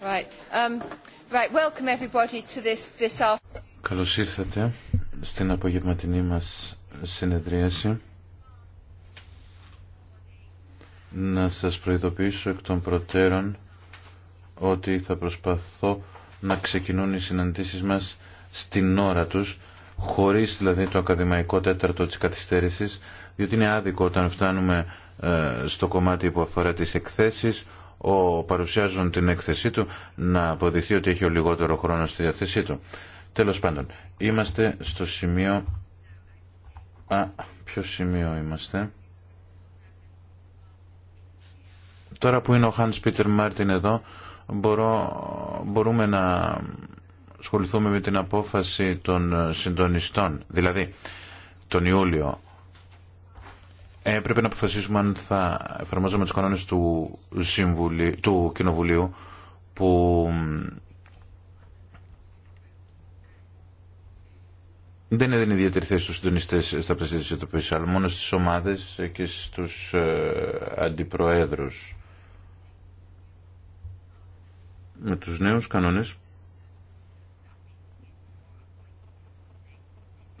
Right. Um, Καλώς ήρθατε στην απογευματινή μας συνεδρίαση. Να σας προειδοποιήσω εκ των προτέρων ότι θα προσπαθώ να ξεκινούν οι συναντήσεις μας στην ώρα τους, χωρίς δηλαδή το ακαδημαϊκό τέταρτο της καθυστέρησης, διότι είναι άδικο όταν φτάνουμε ε, στο κομμάτι που αφορά τις εκθέσεις, ο παρουσιάζουν την έκθεσή του να αποδειχθεί ότι έχει ο λιγότερο χρόνο στη διαθέσή του. Τέλος πάντων, είμαστε στο σημείο... Α, ποιο σημείο είμαστε... Τώρα που είναι ο Hans Πίτερ Μάρτιν εδώ, μπορώ, μπορούμε να ασχοληθούμε με την απόφαση των συντονιστών. Δηλαδή, τον Ιούλιο ε, πρέπει να αποφασίσουμε αν θα εφαρμόζουμε τους κανόνες του, Συμβουλίου, του Κοινοβουλίου που δεν είναι ιδιαίτερη θέση στους συντονιστές στα πλαίσια της αλλά μόνο στις ομάδες και στους ε, αντιπροέδρους. Με τους νέους κανόνες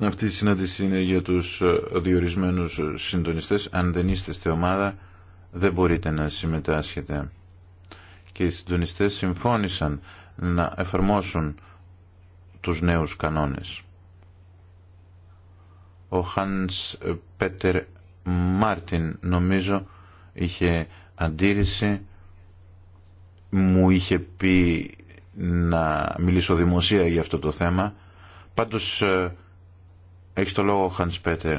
Αυτή η συνάντηση είναι για τους ε, διορισμένους ε, συντονιστές. Αν δεν είστε στη ομάδα δεν μπορείτε να συμμετάσχετε. Και οι συντονιστές συμφώνησαν να εφαρμόσουν τους νέους κανόνες. Ο Χάνς ε, Πέτερ Μάρτιν νομίζω είχε αντίρρηση μου είχε πει να μιλήσω δημοσία για αυτό το θέμα πάντως έχει το λόγο ο Πέτερ.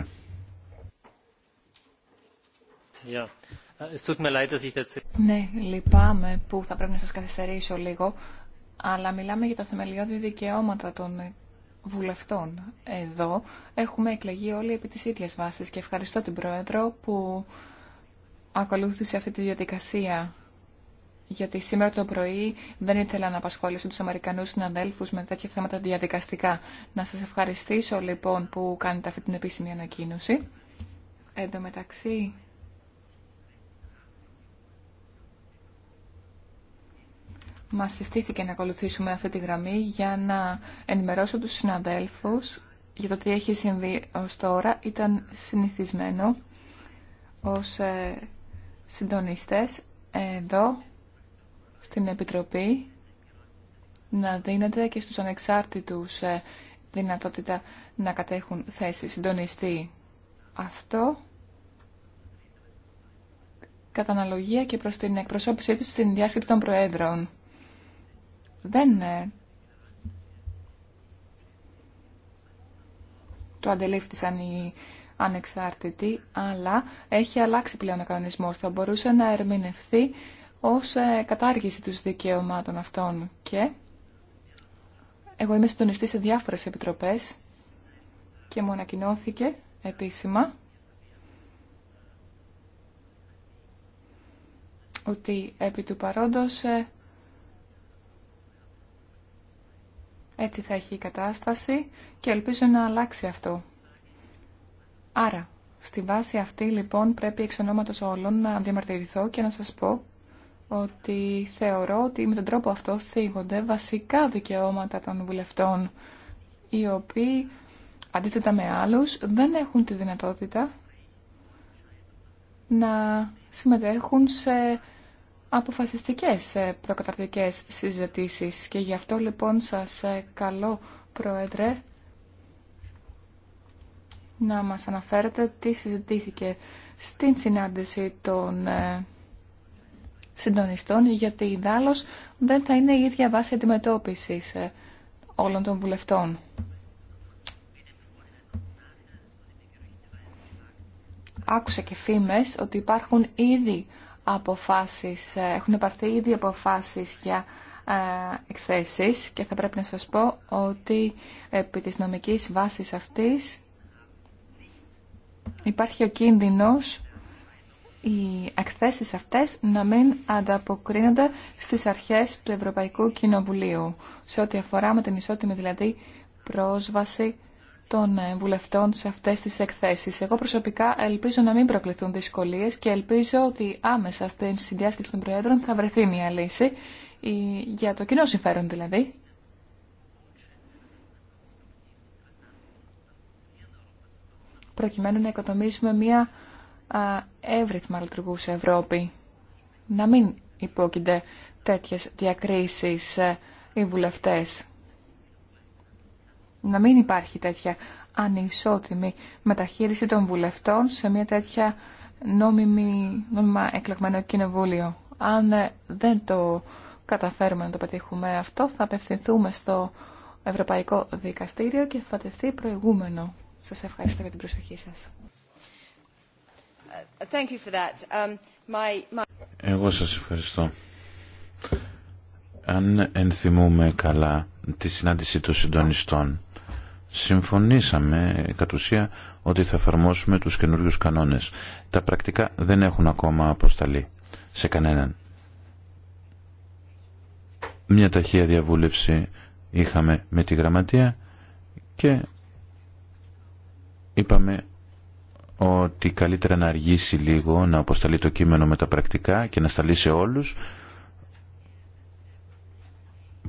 Ναι, λυπάμαι που θα πρέπει να σας καθυστερήσω λίγο, αλλά μιλάμε για τα θεμελιώδη δικαιώματα των βουλευτών. Εδώ έχουμε εκλεγεί όλοι επί της ίδιας βάσης και ευχαριστώ την Πρόεδρο που ακολούθησε αυτή τη διαδικασία γιατί σήμερα το πρωί δεν ήθελα να απασχολήσω τους Αμερικανούς συναδέλφους με τέτοια θέματα διαδικαστικά. Να σας ευχαριστήσω λοιπόν που κάνετε αυτή την επίσημη ανακοίνωση. Εν τω μεταξύ, μας συστήθηκε να ακολουθήσουμε αυτή τη γραμμή για να ενημερώσω τους συναδέλφους για το τι έχει συμβεί ως τώρα. Ήταν συνηθισμένο ως ε, συντονιστές εδώ στην Επιτροπή να δίνεται και στους ανεξάρτητους ε, δυνατότητα να κατέχουν θέση συντονιστή. Αυτό κατά αναλογία και προς την εκπροσώπησή του στην διάσκεψη των Προέδρων. Δεν ε, το αντελήφθησαν οι ανεξάρτητοι, αλλά έχει αλλάξει πλέον ο κανονισμός. Θα μπορούσε να ερμηνευθεί ως ε, κατάργηση τους δικαιωμάτων αυτών και εγώ είμαι συντονιστή σε διάφορες επιτροπές και μου ανακοινώθηκε επίσημα ότι επί του παρόντος ε, έτσι θα έχει η κατάσταση και ελπίζω να αλλάξει αυτό. Άρα, στη βάση αυτή λοιπόν πρέπει εξ ονόματος όλων να διαμαρτυρηθώ και να σας πω ότι θεωρώ ότι με τον τρόπο αυτό θίγονται βασικά δικαιώματα των βουλευτών οι οποίοι αντίθετα με άλλους δεν έχουν τη δυνατότητα να συμμετέχουν σε αποφασιστικές προκαταρτικές συζητήσεις και γι' αυτό λοιπόν σας ε, καλώ Πρόεδρε να μας αναφέρετε τι συζητήθηκε στην συνάντηση των ε, συντονιστών, γιατί η δεν θα είναι η ίδια βάση αντιμετώπιση ε, όλων των βουλευτών. Άκουσα και φήμες ότι υπάρχουν ήδη αποφάσεις, ε, έχουν παρθεί ήδη αποφάσεις για ε, εκθέσεις και θα πρέπει να σας πω ότι επί της νομικής βάσης αυτής υπάρχει ο κίνδυνος οι εκθέσεις αυτές να μην ανταποκρίνονται στις αρχές του Ευρωπαϊκού Κοινοβουλίου σε ό,τι αφορά με την ισότιμη δηλαδή πρόσβαση των ε, βουλευτών σε αυτές τις εκθέσεις. Εγώ προσωπικά ελπίζω να μην προκληθούν δυσκολίες και ελπίζω ότι άμεσα στην συνδιάσκεψη των Προέδρων θα βρεθεί μια λύση για το κοινό συμφέρον δηλαδή. Προκειμένου να οικοτομήσουμε μια εύρυθμα λειτουργούσε Ευρώπη. Να μην υπόκεινται τέτοιες διακρίσεις ε, οι βουλευτές. Να μην υπάρχει τέτοια ανισότιμη μεταχείριση των βουλευτών σε μια τέτοια νόμιμη, νόμιμα εκλεγμένο κοινοβούλιο. Αν ε, δεν το καταφέρουμε να το πετύχουμε αυτό, θα απευθυνθούμε στο Ευρωπαϊκό Δικαστήριο και θα τεθεί προηγούμενο. Σας ευχαριστώ για την προσοχή σας. Um, Εγώ σας ευχαριστώ. Αν ενθυμούμε καλά τη συνάντηση των συντονιστών, συμφωνήσαμε κατ' ουσία ότι θα εφαρμόσουμε τους καινούριου κανόνες. Τα πρακτικά δεν έχουν ακόμα αποσταλεί σε κανέναν. Μια ταχεία διαβούλευση είχαμε με τη γραμματεία και είπαμε ότι καλύτερα να αργήσει λίγο, να αποσταλεί το κείμενο με τα πρακτικά και να σταλεί σε όλους,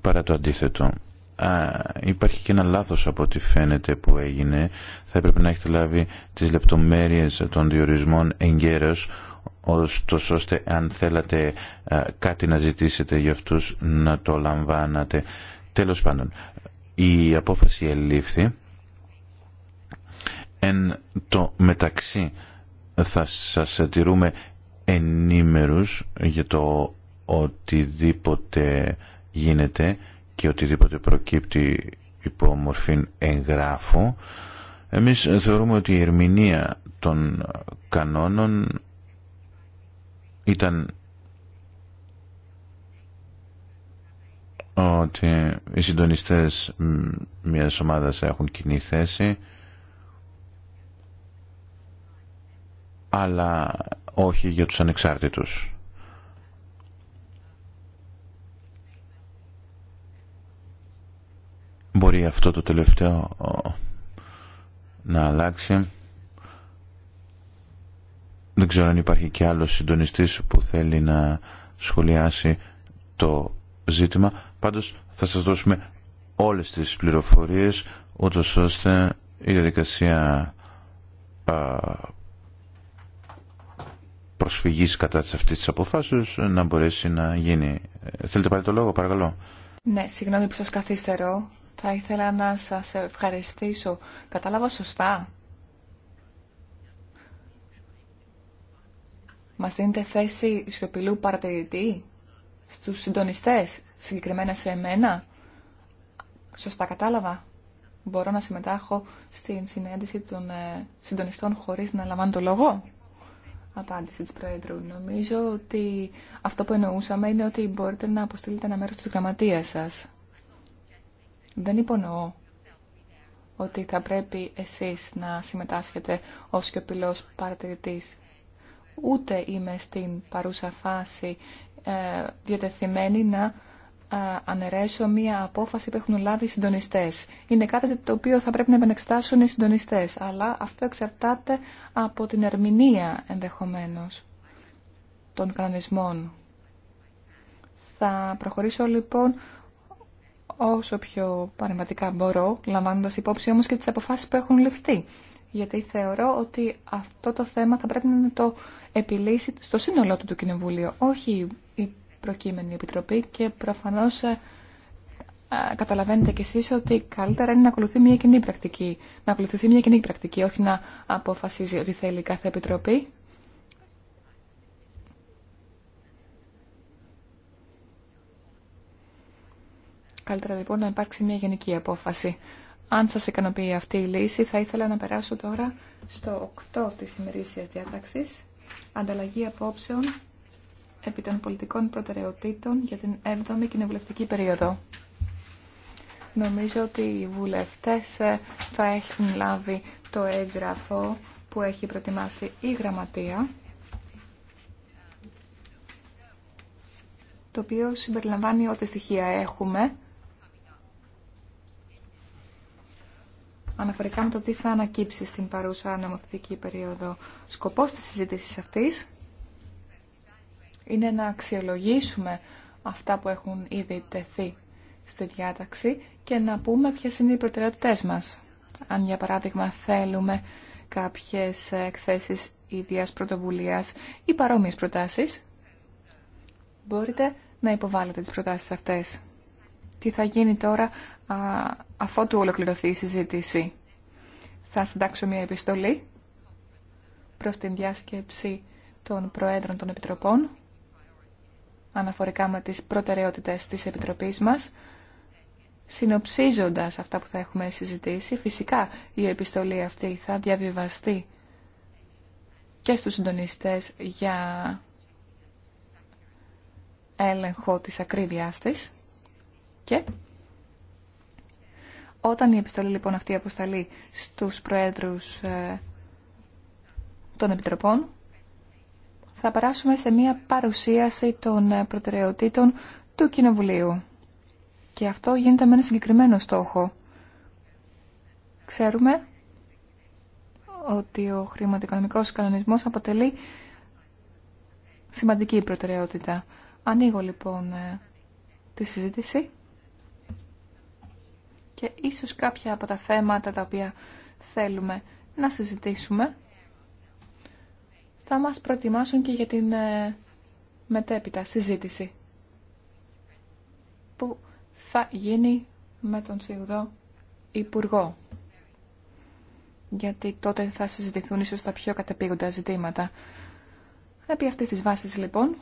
παρά το αντίθετο. Α, υπάρχει και ένα λάθος από ό,τι φαίνεται που έγινε. Θα έπρεπε να έχετε λάβει τις λεπτομέρειες των διορισμών εγκαίρως, ωστόσο ώστε αν θέλατε κάτι να ζητήσετε για αυτούς να το λαμβάνατε. Τέλος πάντων, η απόφαση ελήφθη Εν το μεταξύ θα σας τηρούμε ενήμερους για το οτιδήποτε γίνεται και οτιδήποτε προκύπτει υπό μορφή εγγράφου. Εμείς θεωρούμε ότι η ερμηνεία των κανόνων ήταν ότι οι συντονιστές μιας ομάδας έχουν κοινή θέση αλλά όχι για τους ανεξάρτητους. Μπορεί αυτό το τελευταίο να αλλάξει. Δεν ξέρω αν υπάρχει και άλλος συντονιστής που θέλει να σχολιάσει το ζήτημα. Πάντως θα σας δώσουμε όλες τις πληροφορίες, ούτως ώστε η διαδικασία προσφυγής κατά τη αυτής της αποφάσεως να μπορέσει να γίνει. Θέλετε πάλι το λόγο, παρακαλώ. Ναι, συγγνώμη που σας καθυστερώ. Θα ήθελα να σας ευχαριστήσω. Κατάλαβα σωστά. Μας δίνετε θέση σιωπηλού παρατηρητή στους συντονιστές, συγκεκριμένα σε εμένα. Σωστά κατάλαβα. Μπορώ να συμμετάχω στην συνέντευξη των ε, συντονιστών χωρίς να λαμβάνω το λόγο απάντηση της Πρόεδρου. Νομίζω ότι αυτό που εννοούσαμε είναι ότι μπορείτε να αποστείλετε ένα μέρος της γραμματείας σας. Δεν υπονοώ ότι θα πρέπει εσείς να συμμετάσχετε ως σιωπηλός παρατηρητής. Ούτε είμαι στην παρούσα φάση ε, διατεθειμένη να αναιρέσω μία απόφαση που έχουν λάβει οι συντονιστές. Είναι κάτι το οποίο θα πρέπει να επανεξετάσουν οι συντονιστές, αλλά αυτό εξαρτάται από την ερμηνεία ενδεχομένως των κανονισμών. Θα προχωρήσω λοιπόν όσο πιο παρεμβατικά μπορώ, λαμβάνοντας υπόψη όμως και τις αποφάσεις που έχουν ληφθεί. Γιατί θεωρώ ότι αυτό το θέμα θα πρέπει να το επιλύσει στο σύνολό του του Κοινοβουλίου, όχι προκείμενη επιτροπή και προφανώς ε, καταλαβαίνετε κι εσείς ότι καλύτερα είναι να ακολουθεί μια κοινή πρακτική. Να ακολουθεί μια κοινή πρακτική, όχι να αποφασίζει ότι θέλει κάθε επιτροπή. Καλύτερα λοιπόν να υπάρξει μια γενική απόφαση. Αν σας ικανοποιεί αυτή η λύση, θα ήθελα να περάσω τώρα στο 8 της ημερήσιας διάταξης, ανταλλαγή απόψεων επί των πολιτικών προτεραιοτήτων για την 7η κοινοβουλευτική περίοδο. Νομίζω ότι οι βουλευτές ε, θα έχουν λάβει το έγγραφο που έχει προετοιμάσει η Γραμματεία, το οποίο συμπεριλαμβάνει ό,τι στοιχεία έχουμε αναφορικά με το τι θα ανακύψει στην παρούσα νομοθετική περίοδο. Σκοπός της συζήτησης αυτής είναι να αξιολογήσουμε αυτά που έχουν ήδη τεθεί στη διάταξη και να πούμε ποιες είναι οι προτεραιότητές μας. Αν για παράδειγμα θέλουμε κάποιες εκθέσεις ίδιας πρωτοβουλίας ή παρόμοιες προτάσεις, μπορείτε να υποβάλλετε τις προτάσεις αυτές. Τι θα γίνει τώρα α, αφότου ολοκληρωθεί η συζήτηση. Θα συντάξω μια επιστολή προς την διάσκεψη των Προέδρων των Επιτροπών αναφορικά με τις προτεραιότητες της Επιτροπής μας, συνοψίζοντας αυτά που θα έχουμε συζητήσει. Φυσικά η επιστολή αυτή θα διαβιβαστεί και στους συντονιστές για έλεγχο της ακρίβειάς της και όταν η επιστολή λοιπόν αυτή αποσταλεί στους προέδρους ε, των επιτροπών θα περάσουμε σε μία παρουσίαση των προτεραιοτήτων του Κοινοβουλίου. Και αυτό γίνεται με ένα συγκεκριμένο στόχο. Ξέρουμε ότι ο χρηματοοικονομικός κανονισμός αποτελεί σημαντική προτεραιότητα. Ανοίγω λοιπόν ε, τη συζήτηση και ίσως κάποια από τα θέματα τα οποία θέλουμε να συζητήσουμε θα μας προτιμάσουν και για την ε, μετέπειτα συζήτηση που θα γίνει με τον Σιουδό Υπουργό. Γιατί τότε θα συζητηθούν ίσως τα πιο κατεπήγοντα ζητήματα. Επί αυτής της βάσης λοιπόν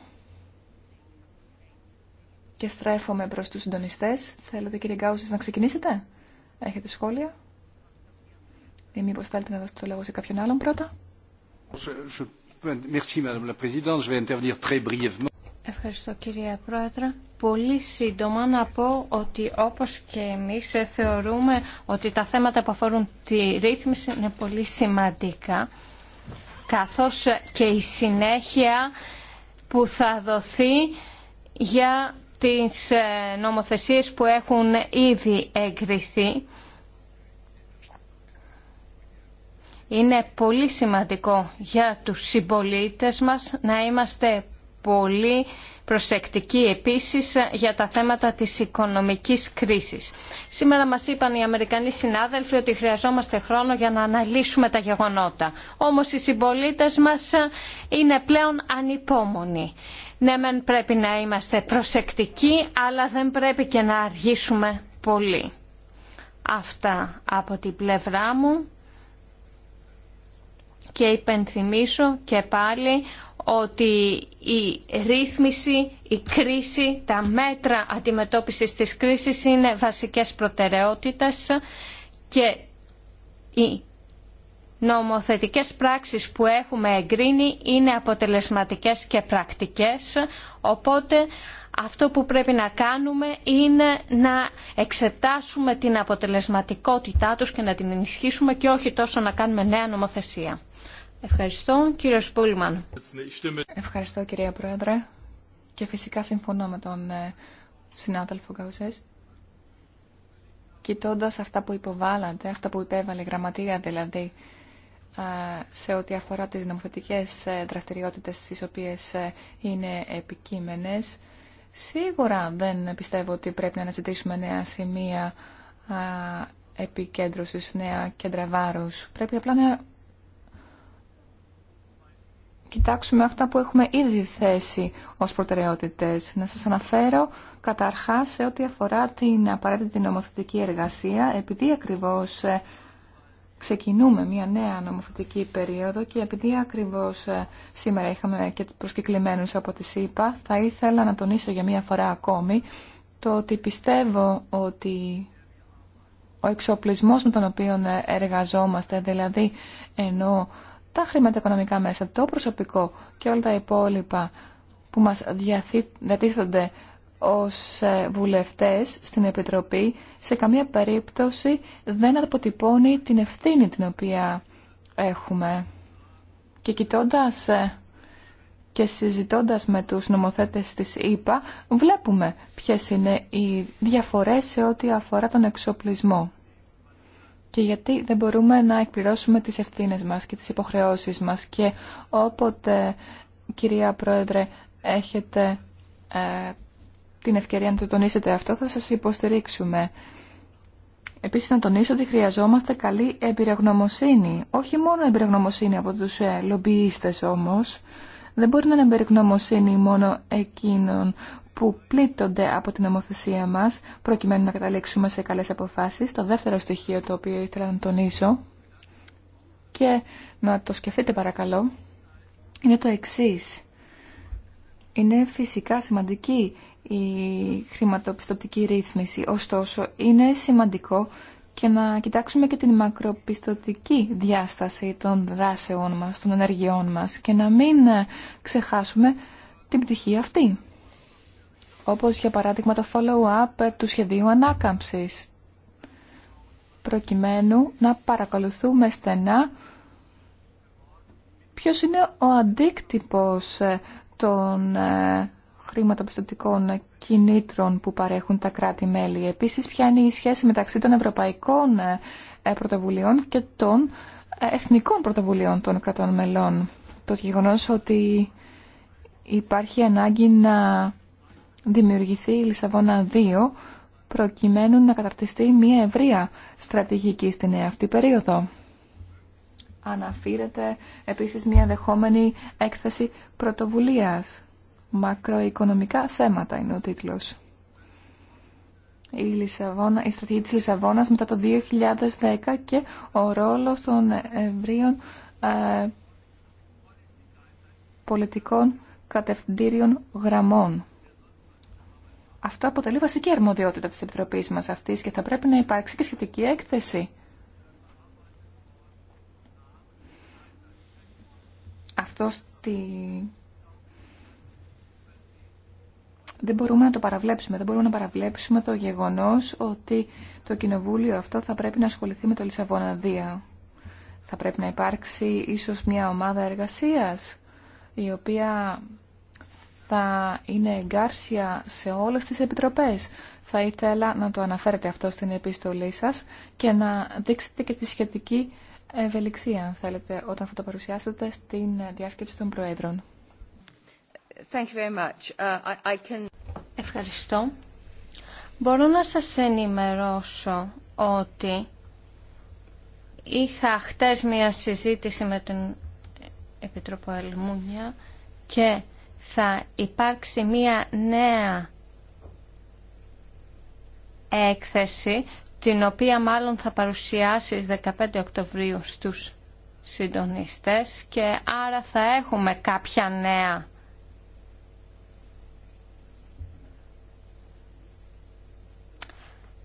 και στρέφομαι προς τους συντονιστές. Θέλετε κύριε Γκάουσες, να ξεκινήσετε. Έχετε σχόλια. Ή μήπως θέλετε να δώσετε το λόγο σε κάποιον άλλον πρώτα. Ευχαριστώ κυρία Πρόεδρε. Πολύ σύντομα να πω ότι όπως και εμείς θεωρούμε ότι τα θέματα που αφορούν τη ρύθμιση είναι πολύ σημαντικά καθώς και η συνέχεια που θα δοθεί για τις ε, νομοθεσίες που έχουν ήδη εγκριθεί Είναι πολύ σημαντικό για τους συμπολίτες μας να είμαστε πολύ προσεκτικοί επίσης για τα θέματα της οικονομικής κρίσης. Σήμερα μας είπαν οι Αμερικανοί συνάδελφοι ότι χρειαζόμαστε χρόνο για να αναλύσουμε τα γεγονότα. Όμως οι συμπολίτες μας είναι πλέον ανυπόμονοι. Ναι, μεν πρέπει να είμαστε προσεκτικοί, αλλά δεν πρέπει και να αργήσουμε πολύ. Αυτά από την πλευρά μου και υπενθυμίσω και πάλι ότι η ρύθμιση, η κρίση, τα μέτρα αντιμετώπισης της κρίσης είναι βασικές προτεραιότητες και οι νομοθετικές πράξεις που έχουμε εγκρίνει είναι αποτελεσματικές και πρακτικές, οπότε αυτό που πρέπει να κάνουμε είναι να εξετάσουμε την αποτελεσματικότητά τους και να την ενισχύσουμε και όχι τόσο να κάνουμε νέα νομοθεσία. Ευχαριστώ, κύριο Σπούλμαν. Ευχαριστώ, κυρία Πρόεδρε. Και φυσικά συμφωνώ με τον ε, συνάδελφο Γκαουσές. κοιτώντα αυτά που υποβάλλατε, αυτά που υπέβαλε η γραμματεία δηλαδή, ε, σε ό,τι αφορά τις νομοθετικές ε, δραστηριότητες τις οποίες είναι επικείμενες, Σίγουρα δεν πιστεύω ότι πρέπει να αναζητήσουμε νέα σημεία α, επικέντρωσης, νέα κέντρα βάρους. Πρέπει απλά να κοιτάξουμε αυτά που έχουμε ήδη θέσει ως προτεραιότητες. Να σας αναφέρω καταρχάς σε ό,τι αφορά την απαραίτητη νομοθετική εργασία, επειδή ακριβώς ε, ξεκινούμε μια νέα νομοθετική περίοδο και επειδή ακριβώς ε, σήμερα είχαμε και προσκεκλημένους από τη ΣΥΠΑ, θα ήθελα να τονίσω για μια φορά ακόμη το ότι πιστεύω ότι ο εξοπλισμός με τον οποίο ε, εργαζόμαστε, δηλαδή ενώ τα χρηματοοικονομικά μέσα, το προσωπικό και όλα τα υπόλοιπα που μας διατίθενται ως ε, βουλευτές στην Επιτροπή σε καμία περίπτωση δεν αποτυπώνει την ευθύνη την οποία έχουμε. Και κοιτώντας ε, και συζητώντας με τους νομοθέτες της ΕΠΑ βλέπουμε ποιες είναι οι διαφορές σε ό,τι αφορά τον εξοπλισμό και γιατί δεν μπορούμε να εκπληρώσουμε τις ευθύνες μας και τις υποχρεώσεις μας και όποτε κυρία Πρόεδρε έχετε ε, την ευκαιρία να το τονίσετε αυτό, θα σας υποστηρίξουμε. Επίσης να τονίσω ότι χρειαζόμαστε καλή εμπειρογνωμοσύνη. Όχι μόνο εμπειρογνωμοσύνη από τους ε, λομπιίστες όμως. Δεν μπορεί να είναι εμπειρογνωμοσύνη μόνο εκείνων που πλήττονται από την νομοθεσία μας, προκειμένου να καταλήξουμε σε καλές αποφάσεις. Το δεύτερο στοιχείο το οποίο ήθελα να τονίσω και να το σκεφτείτε παρακαλώ, είναι το εξής. Είναι φυσικά σημαντική η χρηματοπιστωτική ρύθμιση. Ωστόσο, είναι σημαντικό και να κοιτάξουμε και την μακροπιστωτική διάσταση των δράσεών μας, των ενεργειών μας και να μην ξεχάσουμε την πτυχή αυτή. Όπως για παράδειγμα το follow-up του σχεδίου ανάκαμψης, προκειμένου να παρακολουθούμε στενά ποιος είναι ο αντίκτυπος ε, των ε, χρηματοπιστωτικών κινήτρων που παρέχουν τα κράτη-μέλη. Επίσης, ποια είναι η σχέση μεταξύ των ευρωπαϊκών ε, πρωτοβουλειών και των ε, εθνικών πρωτοβουλειών των κρατών μελών. Το γεγονός ότι υπάρχει ανάγκη να δημιουργηθεί η Λισαβόνα 2 προκειμένου να καταρτιστεί μια ευρεία στρατηγική στην αυτή περίοδο. Αναφύρεται επίσης μια δεχόμενη έκθεση πρωτοβουλίας Μακροοικονομικά θέματα είναι ο τίτλο. Η, Λισαβόνα, η στρατηγική της Λισαβόνας μετά το 2010 και ο ρόλος των ευρείων ε, πολιτικών κατευθυντήριων γραμμών. Αυτό αποτελεί βασική αρμοδιότητα της Επιτροπής μας αυτής και θα πρέπει να υπάρξει και σχετική έκθεση. Αυτό στη δεν μπορούμε να το παραβλέψουμε. Δεν μπορούμε να παραβλέψουμε το γεγονός ότι το κοινοβούλιο αυτό θα πρέπει να ασχοληθεί με το Λισαβόνα 2. Θα πρέπει να υπάρξει ίσως μια ομάδα εργασίας η οποία θα είναι εγκάρσια σε όλες τις επιτροπές. Θα ήθελα να το αναφέρετε αυτό στην επίστολή σας και να δείξετε και τη σχετική ευελιξία, αν θέλετε, όταν θα το παρουσιάσετε στην διάσκεψη των Προέδρων. Uh, Ευχαριστώ. Μπορώ να σας ενημερώσω ότι είχα χτες μία συζήτηση με τον Επιτρόπο Ελμούνια και θα υπάρξει μία νέα έκθεση την οποία μάλλον θα παρουσιάσει 15 Οκτωβρίου στους συντονιστές και άρα θα έχουμε κάποια νέα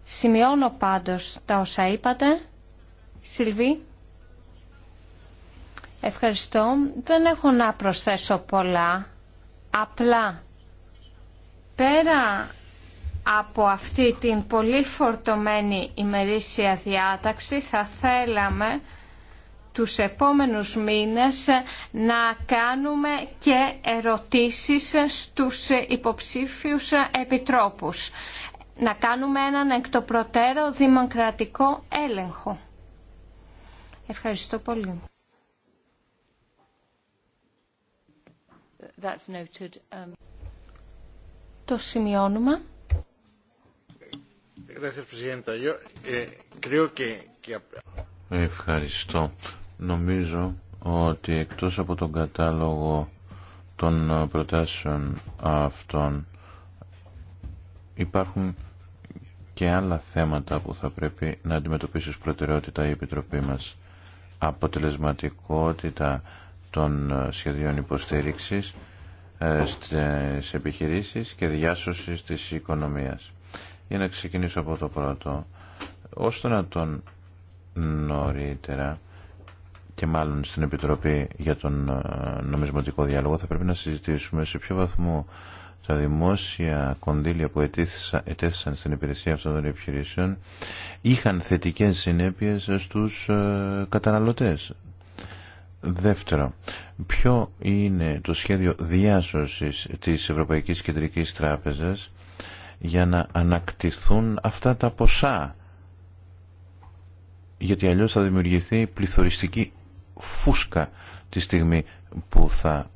Σημειώνω πάντως τα όσα είπατε. Σιλβί. Ευχαριστώ. Δεν έχω να προσθέσω πολλά. Απλά πέρα από αυτή την πολύ φορτωμένη ημερήσια διάταξη θα θέλαμε τους επόμενους μήνες να κάνουμε και ερωτήσεις στους υποψήφιους επιτρόπους να κάνουμε έναν εκ το προτέρω δημοκρατικό έλεγχο. Ευχαριστώ πολύ. Um, το σημειώνουμε. Eh, Ευχαριστώ. Νομίζω ότι εκτός από τον κατάλογο των προτάσεων αυτών υπάρχουν και άλλα θέματα που θα πρέπει να αντιμετωπίσει ως προτεραιότητα η Επιτροπή μας. Αποτελεσματικότητα των ε, σχεδίων υποστήριξης ε, στις επιχειρήσεις και διάσωση της οικονομίας. Για να ξεκινήσω από το πρώτο, ώστε να τον νωρίτερα και μάλλον στην Επιτροπή για τον ε, Νομισματικό Διάλογο θα πρέπει να συζητήσουμε σε ποιο βαθμό τα δημόσια κονδύλια που ετέθησαν στην υπηρεσία αυτών των επιχειρήσεων είχαν θετικές συνέπειες στους ε, καταναλωτές. Δεύτερο, ποιο είναι το σχέδιο διάσωσης της Ευρωπαϊκής Κεντρικής Τράπεζας για να ανακτηθούν αυτά τα ποσά γιατί αλλιώς θα δημιουργηθεί πληθωριστική φούσκα τη στιγμή που θα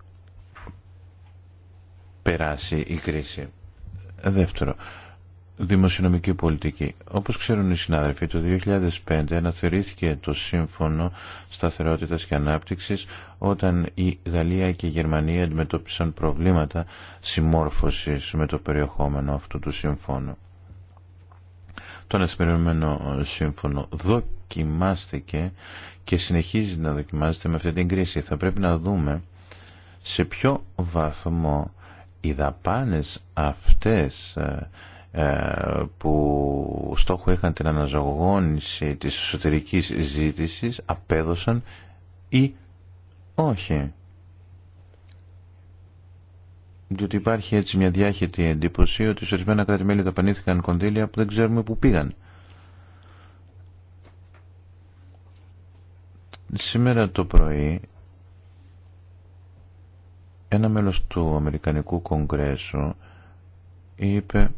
περάσει η κρίση. Δεύτερο, δημοσιονομική πολιτική. Όπως ξέρουν οι συνάδελφοι, το 2005 αναθεωρήθηκε το Σύμφωνο Σταθερότητας και Ανάπτυξης όταν η Γαλλία και η Γερμανία αντιμετώπισαν προβλήματα συμμόρφωσης με το περιεχόμενο αυτού του Σύμφωνου. Το αναθεωρημένο Σύμφωνο δοκιμάστηκε και συνεχίζει να δοκιμάζεται με αυτή την κρίση. Θα πρέπει να δούμε σε ποιο βαθμό οι δαπάνες αυτές ε, ε, που στόχο είχαν την αναζωογόνηση της εσωτερικής ζήτησης απέδωσαν ή όχι. Διότι υπάρχει έτσι μια διάχυτη εντύπωση ότι σε ορισμένα κράτη-μέλη δαπανήθηκαν κονδύλια που δεν ξέρουμε που πήγαν. Σήμερα το πρωί ένα μέλος του Αμερικανικού Κογκρέσου είπε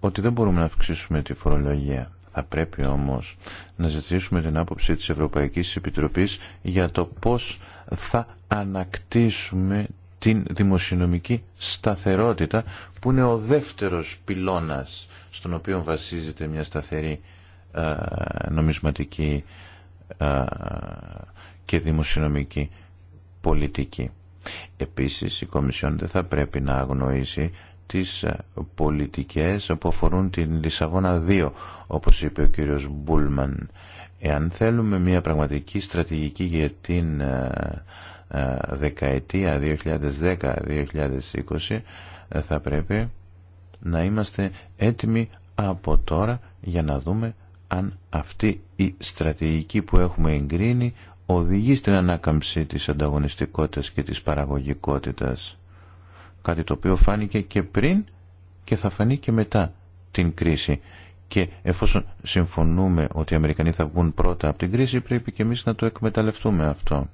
ότι δεν μπορούμε να αυξήσουμε τη φορολογία. Θα πρέπει όμως να ζητήσουμε την άποψη της Ευρωπαϊκής Επιτροπής για το πώς θα ανακτήσουμε την δημοσιονομική σταθερότητα που είναι ο δεύτερος πυλώνας στον οποίο βασίζεται μια σταθερή νομισματική και δημοσιονομική πολιτική. Επίσης η Κομισιόν δεν θα πρέπει να αγνοήσει τις ε, πολιτικές που αφορούν την Λισαβόνα 2, όπως είπε ο κύριος Μπούλμαν. Εάν θέλουμε μια πραγματική στρατηγική για την ε, ε, δεκαετία 2010-2020, θα πρέπει να είμαστε έτοιμοι από τώρα για να δούμε αν αυτή η στρατηγική που έχουμε εγκρίνει οδηγεί στην ανάκαμψη της ανταγωνιστικότητας και της παραγωγικότητας. Κάτι το οποίο φάνηκε και πριν και θα φανεί και μετά την κρίση. Και εφόσον συμφωνούμε ότι οι Αμερικανοί θα βγουν πρώτα από την κρίση, πρέπει και εμείς να το εκμεταλλευτούμε αυτό.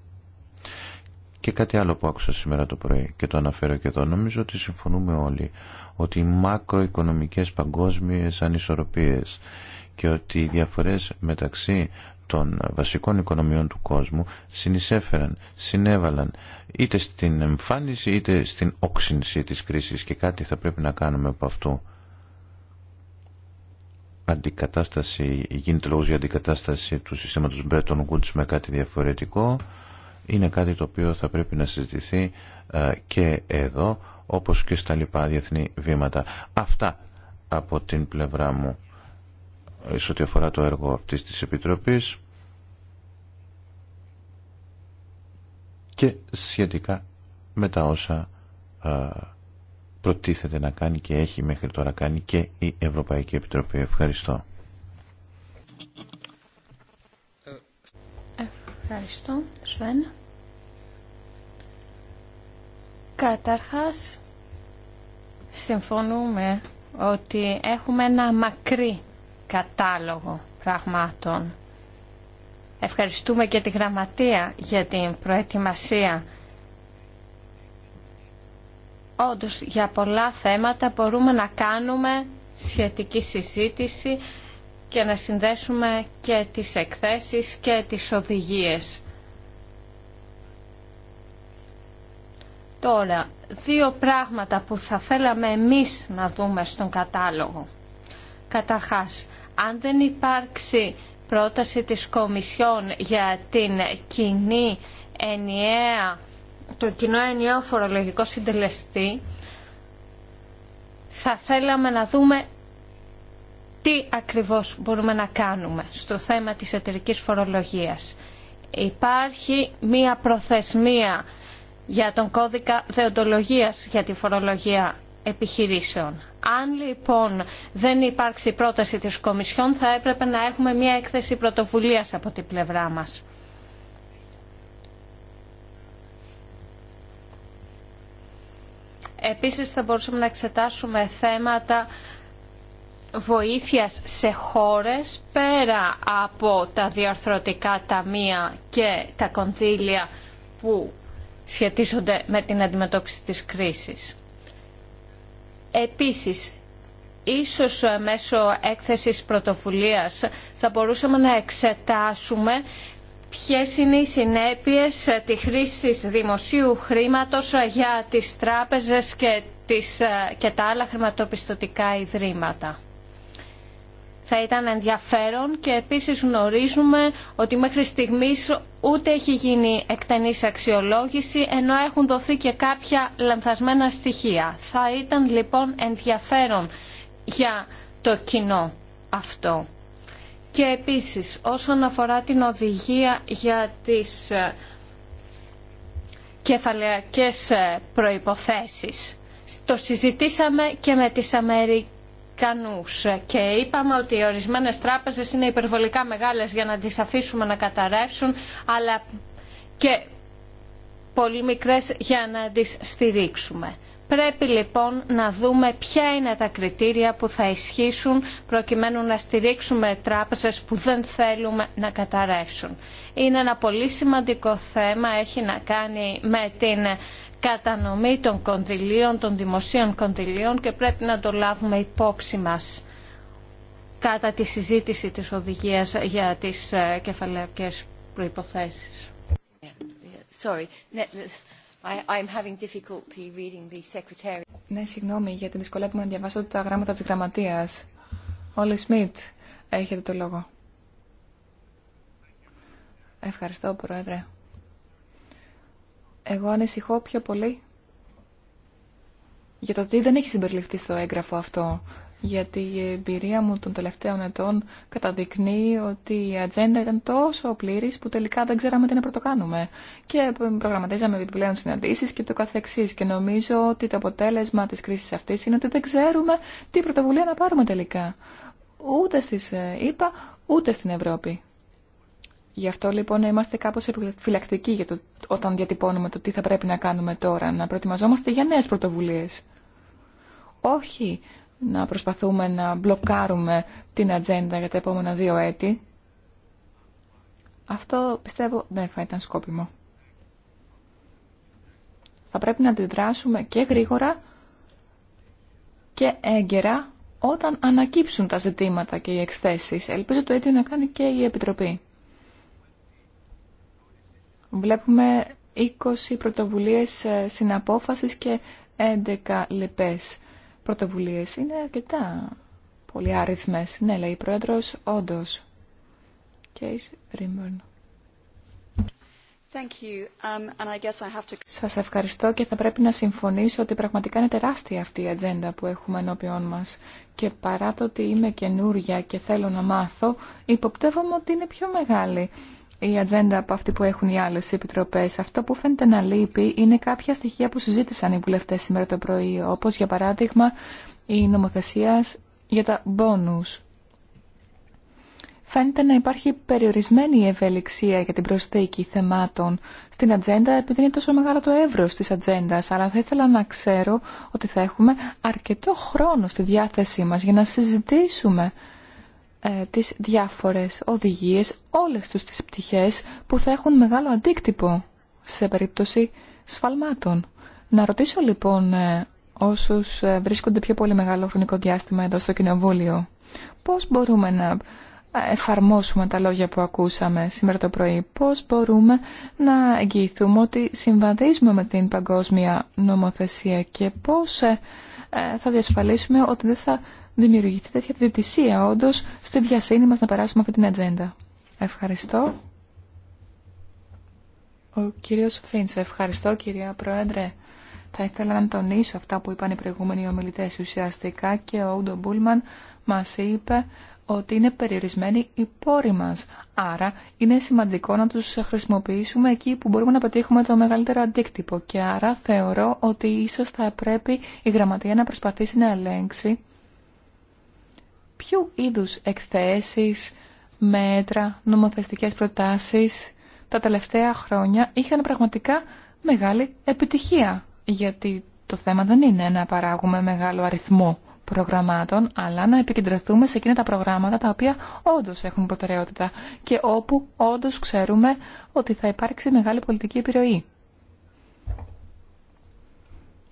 Και κάτι άλλο που άκουσα σήμερα το πρωί και το αναφέρω και εδώ, νομίζω ότι συμφωνούμε όλοι, ότι οι μακροοικονομικές παγκόσμιες ανισορροπίες και ότι οι διαφορές μεταξύ των βασικών οικονομιών του κόσμου συνεισέφεραν, συνέβαλαν είτε στην εμφάνιση είτε στην όξυνση της κρίσης και κάτι θα πρέπει να κάνουμε από αυτού. Αντικατάσταση, γίνεται λόγος για αντικατάσταση του συστήματος Bretton Woods με κάτι διαφορετικό είναι κάτι το οποίο θα πρέπει να συζητηθεί ε, και εδώ όπως και στα λοιπά διεθνή βήματα. Αυτά από την πλευρά μου σε ό,τι αφορά το έργο αυτής της Επιτροπής και σχετικά με τα όσα προτίθεται να κάνει και έχει μέχρι τώρα κάνει και η Ευρωπαϊκή Επιτροπή. Ευχαριστώ. Ευχαριστώ, Σβέν. Καταρχάς, συμφωνούμε ότι έχουμε ένα μακρύ κατάλογο πραγμάτων. Ευχαριστούμε και τη Γραμματεία για την προετοιμασία. Όντως, για πολλά θέματα μπορούμε να κάνουμε σχετική συζήτηση και να συνδέσουμε και τις εκθέσεις και τις οδηγίες. Τώρα, δύο πράγματα που θα θέλαμε εμείς να δούμε στον κατάλογο. Καταρχάς, αν δεν υπάρξει πρόταση της Κομισιόν για την κοινή ενιαία, το κοινό ενιαίο φορολογικό συντελεστή, θα θέλαμε να δούμε τι ακριβώς μπορούμε να κάνουμε στο θέμα της εταιρικής φορολογίας. Υπάρχει μία προθεσμία για τον κώδικα δεοντολογίας για τη φορολογία επιχειρήσεων. Αν λοιπόν δεν υπάρξει πρόταση της Κομισιόν θα έπρεπε να έχουμε μια έκθεση πρωτοβουλίας από την πλευρά μας. Επίσης θα μπορούσαμε να εξετάσουμε θέματα βοήθειας σε χώρες πέρα από τα διαρθρωτικά ταμεία και τα κονδύλια που σχετίζονται με την αντιμετώπιση της κρίσης. Επίσης, ίσως ε, μέσω έκθεσης πρωτοβουλίας θα μπορούσαμε να εξετάσουμε ποιες είναι οι συνέπειες ε, τη χρήσης δημοσίου χρήματος ε, για τις τράπεζες και, τις, και τα άλλα χρηματοπιστωτικά ιδρύματα θα ήταν ενδιαφέρον και επίσης γνωρίζουμε ότι μέχρι στιγμής ούτε έχει γίνει εκτενής αξιολόγηση ενώ έχουν δοθεί και κάποια λανθασμένα στοιχεία. Θα ήταν λοιπόν ενδιαφέρον για το κοινό αυτό. Και επίσης όσον αφορά την οδηγία για τις ε, κεφαλαιακές ε, προϋποθέσεις. Το συζητήσαμε και με τις Αμερικές και είπαμε ότι οι ορισμένες τράπεζες είναι υπερβολικά μεγάλες για να τις αφήσουμε να καταρρεύσουν αλλά και πολύ μικρές για να τις στηρίξουμε. Πρέπει λοιπόν να δούμε ποια είναι τα κριτήρια που θα ισχύσουν προκειμένου να στηρίξουμε τράπεζες που δεν θέλουμε να καταρρεύσουν είναι ένα πολύ σημαντικό θέμα, έχει να κάνει με την κατανομή των κονδυλίων, των δημοσίων κονδυλίων και πρέπει να το λάβουμε υπόψη μας κατά τη συζήτηση της οδηγίας για τις ε, κεφαλαίες προϋποθέσεις. Ναι, ναι, συγγνώμη, γιατί δυσκολεύομαι να διαβάσω τα γράμματα της γραμματείας. Όλοι Σμιτ, έχετε το λόγο. Ευχαριστώ, Πρόεδρε. Εγώ ανησυχώ πιο πολύ για το ότι δεν έχει συμπεριληφθεί στο έγγραφο αυτό, γιατί η εμπειρία μου των τελευταίων ετών καταδεικνύει ότι η ατζέντα ήταν τόσο πλήρης που τελικά δεν ξέραμε τι να πρωτοκάνουμε. Και προγραμματίζαμε επιπλέον συναντήσεις και το καθεξής. Και νομίζω ότι το αποτέλεσμα της κρίσης αυτής είναι ότι δεν ξέρουμε τι πρωτοβουλία να πάρουμε τελικά. Ούτε στις ΕΠΑ ούτε στην Ευρώπη. Γι' αυτό λοιπόν είμαστε κάπως επιφυλακτικοί για το, όταν διατυπώνουμε το τι θα πρέπει να κάνουμε τώρα, να προετοιμαζόμαστε για νέες πρωτοβουλίες. Όχι να προσπαθούμε να μπλοκάρουμε την ατζέντα για τα επόμενα δύο έτη. Αυτό πιστεύω δεν θα ήταν σκόπιμο. Θα πρέπει να αντιδράσουμε και γρήγορα και έγκαιρα όταν ανακύψουν τα ζητήματα και οι εκθέσεις. Ελπίζω το ίδιο να κάνει και η Επιτροπή βλέπουμε 20 πρωτοβουλίες ε, συναπόφασης και 11 λεπές πρωτοβουλίες. Είναι αρκετά πολύ άριθμες. Ναι, λέει η Πρόεδρος, όντως. Case um, Σας ευχαριστώ και θα πρέπει να συμφωνήσω ότι πραγματικά είναι τεράστια αυτή η ατζέντα που έχουμε ενώπιόν μας και παρά το ότι είμαι καινούρια και θέλω να μάθω, υποπτεύομαι ότι είναι πιο μεγάλη η ατζέντα από αυτή που έχουν οι άλλε επιτροπέ, Αυτό που φαίνεται να λείπει είναι κάποια στοιχεία που συζήτησαν οι βουλευτές σήμερα το πρωί, όπω για παράδειγμα η νομοθεσία για τα μπόνους. Φαίνεται να υπάρχει περιορισμένη ευελιξία για την προσθήκη θεμάτων στην ατζέντα επειδή είναι τόσο μεγάλο το εύρος της ατζέντα, αλλά θα ήθελα να ξέρω ότι θα έχουμε αρκετό χρόνο στη διάθεσή μας για να συζητήσουμε ε, τις διάφορες οδηγίες, όλες τους τις πτυχές που θα έχουν μεγάλο αντίκτυπο σε περίπτωση σφαλμάτων. Να ρωτήσω λοιπόν ε, όσους ε, βρίσκονται πιο πολύ μεγάλο χρονικό διάστημα εδώ στο Κοινοβούλιο, πώς μπορούμε να ε, εφαρμόσουμε τα λόγια που ακούσαμε σήμερα το πρωί, πώς μπορούμε να εγγυηθούμε ότι συμβαδίζουμε με την παγκόσμια νομοθεσία και πώς θα διασφαλίσουμε ότι δεν θα δημιουργηθεί τέτοια διαιτησία όντω στη βιασύνη μας να περάσουμε αυτή την ατζέντα. Ευχαριστώ. Ο κύριος Φίντς, ευχαριστώ κυρία Πρόεδρε. Θα ήθελα να τονίσω αυτά που είπαν οι προηγούμενοι ομιλητές. Ουσιαστικά και ο Ούντο Μπούλμαν μας είπε ότι είναι περιορισμένοι οι πόροι μας. Άρα είναι σημαντικό να τους χρησιμοποιήσουμε εκεί που μπορούμε να πετύχουμε το μεγαλύτερο αντίκτυπο. Και άρα θεωρώ ότι ίσως θα πρέπει η γραμματεία να προσπαθήσει να ελέγξει Ποιου είδους εκθέσεις, μέτρα, νομοθεστικές προτάσεις τα τελευταία χρόνια είχαν πραγματικά μεγάλη επιτυχία. Γιατί το θέμα δεν είναι να παράγουμε μεγάλο αριθμό προγραμμάτων, αλλά να επικεντρωθούμε σε εκείνα τα προγράμματα τα οποία όντως έχουν προτεραιότητα και όπου όντως ξέρουμε ότι θα υπάρξει μεγάλη πολιτική επιρροή.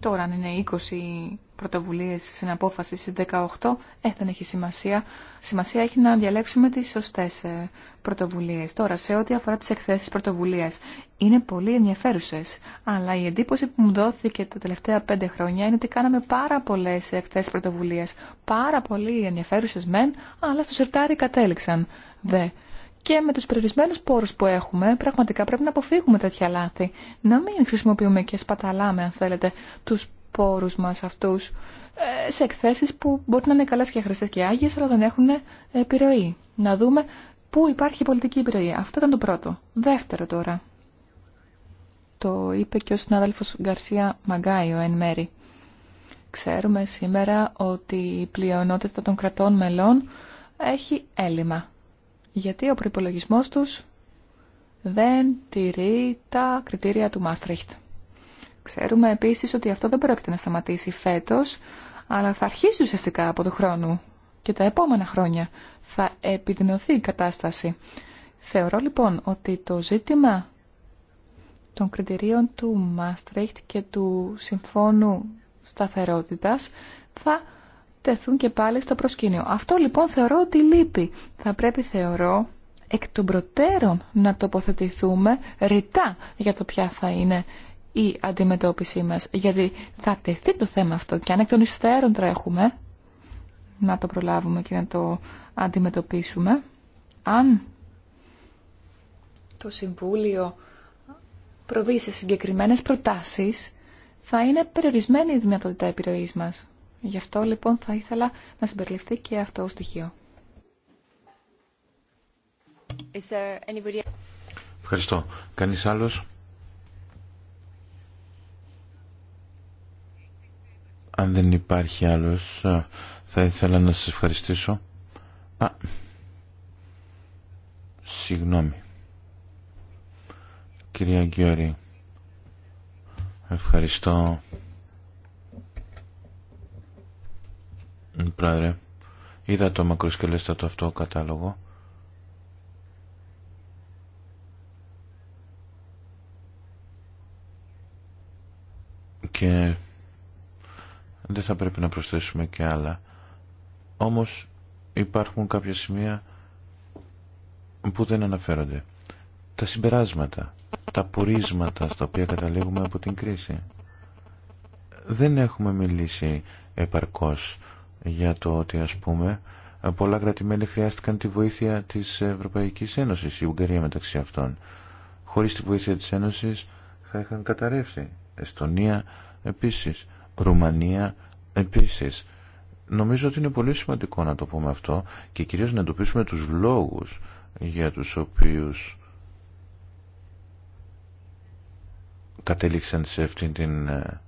Τώρα αν είναι 20 πρωτοβουλίες απόφαση στις 18, ε, δεν έχει σημασία. Σημασία έχει να διαλέξουμε τις σωστές ε, πρωτοβουλίες. Τώρα, σε ό,τι αφορά τις εκθέσεις πρωτοβουλίας, είναι πολύ ενδιαφέρουσες. Αλλά η εντύπωση που μου δόθηκε τα τελευταία πέντε χρόνια είναι ότι κάναμε πάρα πολλές εκθέσεις πρωτοβουλίας. Πάρα πολύ ενδιαφέρουσες μεν, αλλά στο σερτάρι κατέληξαν δε. Και με τους περιορισμένους πόρους που έχουμε, πραγματικά πρέπει να αποφύγουμε τέτοια λάθη. Να μην χρησιμοποιούμε και σπαταλάμε, αν θέλετε, τους πόρους μας αυτούς ε, σε εκθέσεις που μπορεί να είναι καλές και χρυσές και άγιες, αλλά δεν έχουν επιρροή. Να δούμε πού υπάρχει πολιτική επιρροή. Αυτό ήταν το πρώτο. Δεύτερο τώρα. Το είπε και ο συνάδελφος Γκαρσία Μαγκάιο εν μέρη. Ξέρουμε σήμερα ότι η πλειονότητα των κρατών μελών έχει έλλειμμα. Γιατί ο προπολογισμό τους δεν τηρεί τα κριτήρια του Μάστριχτ. Ξέρουμε επίσης ότι αυτό δεν πρόκειται να σταματήσει φέτος, αλλά θα αρχίσει ουσιαστικά από το χρόνο και τα επόμενα χρόνια θα επιδεινωθεί η κατάσταση. Θεωρώ λοιπόν ότι το ζήτημα των κριτηρίων του Μάστριχτ και του Συμφώνου Σταθερότητας θα τεθούν και πάλι στο προσκήνιο. Αυτό λοιπόν θεωρώ ότι λείπει. Θα πρέπει θεωρώ εκ των προτέρων να τοποθετηθούμε ρητά για το ποια θα είναι η αντιμετώπιση μας, γιατί θα τεθεί το θέμα αυτό και αν εκ των υστέρων τρέχουμε να το προλάβουμε και να το αντιμετωπίσουμε, αν το Συμβούλιο προβεί σε συγκεκριμένες προτάσεις, θα είναι περιορισμένη η δυνατότητα επιρροής μας. Γι' αυτό λοιπόν θα ήθελα να συμπεριληφθεί και αυτό το στοιχείο. Ευχαριστώ. Κανείς άλλος? Αν δεν υπάρχει άλλος, θα ήθελα να σας ευχαριστήσω. Α, συγγνώμη. Κυρία Γκιόρη, ευχαριστώ. Πράδρε είδα το μακροσκελέστατο αυτό κατάλογο. και δεν θα πρέπει να προσθέσουμε και άλλα. Όμως υπάρχουν κάποια σημεία που δεν αναφέρονται. Τα συμπεράσματα, τα πορίσματα στα οποία καταλήγουμε από την κρίση. Δεν έχουμε μιλήσει επαρκώς για το ότι ας πούμε πολλά κρατημέλη χρειάστηκαν τη βοήθεια της Ευρωπαϊκής Ένωσης, η Ουγγαρία μεταξύ αυτών. Χωρίς τη βοήθεια της Ένωσης θα είχαν καταρρεύσει. Εστονία επίσης. Ρουμανία επίσης. Νομίζω ότι είναι πολύ σημαντικό να το πούμε αυτό και κυρίως να εντοπίσουμε τους λόγους για τους οποίους κατέληξαν σε αυτήν την ε,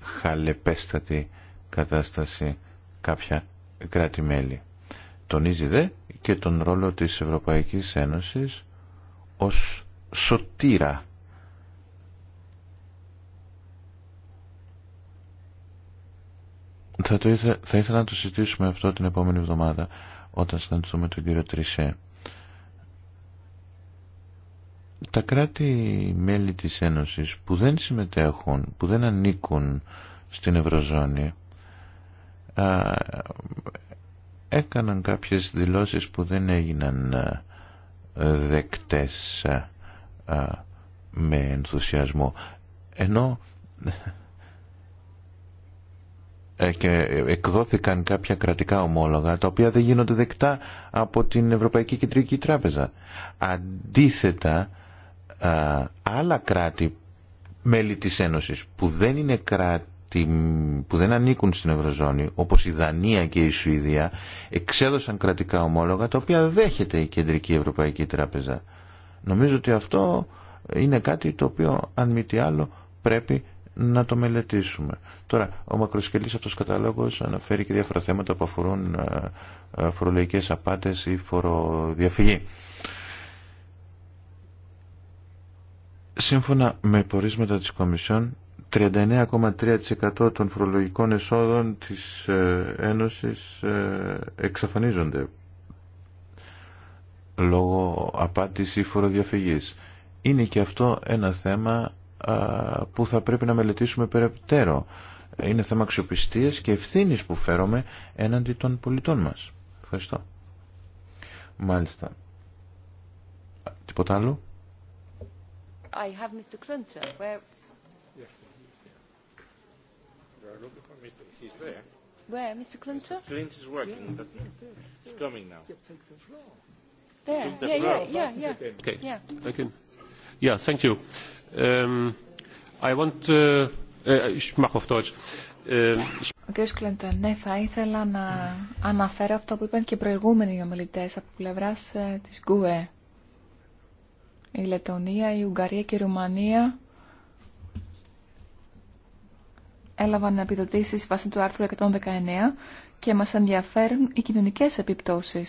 χαλεπέστατη κατάσταση κάποια κράτη-μέλη. Τονίζει δε και τον ρόλο της Ευρωπαϊκής Ένωσης ως σωτήρα Θα, ήθελα να το συζητήσουμε αυτό την επόμενη εβδομάδα όταν συναντηθούμε τον κύριο Τρισέ. Τα κράτη-μέλη της Ένωσης που δεν συμμετέχουν, που δεν ανήκουν στην Ευρωζώνη α, έκαναν κάποιες δηλώσεις που δεν έγιναν δεκτές α, με ενθουσιασμό. Ενώ ε, και εκδόθηκαν κάποια κρατικά ομόλογα τα οποία δεν γίνονται δεκτά από την Ευρωπαϊκή Κεντρική Τράπεζα. Αντίθετα, άλλα κράτη μέλη της Ένωσης που δεν είναι κράτη που δεν ανήκουν στην Ευρωζώνη όπως η Δανία και η Σουηδία εξέδωσαν κρατικά ομόλογα τα οποία δέχεται η Κεντρική Ευρωπαϊκή Τράπεζα. Νομίζω ότι αυτό είναι κάτι το οποίο αν μη τι άλλο πρέπει να το μελετήσουμε. Τώρα, ο μακροσκελής αυτός καταλόγος αναφέρει και διάφορα θέματα που αφορούν ε, ε, φορολογικές απάτες ή φοροδιαφυγή. Σύμφωνα με πορίσματα της Κομισιόν, 39,3% των φορολογικών εσόδων της ε, Ένωσης εξαφανίζονται λόγω απάτης ή φοροδιαφυγής. Είναι και αυτό ένα θέμα που θα πρέπει να μελετήσουμε περαιτέρω. Είναι θέμα αξιοπιστία και ευθύνη που φέρομαι έναντι των πολιτών μα. Ευχαριστώ. Μάλιστα. Τίποτα άλλο. I have Mr. Clinton. where... Where, Mr. Mr. Clinton is working, but he's coming now. There, yeah, yeah, yeah, yeah. Okay. Yeah. Okay. Yeah, thank you. Um, uh, uh, um, Ο κ. ναι, θα ήθελα να αναφέρω αυτό που είπαν και οι προηγούμενοι ομιλητέ από πλευρά ε, τη ΓΚΟΕ. Η Λετωνία, η Ουγγαρία και η Ρουμανία έλαβαν επιδοτήσει βάσει του άρθρου 119 και μα ενδιαφέρουν οι κοινωνικέ επιπτώσει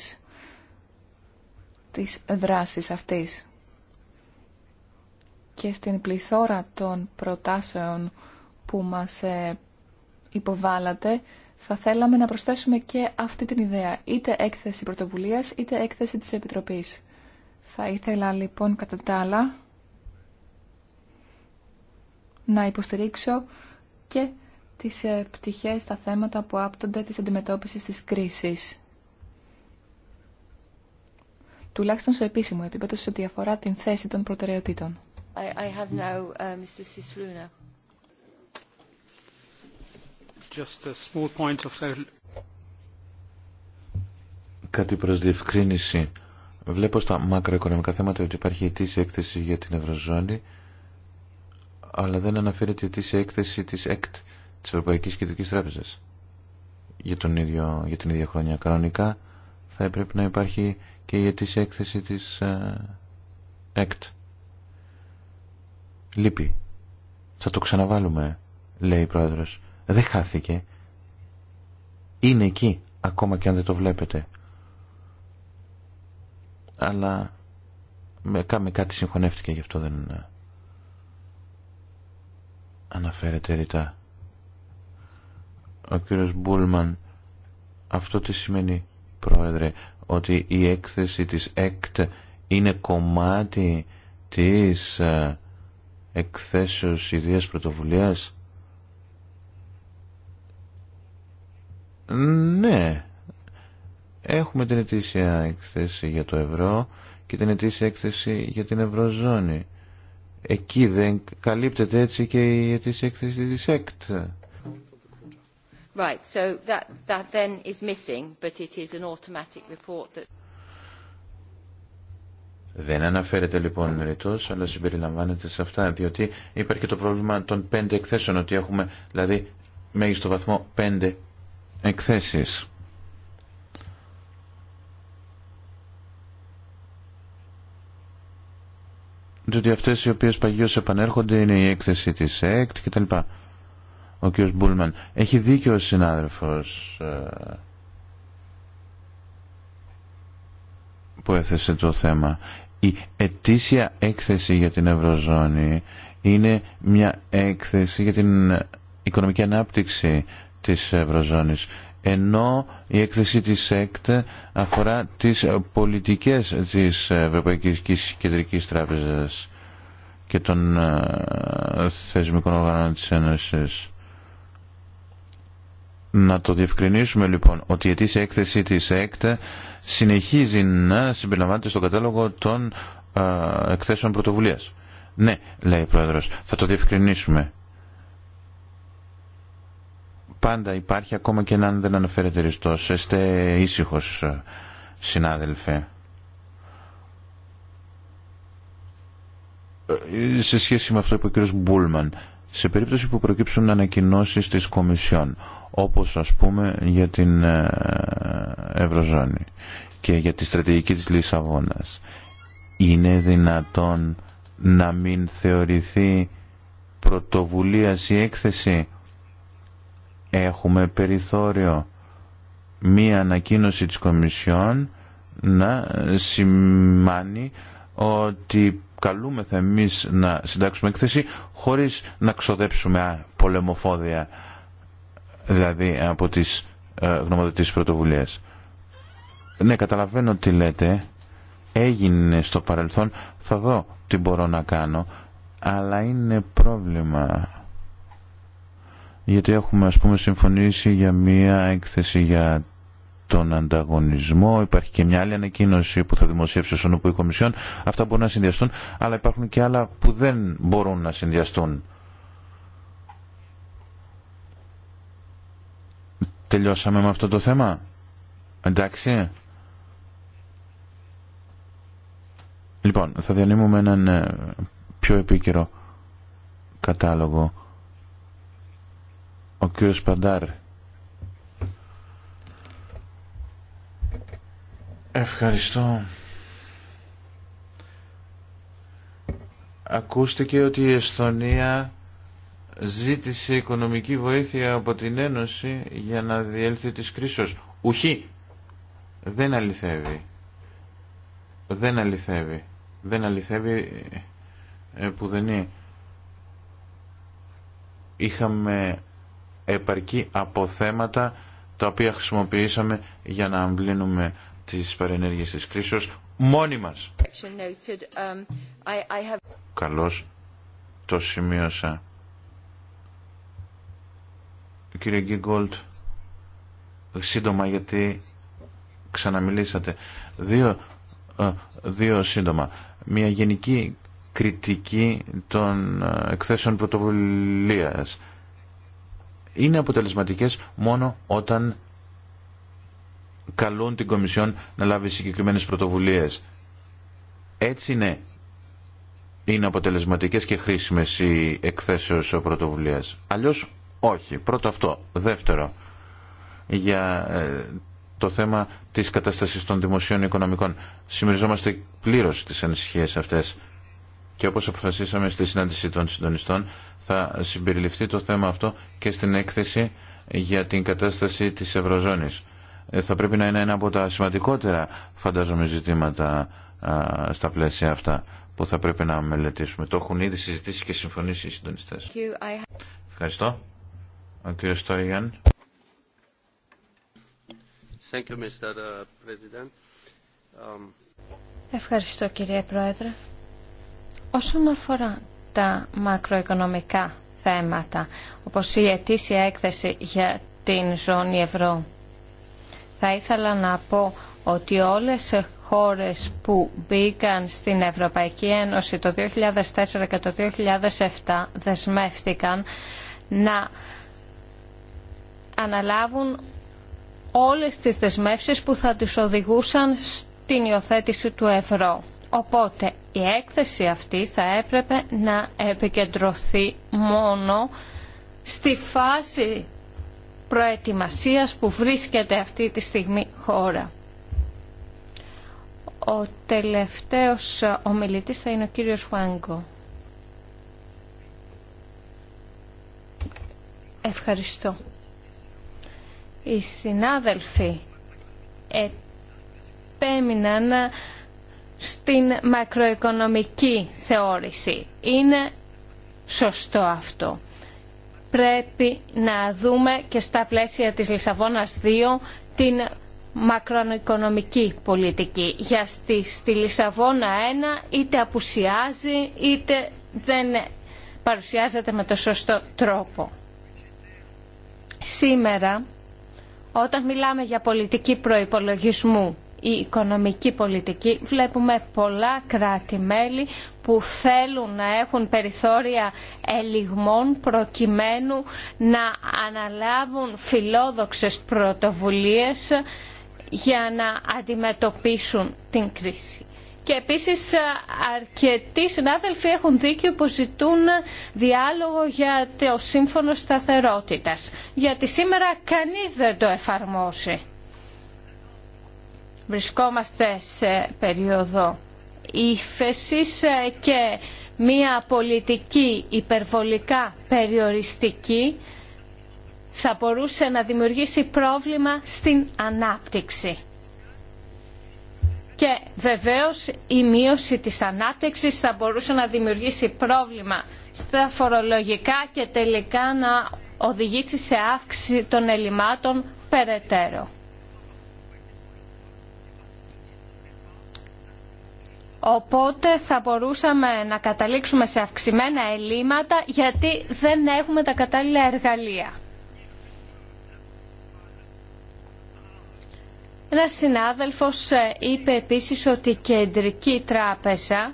τη δράση αυτής και στην πληθώρα των προτάσεων που μας ε, υποβάλατε, θα θέλαμε να προσθέσουμε και αυτή την ιδέα, είτε έκθεση πρωτοβουλίας, είτε έκθεση της Επιτροπής. Θα ήθελα λοιπόν κατά τα άλλα να υποστηρίξω και τις ε, πτυχές, τα θέματα που άπτονται της αντιμετώπισης της κρίσης. Τουλάχιστον σε επίσημο επίπεδο σε ό,τι αφορά την θέση των προτεραιοτήτων. I Κάτι προ διευκρίνηση. Βλέπω στα μακροοικονομικά θέματα ότι υπάρχει ετήσια έκθεση για την Ευρωζώνη, αλλά δεν αναφέρεται η ετήσια έκθεση τη ΕΚΤ, τη Ευρωπαϊκή Κεντρική Τράπεζα. για, για την ίδια χρονιά. Κανονικά θα έπρεπε να υπάρχει και η αιτήσια έκθεση τη ε, ΕΚΤ. Λείπει. Θα το ξαναβάλουμε, λέει η πρόεδρος. Δεν χάθηκε. Είναι εκεί, ακόμα και αν δεν το βλέπετε. Αλλά με, με κάτι συγχωνεύτηκε, γι' αυτό δεν ε, αναφέρεται ρητά. Ο κύριος Μπούλμαν, αυτό τι σημαίνει, πρόεδρε, ότι η έκθεση της ΕΚΤ είναι κομμάτι της ε, εκθέσεως ιδίας πρωτοβουλίας. Ναι, έχουμε την ετήσια εκθέση για το ευρώ και την ετήσια έκθεση για την ευρωζώνη. Εκεί δεν καλύπτεται έτσι και η ετήσια έκθεση της ΕΚΤ. Right, so that, that then is missing, but it is an automatic report that... Δεν αναφέρεται λοιπόν ρητό, αλλά συμπεριλαμβάνεται σε αυτά, διότι υπάρχει το πρόβλημα των πέντε εκθέσεων, ότι έχουμε δηλαδή μέγιστο βαθμό πέντε εκθέσει. Διότι αυτέ οι οποίε παγίω επανέρχονται είναι η έκθεση της ΕΚΤ κτλ. Ο κ. Μπούλμαν. Έχει δίκιο ο συνάδελφο ε, που έθεσε το θέμα η ετήσια έκθεση για την Ευρωζώνη είναι μια έκθεση για την οικονομική ανάπτυξη της Ευρωζώνης ενώ η έκθεση της ΕΚΤ αφορά τις πολιτικές της Ευρωπαϊκής Κεντρικής Τράπεζας και των ε, θεσμικών οργάνων της Ένωσης. Να το διευκρινίσουμε λοιπόν ότι η ετήσια έκθεση της ΕΚΤ συνεχίζει να συμπεριλαμβάνεται στο κατάλογο των εκθέσεων πρωτοβουλίας. Ναι, λέει ο Πρόεδρος, θα το διευκρινίσουμε. Πάντα υπάρχει ακόμα και αν δεν αναφέρεται ριστός. Είστε ήσυχος, συνάδελφε. Ε, σε σχέση με αυτό που είπε ο κ. Μπούλμαν, σε περίπτωση που προκύψουν ανακοινώσει της Κομισιόν, όπως ας πούμε για την ε, Ευρωζώνη και για τη στρατηγική της Λισαβόνας, είναι δυνατόν να μην θεωρηθεί πρωτοβουλία η έκθεση. Έχουμε περιθώριο μία ανακοίνωση της Κομισιόν να σημάνει ότι καλούμεθα εμείς να συντάξουμε έκθεση χωρίς να ξοδέψουμε πολεμοφόδια δηλαδή από τις ε, γνωμοδοτήσεις πρωτοβουλίες. Ναι, καταλαβαίνω τι λέτε. Έγινε στο παρελθόν. Θα δω τι μπορώ να κάνω. Αλλά είναι πρόβλημα. Γιατί έχουμε ας πούμε συμφωνήσει για μία έκθεση για τον ανταγωνισμό. Υπάρχει και μια άλλη ανακοίνωση που θα δημοσιεύσει ο Σονούπου Κομισιόν. Αυτά μπορούν να συνδυαστούν, αλλά υπάρχουν και άλλα που δεν μπορούν να συνδυαστούν. Τελειώσαμε με αυτό το θέμα. Εντάξει. Λοιπόν, θα διανύμουμε έναν ε, πιο επίκαιρο κατάλογο. Ο κύριος Παντάρ Ευχαριστώ. Ακούστηκε ότι η Εσθονία ζήτησε οικονομική βοήθεια από την Ένωση για να διέλθει της κρίσης. Ουχή. Δεν αληθεύει. Δεν αληθεύει. Δεν αληθεύει ε, που δεν είναι. Είχαμε επαρκή αποθέματα τα οποία χρησιμοποιήσαμε για να αμβλύνουμε τις παρενέργειες της κρίσεως μόνοι μας. Um, Καλώς το σημείωσα. Κύριε Γκίγκολτ, σύντομα γιατί ξαναμιλήσατε. Δύο, ε, δύο σύντομα. Μια γενική κριτική των ε, εκθέσεων πρωτοβουλίας. Είναι αποτελεσματικές μόνο όταν καλούν την Κομισιόν να λάβει συγκεκριμένες πρωτοβουλίες. Έτσι είναι, είναι αποτελεσματικές και χρήσιμες οι εκθέσεις πρωτοβουλίας. Αλλιώς όχι. Πρώτο αυτό. Δεύτερο, για ε, το θέμα της κατάστασης των δημοσίων οικονομικών. Συμμεριζόμαστε πλήρως τις ανησυχίες αυτές και όπως αποφασίσαμε στη συνάντηση των συντονιστών θα συμπεριληφθεί το θέμα αυτό και στην έκθεση για την κατάσταση της Ευρωζώνης. Ε, θα πρέπει να είναι ένα από τα σημαντικότερα φαντάζομαι ζητήματα στα πλαίσια αυτά που θα πρέπει να μελετήσουμε. Το έχουν ήδη συζητήσει και συμφωνήσει οι συντονιστές. Ευχαριστώ. Ο κ. Στόιγαν. Uh, um, Ευχαριστώ κύριε Πρόεδρε. Όσον αφορά τα μακροοικονομικά θέματα, όπως η ετήσια έκθεση για την ζώνη ευρώ, θα ήθελα να πω ότι όλες οι χώρες που μπήκαν στην Ευρωπαϊκή Ένωση το 2004 και το 2007 δεσμεύτηκαν να αναλάβουν όλες τις δεσμεύσεις που θα τους οδηγούσαν στην υιοθέτηση του ευρώ. Οπότε η έκθεση αυτή θα έπρεπε να επικεντρωθεί μόνο στη φάση προετοιμασίας που βρίσκεται αυτή τη στιγμή χώρα. Ο τελευταίος ομιλητής θα είναι ο κύριος Χουάνγκο. Ευχαριστώ. Οι συνάδελφοι επέμειναν στην μακροοικονομική θεώρηση. Είναι σωστό αυτό πρέπει να δούμε και στα πλαίσια της Λισαβόνας 2 την μακροοικονομική πολιτική. Για στη, στη Λισαβόνα 1 είτε απουσιάζει είτε δεν παρουσιάζεται με το σωστό τρόπο. Σήμερα όταν μιλάμε για πολιτική προϋπολογισμού η οικονομική πολιτική. Βλέπουμε πολλά κράτη-μέλη που θέλουν να έχουν περιθώρια ελιγμών προκειμένου να αναλάβουν φιλόδοξες πρωτοβουλίες για να αντιμετωπίσουν την κρίση. Και επίσης αρκετοί συνάδελφοι έχουν δίκιο που ζητούν διάλογο για το σύμφωνο σταθερότητας. Γιατί σήμερα κανείς δεν το εφαρμόσει. Βρισκόμαστε σε περίοδο ύφεσης ε, και μία πολιτική υπερβολικά περιοριστική θα μπορούσε να δημιουργήσει πρόβλημα στην ανάπτυξη. Και βεβαίως η μείωση της ανάπτυξης θα μπορούσε να δημιουργήσει πρόβλημα στα φορολογικά και τελικά να οδηγήσει σε αύξηση των ελλημάτων περαιτέρω. Οπότε θα μπορούσαμε να καταλήξουμε σε αυξημένα ελλείμματα γιατί δεν έχουμε τα κατάλληλα εργαλεία. Ένα συνάδελφος ε, είπε επίσης ότι η κεντρική τράπεζα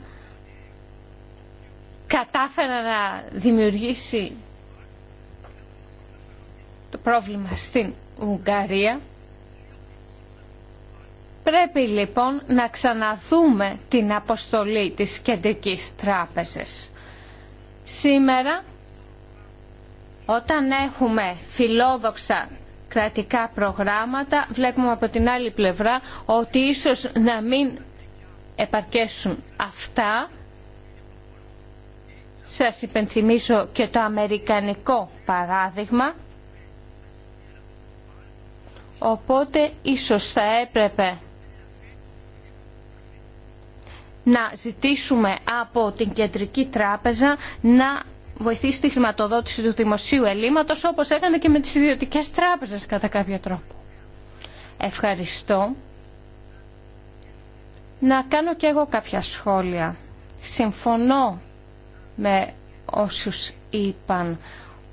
κατάφερε να δημιουργήσει το πρόβλημα στην Ουγγαρία Πρέπει λοιπόν να ξαναδούμε την αποστολή της Κεντρικής Τράπεζας. Σήμερα όταν έχουμε φιλόδοξα κρατικά προγράμματα βλέπουμε από την άλλη πλευρά ότι ίσως να μην επαρκέσουν αυτά. Σας υπενθυμίσω και το αμερικανικό παράδειγμα. Οπότε ίσως θα έπρεπε να ζητήσουμε από την Κεντρική Τράπεζα να βοηθήσει τη χρηματοδότηση του δημοσίου ελλείμματος όπως έκανε και με τις ιδιωτικές τράπεζες κατά κάποιο τρόπο. Ευχαριστώ. Να κάνω και εγώ κάποια σχόλια. Συμφωνώ με όσους είπαν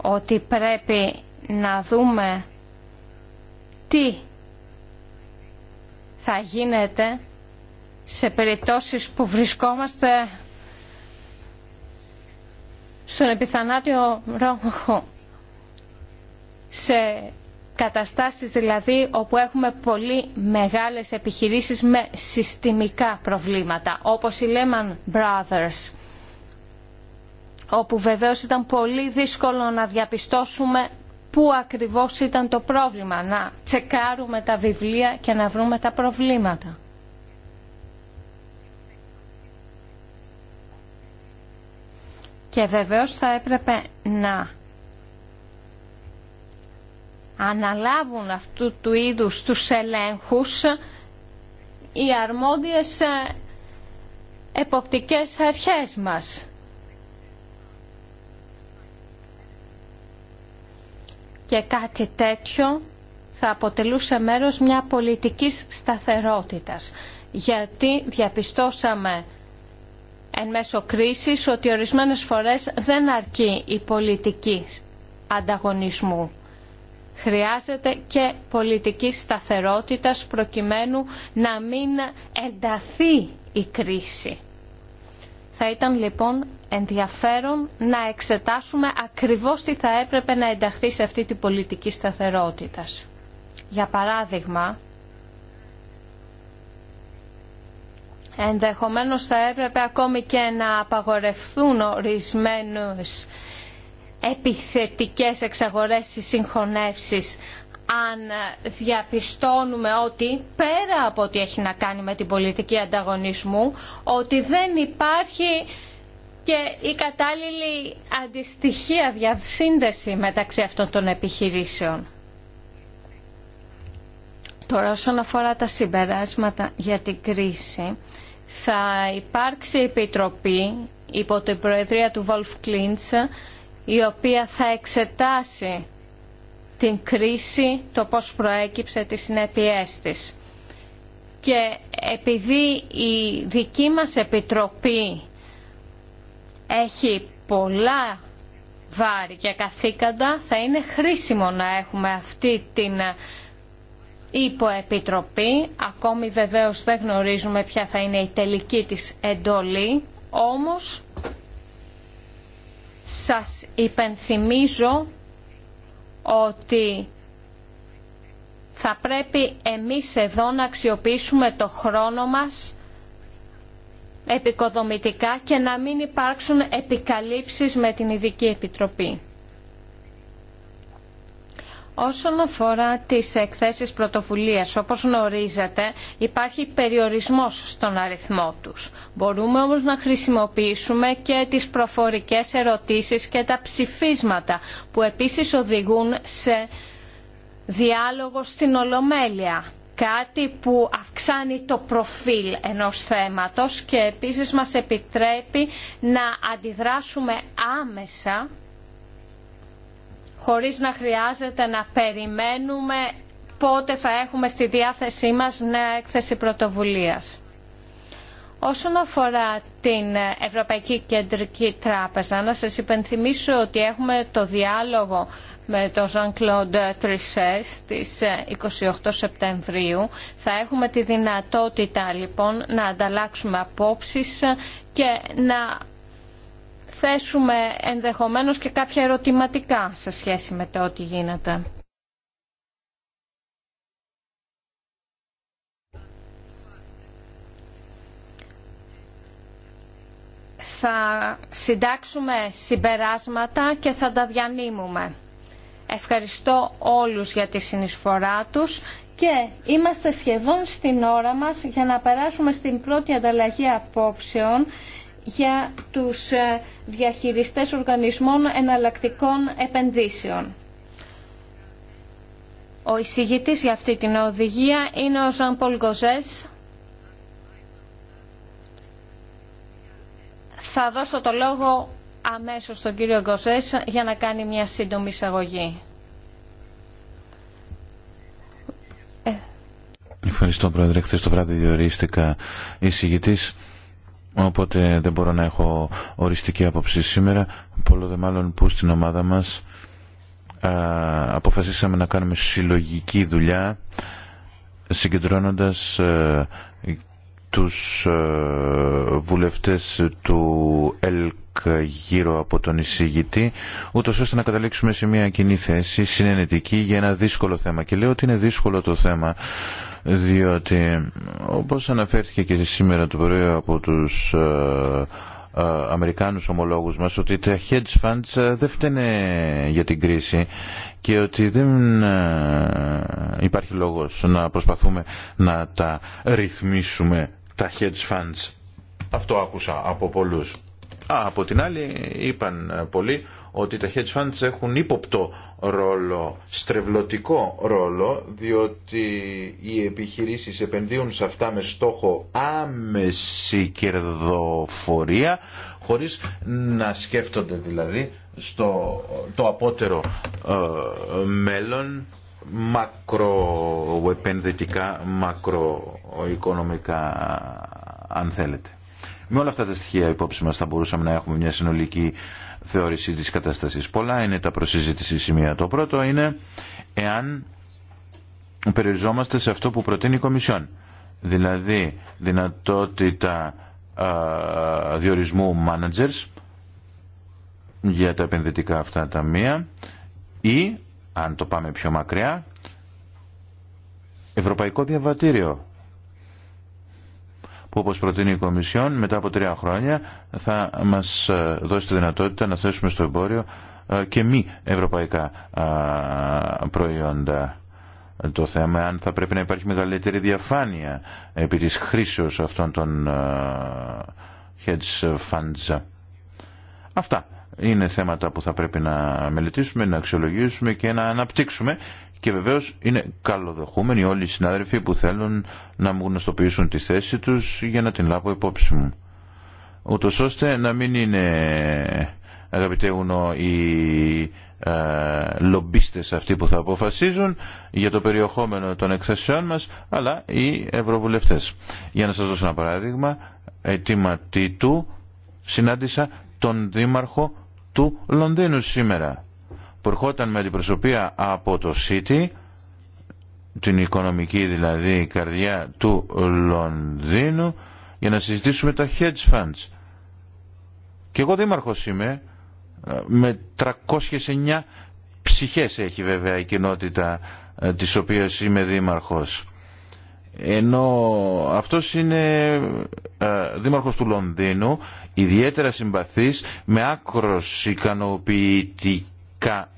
ότι πρέπει να δούμε τι θα γίνεται σε περιπτώσεις που βρισκόμαστε στον επιθανάτιο ρόγχο σε καταστάσεις δηλαδή όπου έχουμε πολύ μεγάλες επιχειρήσεις με συστημικά προβλήματα όπως η Lehman Brothers όπου βεβαίως ήταν πολύ δύσκολο να διαπιστώσουμε πού ακριβώς ήταν το πρόβλημα να τσεκάρουμε τα βιβλία και να βρούμε τα προβλήματα. Και βεβαίως θα έπρεπε να αναλάβουν αυτού του είδους τους ελέγχους οι αρμόδιες ε, εποπτικές αρχές μας. Και κάτι τέτοιο θα αποτελούσε μέρος μια πολιτικής σταθερότητας. Γιατί διαπιστώσαμε εν μέσω κρίσης ότι ορισμένες φορές δεν αρκεί η πολιτική ανταγωνισμού. Χρειάζεται και πολιτική σταθερότητας προκειμένου να μην ενταθεί η κρίση. Θα ήταν λοιπόν ενδιαφέρον να εξετάσουμε ακριβώς τι θα έπρεπε να ενταχθεί σε αυτή την πολιτική σταθερότητας. Για παράδειγμα, Ενδεχομένως θα έπρεπε ακόμη και να απαγορευθούν ορισμένους επιθετικές εξαγορές ή συγχωνεύσεις αν διαπιστώνουμε ότι πέρα από ό,τι έχει να κάνει με την πολιτική ανταγωνισμού ότι δεν υπάρχει και η κατάλληλη αντιστοιχεία διασύνδεση μεταξύ αυτών των επιχειρήσεων. Τώρα όσον αφορά τα συμπεράσματα για την κρίση, θα υπάρξει επιτροπή υπό την προεδρία του Βολφ Κλίντς, η οποία θα εξετάσει την κρίση, το πώς προέκυψε, τις συνέπειές της. Και επειδή η δική μας επιτροπή έχει πολλά βάρη και καθήκοντα, θα είναι χρήσιμο να έχουμε αυτή την επιτροπή Ακόμη βεβαίως δεν γνωρίζουμε ποια θα είναι η τελική της εντολή, όμως σας υπενθυμίζω ότι θα πρέπει εμείς εδώ να αξιοποιήσουμε το χρόνο μας επικοδομητικά και να μην υπάρξουν επικαλύψεις με την Ειδική Επιτροπή. Όσον αφορά τις εκθέσεις πρωτοβουλίας, όπως γνωρίζετε, υπάρχει περιορισμός στον αριθμό τους. Μπορούμε όμως να χρησιμοποιήσουμε και τις προφορικές ερωτήσεις και τα ψηφίσματα, που επίσης οδηγούν σε διάλογο στην Ολομέλεια. Κάτι που αυξάνει το προφίλ ενός θέματος και επίσης μας επιτρέπει να αντιδράσουμε άμεσα χωρίς να χρειάζεται να περιμένουμε πότε θα έχουμε στη διάθεσή μας νέα έκθεση πρωτοβουλίας. Όσον αφορά την Ευρωπαϊκή Κεντρική Τράπεζα, να σας υπενθυμίσω ότι έχουμε το διάλογο με τον Jean-Claude Trichet στις 28 ε, Σεπτεμβρίου. Θα έχουμε τη δυνατότητα λοιπόν να ανταλλάξουμε απόψεις και να θέσουμε ενδεχομένως και κάποια ερωτηματικά σε σχέση με το ότι γίνεται. θα συντάξουμε συμπεράσματα και θα τα διανύμουμε. Ευχαριστώ όλους για τη συνεισφορά τους και είμαστε σχεδόν στην ώρα μας για να περάσουμε στην πρώτη ανταλλαγή απόψεων για τους ε, διαχειριστές οργανισμών εναλλακτικών επενδύσεων. Ο εισηγητής για αυτή την οδηγία είναι ο Ζαν Πολ Γκοζές. Θα δώσω το λόγο αμέσως στον κύριο Γκοζές για να κάνει μια σύντομη εισαγωγή. Ε. Ευχαριστώ, Πρόεδρε. Χθε το βράδυ διορίστηκα εισηγητή Οπότε δεν μπορώ να έχω οριστική άποψη σήμερα, πολλό δε μάλλον που στην ομάδα μας α, αποφασίσαμε να κάνουμε συλλογική δουλειά συγκεντρώνοντας ε, τους ε, βουλευτές του ΕΛΚ γύρω από τον εισηγητή, ούτως ώστε να καταλήξουμε σε μια κοινή θέση συνενετική για ένα δύσκολο θέμα. Και λέω ότι είναι δύσκολο το θέμα, διότι όπως αναφέρθηκε και σήμερα το πρωί από τους ε, ε, Αμερικάνους ομολόγους μας ότι τα hedge funds δεν φταίνε για την κρίση και ότι δεν υπάρχει λόγος να προσπαθούμε να τα ρυθμίσουμε τα hedge funds. Αυτό άκουσα από πολλούς. Α, από την άλλη είπαν πολλοί ότι τα hedge funds έχουν ύποπτο ρόλο, στρεβλωτικό ρόλο, διότι οι επιχειρήσεις επενδύουν σε αυτά με στόχο άμεση κερδοφορία, χωρίς να σκέφτονται δηλαδή στο το απότερο ε, μέλλον μακροεπενδυτικά, μακροοικονομικά αν θέλετε. Με όλα αυτά τα στοιχεία υπόψη μας θα μπορούσαμε να έχουμε μια συνολική θεώρηση της κατάστασης. Πολλά είναι τα προσυζήτηση σημεία. Το πρώτο είναι εάν περιοριζόμαστε σε αυτό που προτείνει η Κομισιόν. Δηλαδή δυνατότητα α, διορισμού managers για τα επενδυτικά αυτά ταμεία ή αν το πάμε πιο μακριά, ευρωπαϊκό διαβατήριο που όπως προτείνει η Κομισιόν μετά από τρία χρόνια θα μας ε, δώσει τη δυνατότητα να θέσουμε στο εμπόριο ε, και μη ευρωπαϊκά προϊόντα. Το θέμα αν θα πρέπει να υπάρχει μεγαλύτερη διαφάνεια επί της χρήσεως αυτών των ε, hedge funds. Αυτά είναι θέματα που θα πρέπει να μελετήσουμε, να αξιολογήσουμε και να αναπτύξουμε και βεβαίως είναι καλοδοχούμενοι όλοι οι συνάδελφοι που θέλουν να μου γνωστοποιήσουν τη θέση τους για να την λάβω υπόψη μου. Ούτως ώστε να μην είναι αγαπητέ Ουνο οι ε, αυτοί που θα αποφασίζουν για το περιεχόμενο των εκθεσεών μας αλλά οι ευρωβουλευτές. Για να σας δώσω ένα παράδειγμα, ετοιματή του συνάντησα τον δήμαρχο του Λονδίνου σήμερα που ερχόταν με αντιπροσωπεία από το City την οικονομική δηλαδή καρδιά του Λονδίνου για να συζητήσουμε τα hedge funds και εγώ δήμαρχος είμαι με 309 ψυχές έχει βέβαια η κοινότητα ε, της οποίας είμαι δήμαρχος ενώ αυτός είναι ε, δήμαρχος του Λονδίνου ιδιαίτερα συμπαθής με άκρος ικανοποιητικά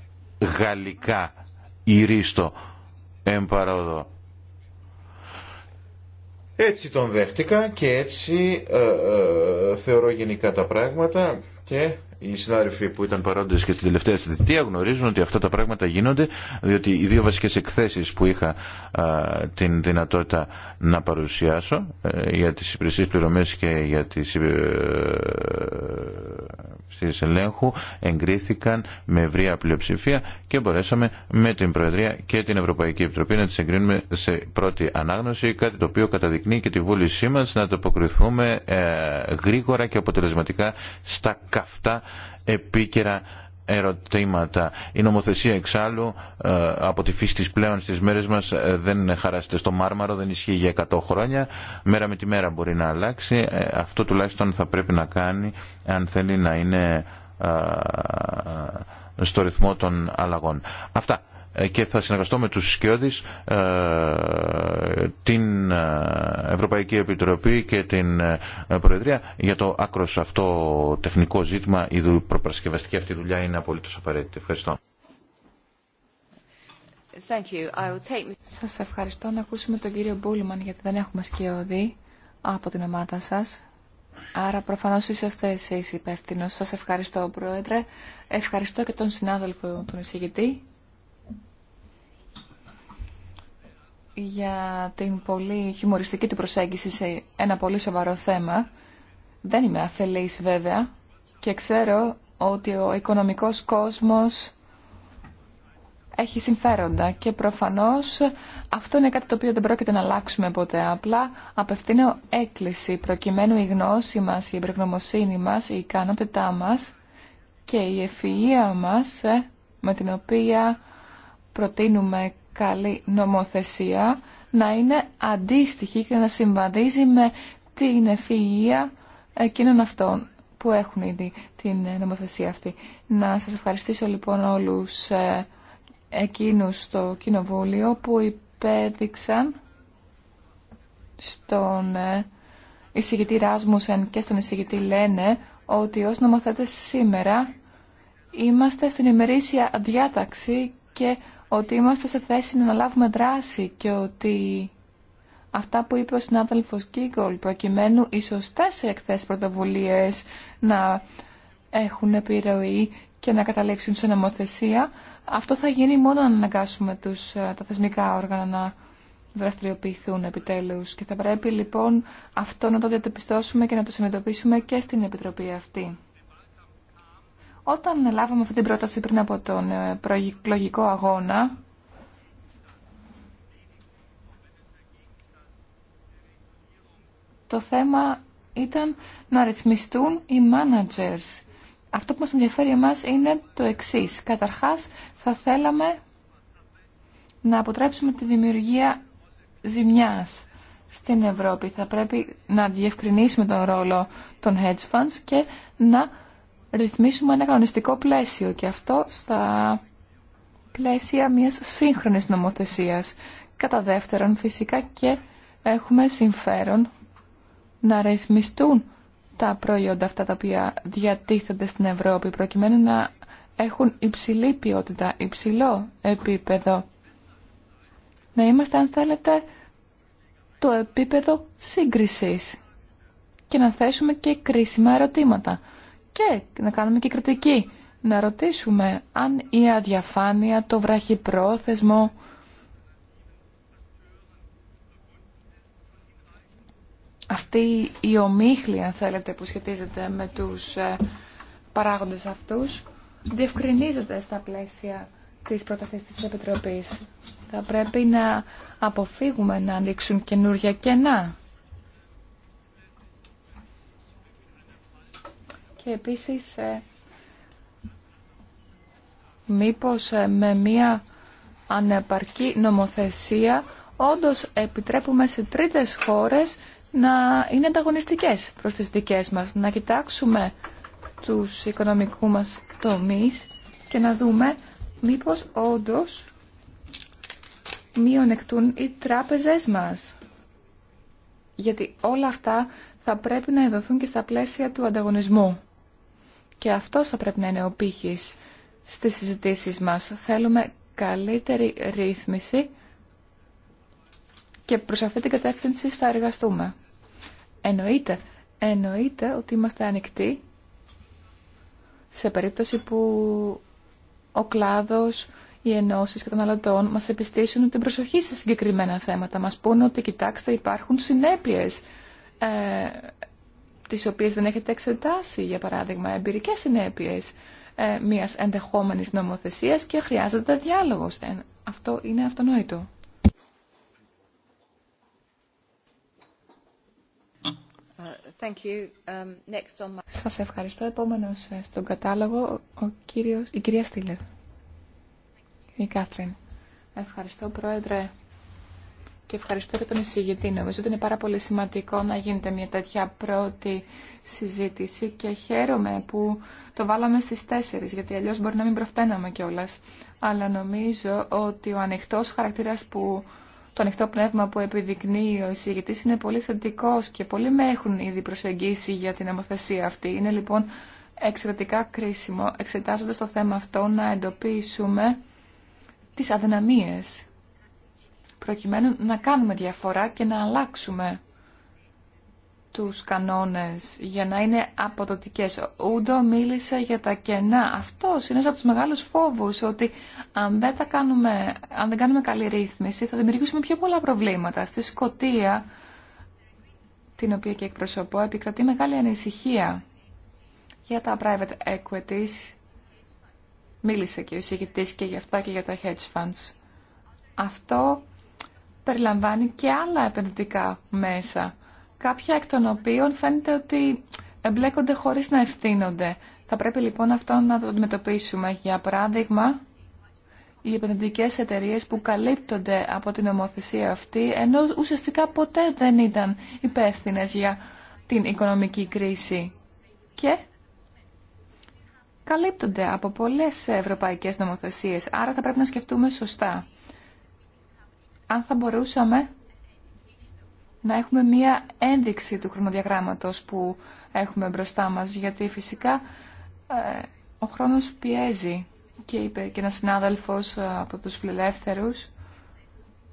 γαλλικά ηρίστο εμπαρόδο. Έτσι τον δέχτηκα και έτσι ε, ε, θεωρώ γενικά τα πράγματα και οι συνάδελφοι που ήταν παρόντε και την τελευταία θητεία γνωρίζουν ότι αυτά τα πράγματα γίνονται διότι οι δύο βασικέ εκθέσει που είχα την δυνατότητα να παρουσιάσω ε, για τι υπηρεσίε πληρωμέ και για τι ε, ελέγχου εγκρίθηκαν με ευρία πλειοψηφία και μπορέσαμε με την Προεδρία και την Ευρωπαϊκή Επιτροπή να τι εγκρίνουμε σε πρώτη ανάγνωση. Κάτι το οποίο καταδεικνύει και τη βούλησή μα να τοποκριθούμε ε, γρήγορα και αποτελεσματικά στα καυτά επίκαιρα ερωτήματα. Η νομοθεσία εξάλλου ε, από τη φύση της πλέον στις μέρες μας ε, δεν χαράσεται στο μάρμαρο, δεν ισχύει για 100 χρόνια. Μέρα με τη μέρα μπορεί να αλλάξει. Ε, αυτό τουλάχιστον θα πρέπει να κάνει αν θέλει να είναι στο ρυθμό των αλλαγών. Αυτά. Ε, και θα συνεργαστώ με τους Σκιώδης, ε, την ε, Ευρωπαϊκή Επιτροπή και την Προεδρία για το άκρος αυτό τεχνικό ζήτημα. Η προπαρασκευαστική αυτή δουλειά είναι απολύτως απαραίτητη. Ευχαριστώ. Thank you. I will take... Σας ευχαριστώ να ακούσουμε τον κύριο Μπούλμαν γιατί δεν έχουμε σκιώδη από την ομάδα σας. Άρα προφανώς είσαστε εσείς υπεύθυνος. Σας ευχαριστώ Πρόεδρε. Ευχαριστώ και τον συνάδελφο τον εισηγητή. για την πολύ χιουμοριστική του προσέγγιση σε ένα πολύ σοβαρό θέμα. Δεν είμαι αφελής βέβαια και ξέρω ότι ο οικονομικός κόσμος έχει συμφέροντα και προφανώς αυτό είναι κάτι το οποίο δεν πρόκειται να αλλάξουμε ποτέ. Απλά απευθύνω έκκληση προκειμένου η γνώση μας, η εμπρογνωμοσύνη μας, η ικανότητά μας και η ευφυΐα μας ε, με την οποία προτείνουμε καλή νομοθεσία να είναι αντίστοιχη και να συμβαδίζει με την ευφυγία εκείνων αυτών που έχουν ήδη την νομοθεσία αυτή. Να σας ευχαριστήσω λοιπόν όλους ε, εκείνους στο Κοινοβούλιο που υπέδειξαν στον ε, εισηγητή Ράσμουσεν και στον εισηγητή Λένε ότι ως νομοθέτες σήμερα είμαστε στην ημερήσια διάταξη και ότι είμαστε σε θέση να αναλάβουμε δράση και ότι αυτά που είπε ο συνάδελφος Κίγκολ προκειμένου οι σωστές εκθέσεις πρωτοβουλίες να έχουν επιρροή και να καταλήξουν σε νομοθεσία αυτό θα γίνει μόνο αν αναγκάσουμε τους, ε, τα θεσμικά όργανα να δραστηριοποιηθούν επιτέλους και θα πρέπει λοιπόν αυτό να το διατεπιστώσουμε και να το συνειδητοποιήσουμε και στην Επιτροπή αυτή. Όταν λάβαμε αυτή την πρόταση πριν από τον ε, προεκλογικό αγώνα, το θέμα ήταν να ρυθμιστούν οι managers. Αυτό που μας ενδιαφέρει εμάς είναι το εξής. Καταρχάς, θα θέλαμε να αποτρέψουμε τη δημιουργία ζημιάς στην Ευρώπη. Θα πρέπει να διευκρινίσουμε τον ρόλο των hedge funds και να ρυθμίσουμε ένα κανονιστικό πλαίσιο και αυτό στα πλαίσια μιας σύγχρονης νομοθεσίας. Κατά δεύτερον, φυσικά και έχουμε συμφέρον να ρυθμιστούν τα προϊόντα αυτά τα οποία διατίθενται στην Ευρώπη προκειμένου να έχουν υψηλή ποιότητα, υψηλό επίπεδο. Να είμαστε, αν θέλετε, το επίπεδο σύγκρισης και να θέσουμε και κρίσιμα ερωτήματα και να κάνουμε και κριτική. Να ρωτήσουμε αν η αδιαφάνεια, το βραχυπρόθεσμο αυτή η ομίχλη, αν θέλετε, που σχετίζεται με τους ε, παράγοντες αυτούς, διευκρινίζεται στα πλαίσια της πρότασης της Επιτροπής. Θα πρέπει να αποφύγουμε να ανοίξουν καινούργια κενά. Και επίσης, ε, μήπως ε, με μία ανεπαρκή νομοθεσία όντως επιτρέπουμε σε τρίτες χώρες να είναι ανταγωνιστικές προς τις δικές μας. Να κοιτάξουμε τους οικονομικού μας τομείς και να δούμε μήπως όντως μειονεκτούν οι τράπεζές μας. Γιατί όλα αυτά θα πρέπει να ειδωθούν και στα πλαίσια του ανταγωνισμού. Και αυτό θα πρέπει να είναι ο πύχης στις συζητήσεις μας. Θέλουμε καλύτερη ρύθμιση και προς αυτή την κατεύθυνση θα εργαστούμε. Εννοείται, εννοείται ότι είμαστε ανοιχτοί σε περίπτωση που ο κλάδος, οι ενώσει καταναλωτών μας επιστήσουν την προσοχή σε συγκεκριμένα θέματα. Μας πούνε ότι κοιτάξτε υπάρχουν συνέπειες ε, τις οποίες δεν έχετε εξετάσει, για παράδειγμα, εμπειρικές συνέπειες ε, μιας ενδεχόμενης νομοθεσίας και χρειάζεται διάλογος. Ε, αυτό είναι αυτονόητο. Thank you. Um, next on... Σας ευχαριστώ. Επόμενος ε, στον κατάλογο ο κύριος, η κυρία Στήλερ. Η Κάθριν. Ευχαριστώ, Πρόεδρε και ευχαριστώ και τον εισηγητή. Νομίζω ότι είναι πάρα πολύ σημαντικό να γίνεται μια τέτοια πρώτη συζήτηση και χαίρομαι που το βάλαμε στις τέσσερις, γιατί αλλιώς μπορεί να μην προφταίναμε κιόλα. Αλλά νομίζω ότι ο ανοιχτό χαρακτήρας που το ανοιχτό πνεύμα που επιδεικνύει ο εισηγητής είναι πολύ θετικός και πολλοί με έχουν ήδη προσεγγίσει για την νομοθεσία αυτή. Είναι λοιπόν εξαιρετικά κρίσιμο, εξετάζοντας το θέμα αυτό, να εντοπίσουμε τις αδυναμίες προκειμένου να κάνουμε διαφορά και να αλλάξουμε τους κανόνες για να είναι αποδοτικές. Ο Ούντο μίλησε για τα κενά. Αυτό είναι ένα από τους μεγάλους φόβους ότι αν δεν, τα κάνουμε, αν δεν κάνουμε καλή ρύθμιση θα δημιουργήσουμε πιο πολλά προβλήματα. Στη Σκοτία, την οποία και εκπροσωπώ, επικρατεί μεγάλη ανησυχία για τα private equities. Μίλησε και ο συγκριτής και για αυτά και για τα hedge funds. Αυτό περιλαμβάνει και άλλα επενδυτικά μέσα, κάποια εκ των οποίων φαίνεται ότι εμπλέκονται χωρίς να ευθύνονται. Θα πρέπει λοιπόν αυτό να το αντιμετωπίσουμε. Για παράδειγμα, οι επενδυτικές εταιρείες που καλύπτονται από την νομοθεσία αυτή, ενώ ουσιαστικά ποτέ δεν ήταν υπεύθυνε για την οικονομική κρίση. Και καλύπτονται από πολλές ευρωπαϊκές νομοθεσίες, άρα θα πρέπει να σκεφτούμε σωστά αν θα μπορούσαμε να έχουμε μία ένδειξη του χρονοδιαγράμματος που έχουμε μπροστά μας, γιατί φυσικά ε, ο χρόνος πιέζει. Και είπε και ένας συνάδελφος ε, από τους φιλελεύθερους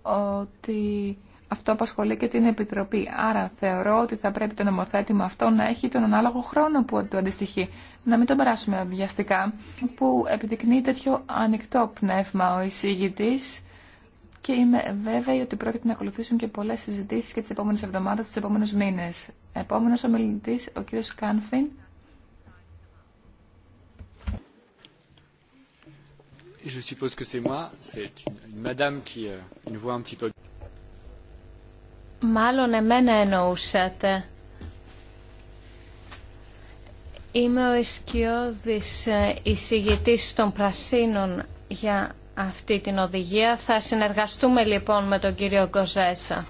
ότι αυτό απασχολεί και την Επιτροπή. Άρα θεωρώ ότι θα πρέπει το νομοθέτημα αυτό να έχει τον ανάλογο χρόνο που του αντιστοιχεί. Να μην τον περάσουμε βιαστικά, που επιδεικνύει τέτοιο ανοιχτό πνεύμα ο εισήγητης και είμαι βέβαιη ότι πρόκειται να ακολουθήσουν και πολλέ συζητήσει και τι επόμενε εβδομάδε, του επόμενου μήνε. Επόμενο ομιλητή, ο κύριο Κάνφιν. Je suppose Μάλλον εμένα εννοούσατε. Είμαι ο ισκιώδης ε, εισηγητής των Πρασίνων για αυτή την οδηγία. Θα συνεργαστούμε λοιπόν με τον κύριο Κοζέσα.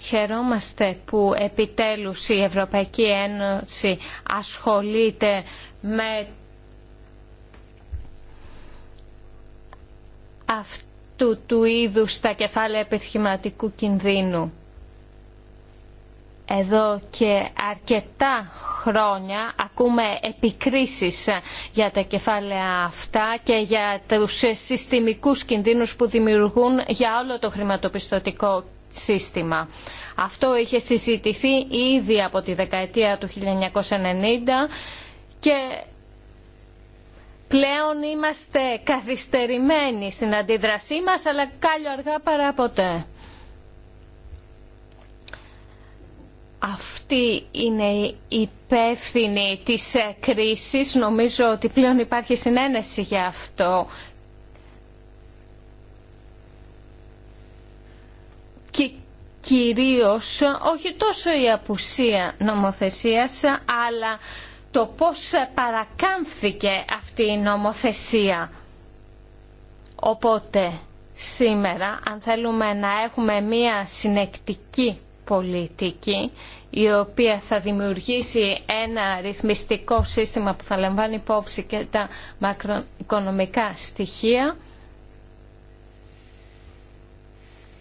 Χαιρόμαστε που επιτέλους η Ευρωπαϊκή Ένωση ασχολείται με αυτού του είδους τα κεφάλαια επιχειρηματικού κινδύνου εδώ και αρκετά χρόνια ακούμε επικρίσεις για τα κεφάλαια αυτά και για τους συστημικούς κινδύνους που δημιουργούν για όλο το χρηματοπιστωτικό σύστημα. Αυτό είχε συζητηθεί ήδη από τη δεκαετία του 1990 και πλέον είμαστε καθυστερημένοι στην αντίδρασή μας αλλά κάλλιο αργά παρά ποτέ. αυτή είναι η υπεύθυνη της κρίσης. Νομίζω ότι πλέον υπάρχει συνένεση για αυτό. Και κυρίως όχι τόσο η απουσία νομοθεσίας, αλλά το πώς παρακάμφθηκε αυτή η νομοθεσία. Οπότε σήμερα, αν θέλουμε να έχουμε μία συνεκτική πολιτική, η οποία θα δημιουργήσει ένα ρυθμιστικό σύστημα που θα λαμβάνει υπόψη και τα μακροοικονομικά στοιχεία,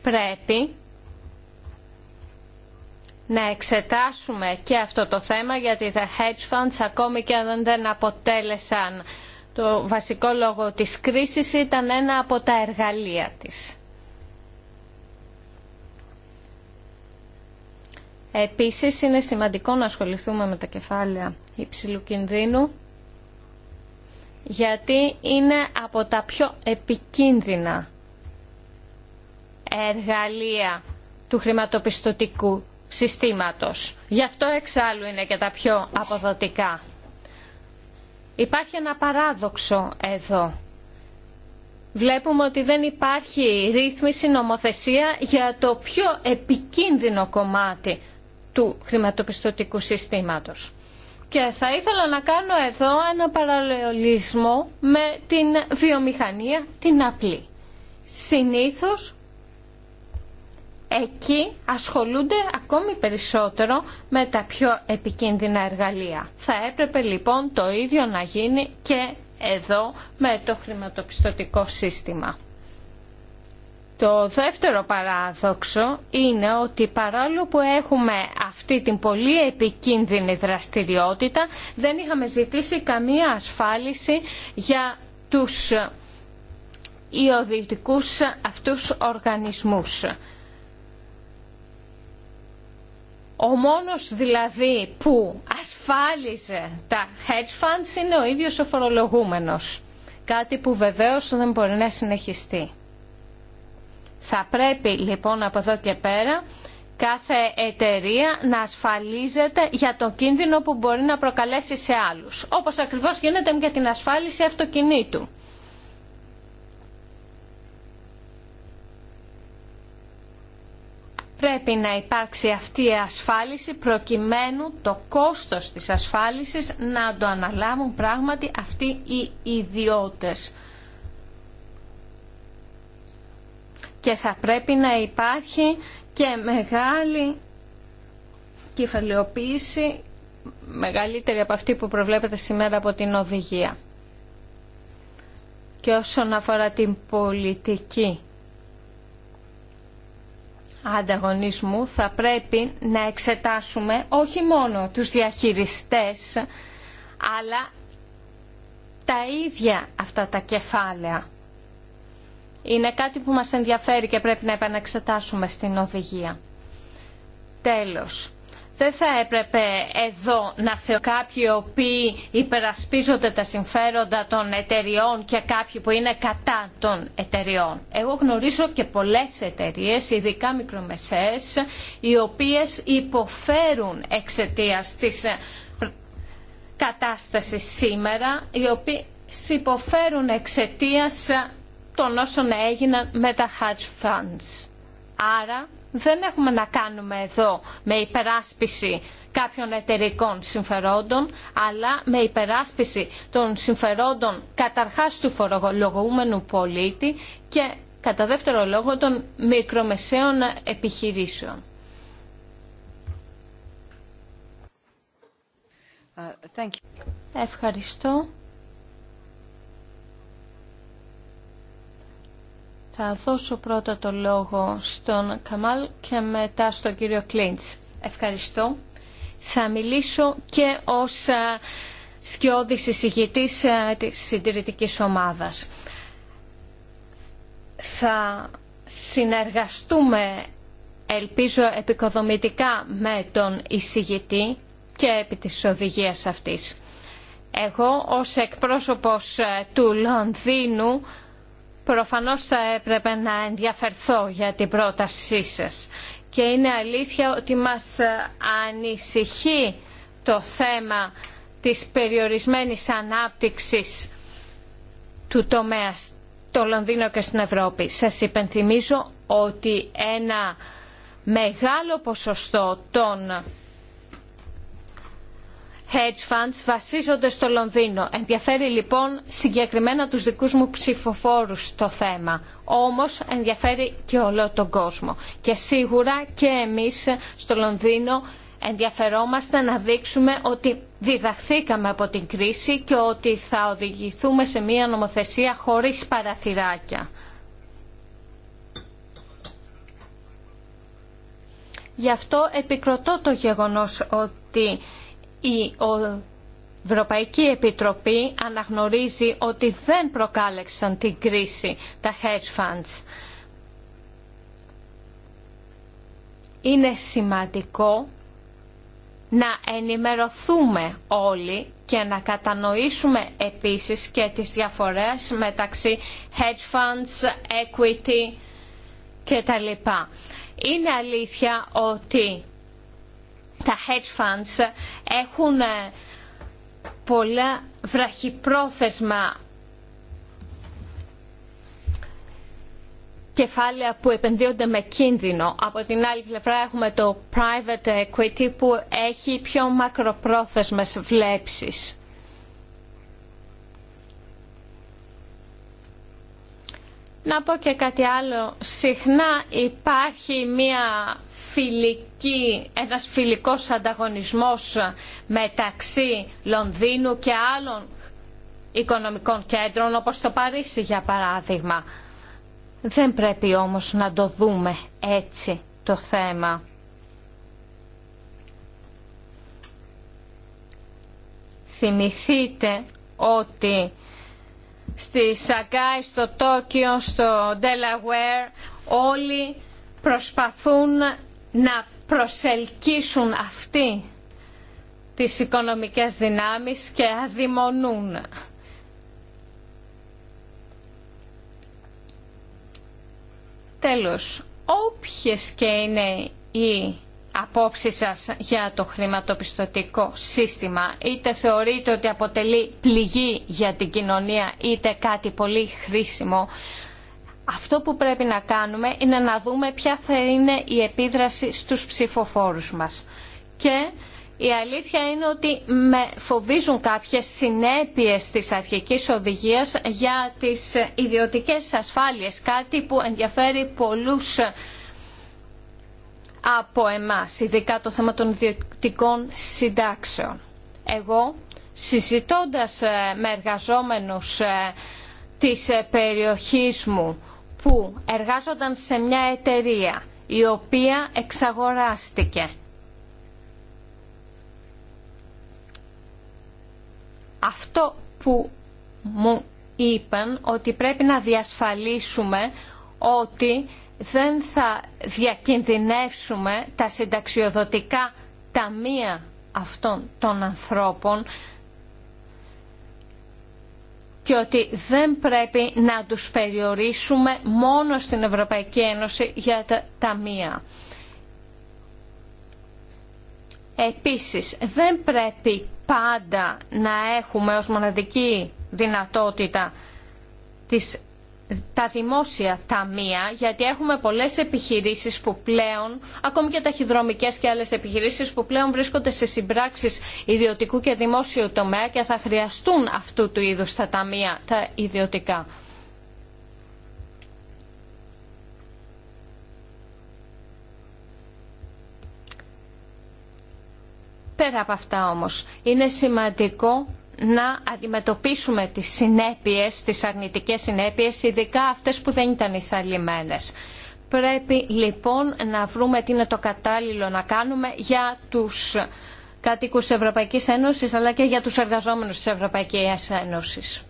πρέπει να εξετάσουμε και αυτό το θέμα γιατί τα hedge funds ακόμη και αν δεν αποτέλεσαν το βασικό λόγο της κρίσης ήταν ένα από τα εργαλεία της. Επίσης, είναι σημαντικό να ασχοληθούμε με τα κεφάλαια υψηλού κινδύνου, γιατί είναι από τα πιο επικίνδυνα εργαλεία του χρηματοπιστωτικού συστήματος. Γι' αυτό εξάλλου είναι και τα πιο αποδοτικά. Υπάρχει ένα παράδοξο εδώ. Βλέπουμε ότι δεν υπάρχει ρύθμιση νομοθεσία για το πιο επικίνδυνο κομμάτι του χρηματοπιστωτικού συστήματος. Και θα ήθελα να κάνω εδώ ένα παραλληλισμό με την βιομηχανία την απλή. Συνήθως εκεί ασχολούνται ακόμη περισσότερο με τα πιο επικίνδυνα εργαλεία. Θα έπρεπε λοιπόν το ίδιο να γίνει και εδώ με το χρηματοπιστωτικό σύστημα. Το δεύτερο παράδοξο είναι ότι παρόλο που έχουμε αυτή την πολύ επικίνδυνη δραστηριότητα, δεν είχαμε ζητήσει καμία ασφάλιση για τους ιοδιωτικούς αυτούς οργανισμούς. Ο μόνος δηλαδή που ασφάλιζε τα hedge funds είναι ο ίδιος ο φορολογούμενος. Κάτι που βεβαίως δεν μπορεί να συνεχιστεί. Θα πρέπει λοιπόν από εδώ και πέρα κάθε εταιρεία να ασφαλίζεται για το κίνδυνο που μπορεί να προκαλέσει σε άλλους. Όπως ακριβώς γίνεται για την ασφάλιση αυτοκινήτου. Πρέπει να υπάρξει αυτή η ασφάλιση προκειμένου το κόστος της ασφάλισης να το αναλάβουν πράγματι αυτοί οι ιδιώτες. και θα πρέπει να υπάρχει και μεγάλη κεφαλαιοποίηση μεγαλύτερη από αυτή που προβλέπεται σήμερα από την οδηγία. Και όσον αφορά την πολιτική ανταγωνισμού θα πρέπει να εξετάσουμε όχι μόνο τους διαχειριστές αλλά τα ίδια αυτά τα κεφάλαια είναι κάτι που μας ενδιαφέρει και πρέπει να επαναξετάσουμε στην οδηγία. Τέλος. Δεν θα έπρεπε εδώ να θεω κάποιοι οποίοι υπερασπίζονται τα συμφέροντα των εταιριών και κάποιοι που είναι κατά των εταιριών. Εγώ γνωρίζω και πολλές εταιρείες, ειδικά μικρομεσαίες, οι οποίες υποφέρουν εξαιτίας της ε, κατάστασης σήμερα, οι οποίες υποφέρουν εξαιτίας ε, των όσων έγιναν με τα hedge funds. Άρα δεν έχουμε να κάνουμε εδώ με υπεράσπιση κάποιων εταιρικών συμφερόντων, αλλά με υπεράσπιση των συμφερόντων καταρχάς του φορολογούμενου πολίτη και κατά δεύτερο λόγο των μικρομεσαίων επιχειρήσεων. Uh, Ευχαριστώ. Θα δώσω πρώτα το λόγο στον Καμάλ και μετά στον κύριο Κλίντς. Ευχαριστώ. Θα μιλήσω και ως σκιώδης εισηγητής της συντηρητικής ομάδας. Θα συνεργαστούμε, ελπίζω, επικοδομητικά με τον εισηγητή και επί της οδηγίας αυτής. Εγώ ως εκπρόσωπος του Λονδίνου Προφανώς θα έπρεπε να ενδιαφερθώ για την πρότασή σας. Και είναι αλήθεια ότι μας ανησυχεί το θέμα της περιορισμένης ανάπτυξης του τομέα στο Λονδίνο και στην Ευρώπη. Σας υπενθυμίζω ότι ένα μεγάλο ποσοστό των hedge funds βασίζονται στο Λονδίνο. Ενδιαφέρει λοιπόν συγκεκριμένα τους δικούς μου ψηφοφόρους το θέμα. Όμως ενδιαφέρει και όλο τον κόσμο. Και σίγουρα και εμείς στο Λονδίνο ενδιαφερόμαστε να δείξουμε ότι διδαχθήκαμε από την κρίση και ότι θα οδηγηθούμε σε μια νομοθεσία χωρίς παραθυράκια. Γι' αυτό επικροτώ το γεγονός ότι η Ευρωπαϊκή Επιτροπή αναγνωρίζει ότι δεν προκάλεξαν την κρίση τα hedge funds. Είναι σημαντικό να ενημερωθούμε όλοι και να κατανοήσουμε επίσης και τις διαφορές μεταξύ hedge funds, equity κτλ. Είναι αλήθεια ότι τα hedge funds έχουν ε, πολλά βραχυπρόθεσμα κεφάλαια που επενδύονται με κίνδυνο. Από την άλλη πλευρά έχουμε το private equity που έχει πιο μακροπρόθεσμες βλέψεις. Να πω και κάτι άλλο. Συχνά υπάρχει μία φιλική, ένας φιλικός ανταγωνισμός μεταξύ Λονδίνου και άλλων οικονομικών κέντρων όπως το Παρίσι για παράδειγμα. Δεν πρέπει όμως να το δούμε έτσι το θέμα. Θυμηθείτε ότι στη Σαγκάη, στο Τόκιο, στο Ντελαουέρ όλοι προσπαθούν να προσελκύσουν αυτοί τις οικονομικές δυνάμεις και αδειμονούν. Τέλος, όποιες και είναι οι απόψεις σας για το χρηματοπιστωτικό σύστημα, είτε θεωρείτε ότι αποτελεί πληγή για την κοινωνία, είτε κάτι πολύ χρήσιμο, αυτό που πρέπει να κάνουμε είναι να δούμε ποια θα είναι η επίδραση στους ψηφοφόρους μας. Και η αλήθεια είναι ότι με φοβίζουν κάποιες συνέπειες της αρχικής οδηγίας για τις ιδιωτικές ασφάλειες, κάτι που ενδιαφέρει πολλούς από εμάς, ειδικά το θέμα των ιδιωτικών συντάξεων. Εγώ, συζητώντας ε, με εργαζόμενους ε, της ε, περιοχής μου, που εργάζονταν σε μια εταιρεία η οποία εξαγοράστηκε. Αυτό που μου είπαν ότι πρέπει να διασφαλίσουμε ότι δεν θα διακινδυνεύσουμε τα συνταξιοδοτικά ταμεία αυτών των ανθρώπων και ότι δεν πρέπει να τους περιορίσουμε μόνο στην Ευρωπαϊκή Ένωση για τα ταμεία. Επίσης, δεν πρέπει πάντα να έχουμε ως μοναδική δυνατότητα της τα δημόσια ταμεία, γιατί έχουμε πολλές επιχειρήσεις που πλέον, ακόμη και ταχυδρομικές και άλλες επιχειρήσεις που πλέον βρίσκονται σε συμπράξεις ιδιωτικού και δημόσιου τομέα και θα χρειαστούν αυτού του είδους τα ταμεία, τα ιδιωτικά. Πέρα από αυτά όμως, είναι σημαντικό να αντιμετωπίσουμε τις συνέπειες, τις αρνητικές συνέπειες, ειδικά αυτές που δεν ήταν ηθαλιμένες. Πρέπει λοιπόν να βρούμε τι είναι το κατάλληλο να κάνουμε για τους κατοίκους της Ευρωπαϊκής Ένωσης αλλά και για τους εργαζόμενους της Ευρωπαϊκής Ένωσης.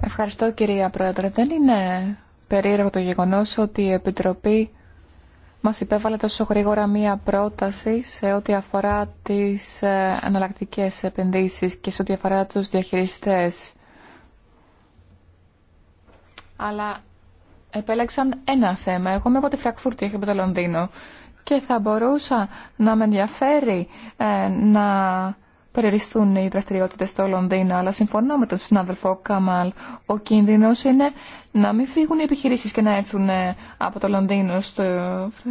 Ευχαριστώ κυρία Πρόεδρε. Δεν είναι περίεργο το γεγονός ότι η Επιτροπή μας υπέβαλε τόσο γρήγορα μία πρόταση σε ό,τι αφορά τις ε, εναλλακτικέ επενδύσεις και σε ό,τι αφορά τους διαχειριστές. Αλλά επέλεξαν ένα θέμα. Εγώ είμαι από τη Φρακφούρτη, έχω από το Λονδίνο. Και θα μπορούσα να με ενδιαφέρει ε, να περιοριστούν οι δραστηριότητε στο Λονδίνο, αλλά συμφωνώ με τον συνάδελφο Καμάλ. Ο κίνδυνο είναι να μην φύγουν οι επιχειρήσει και να έρθουν ε, από το Λονδίνο στο,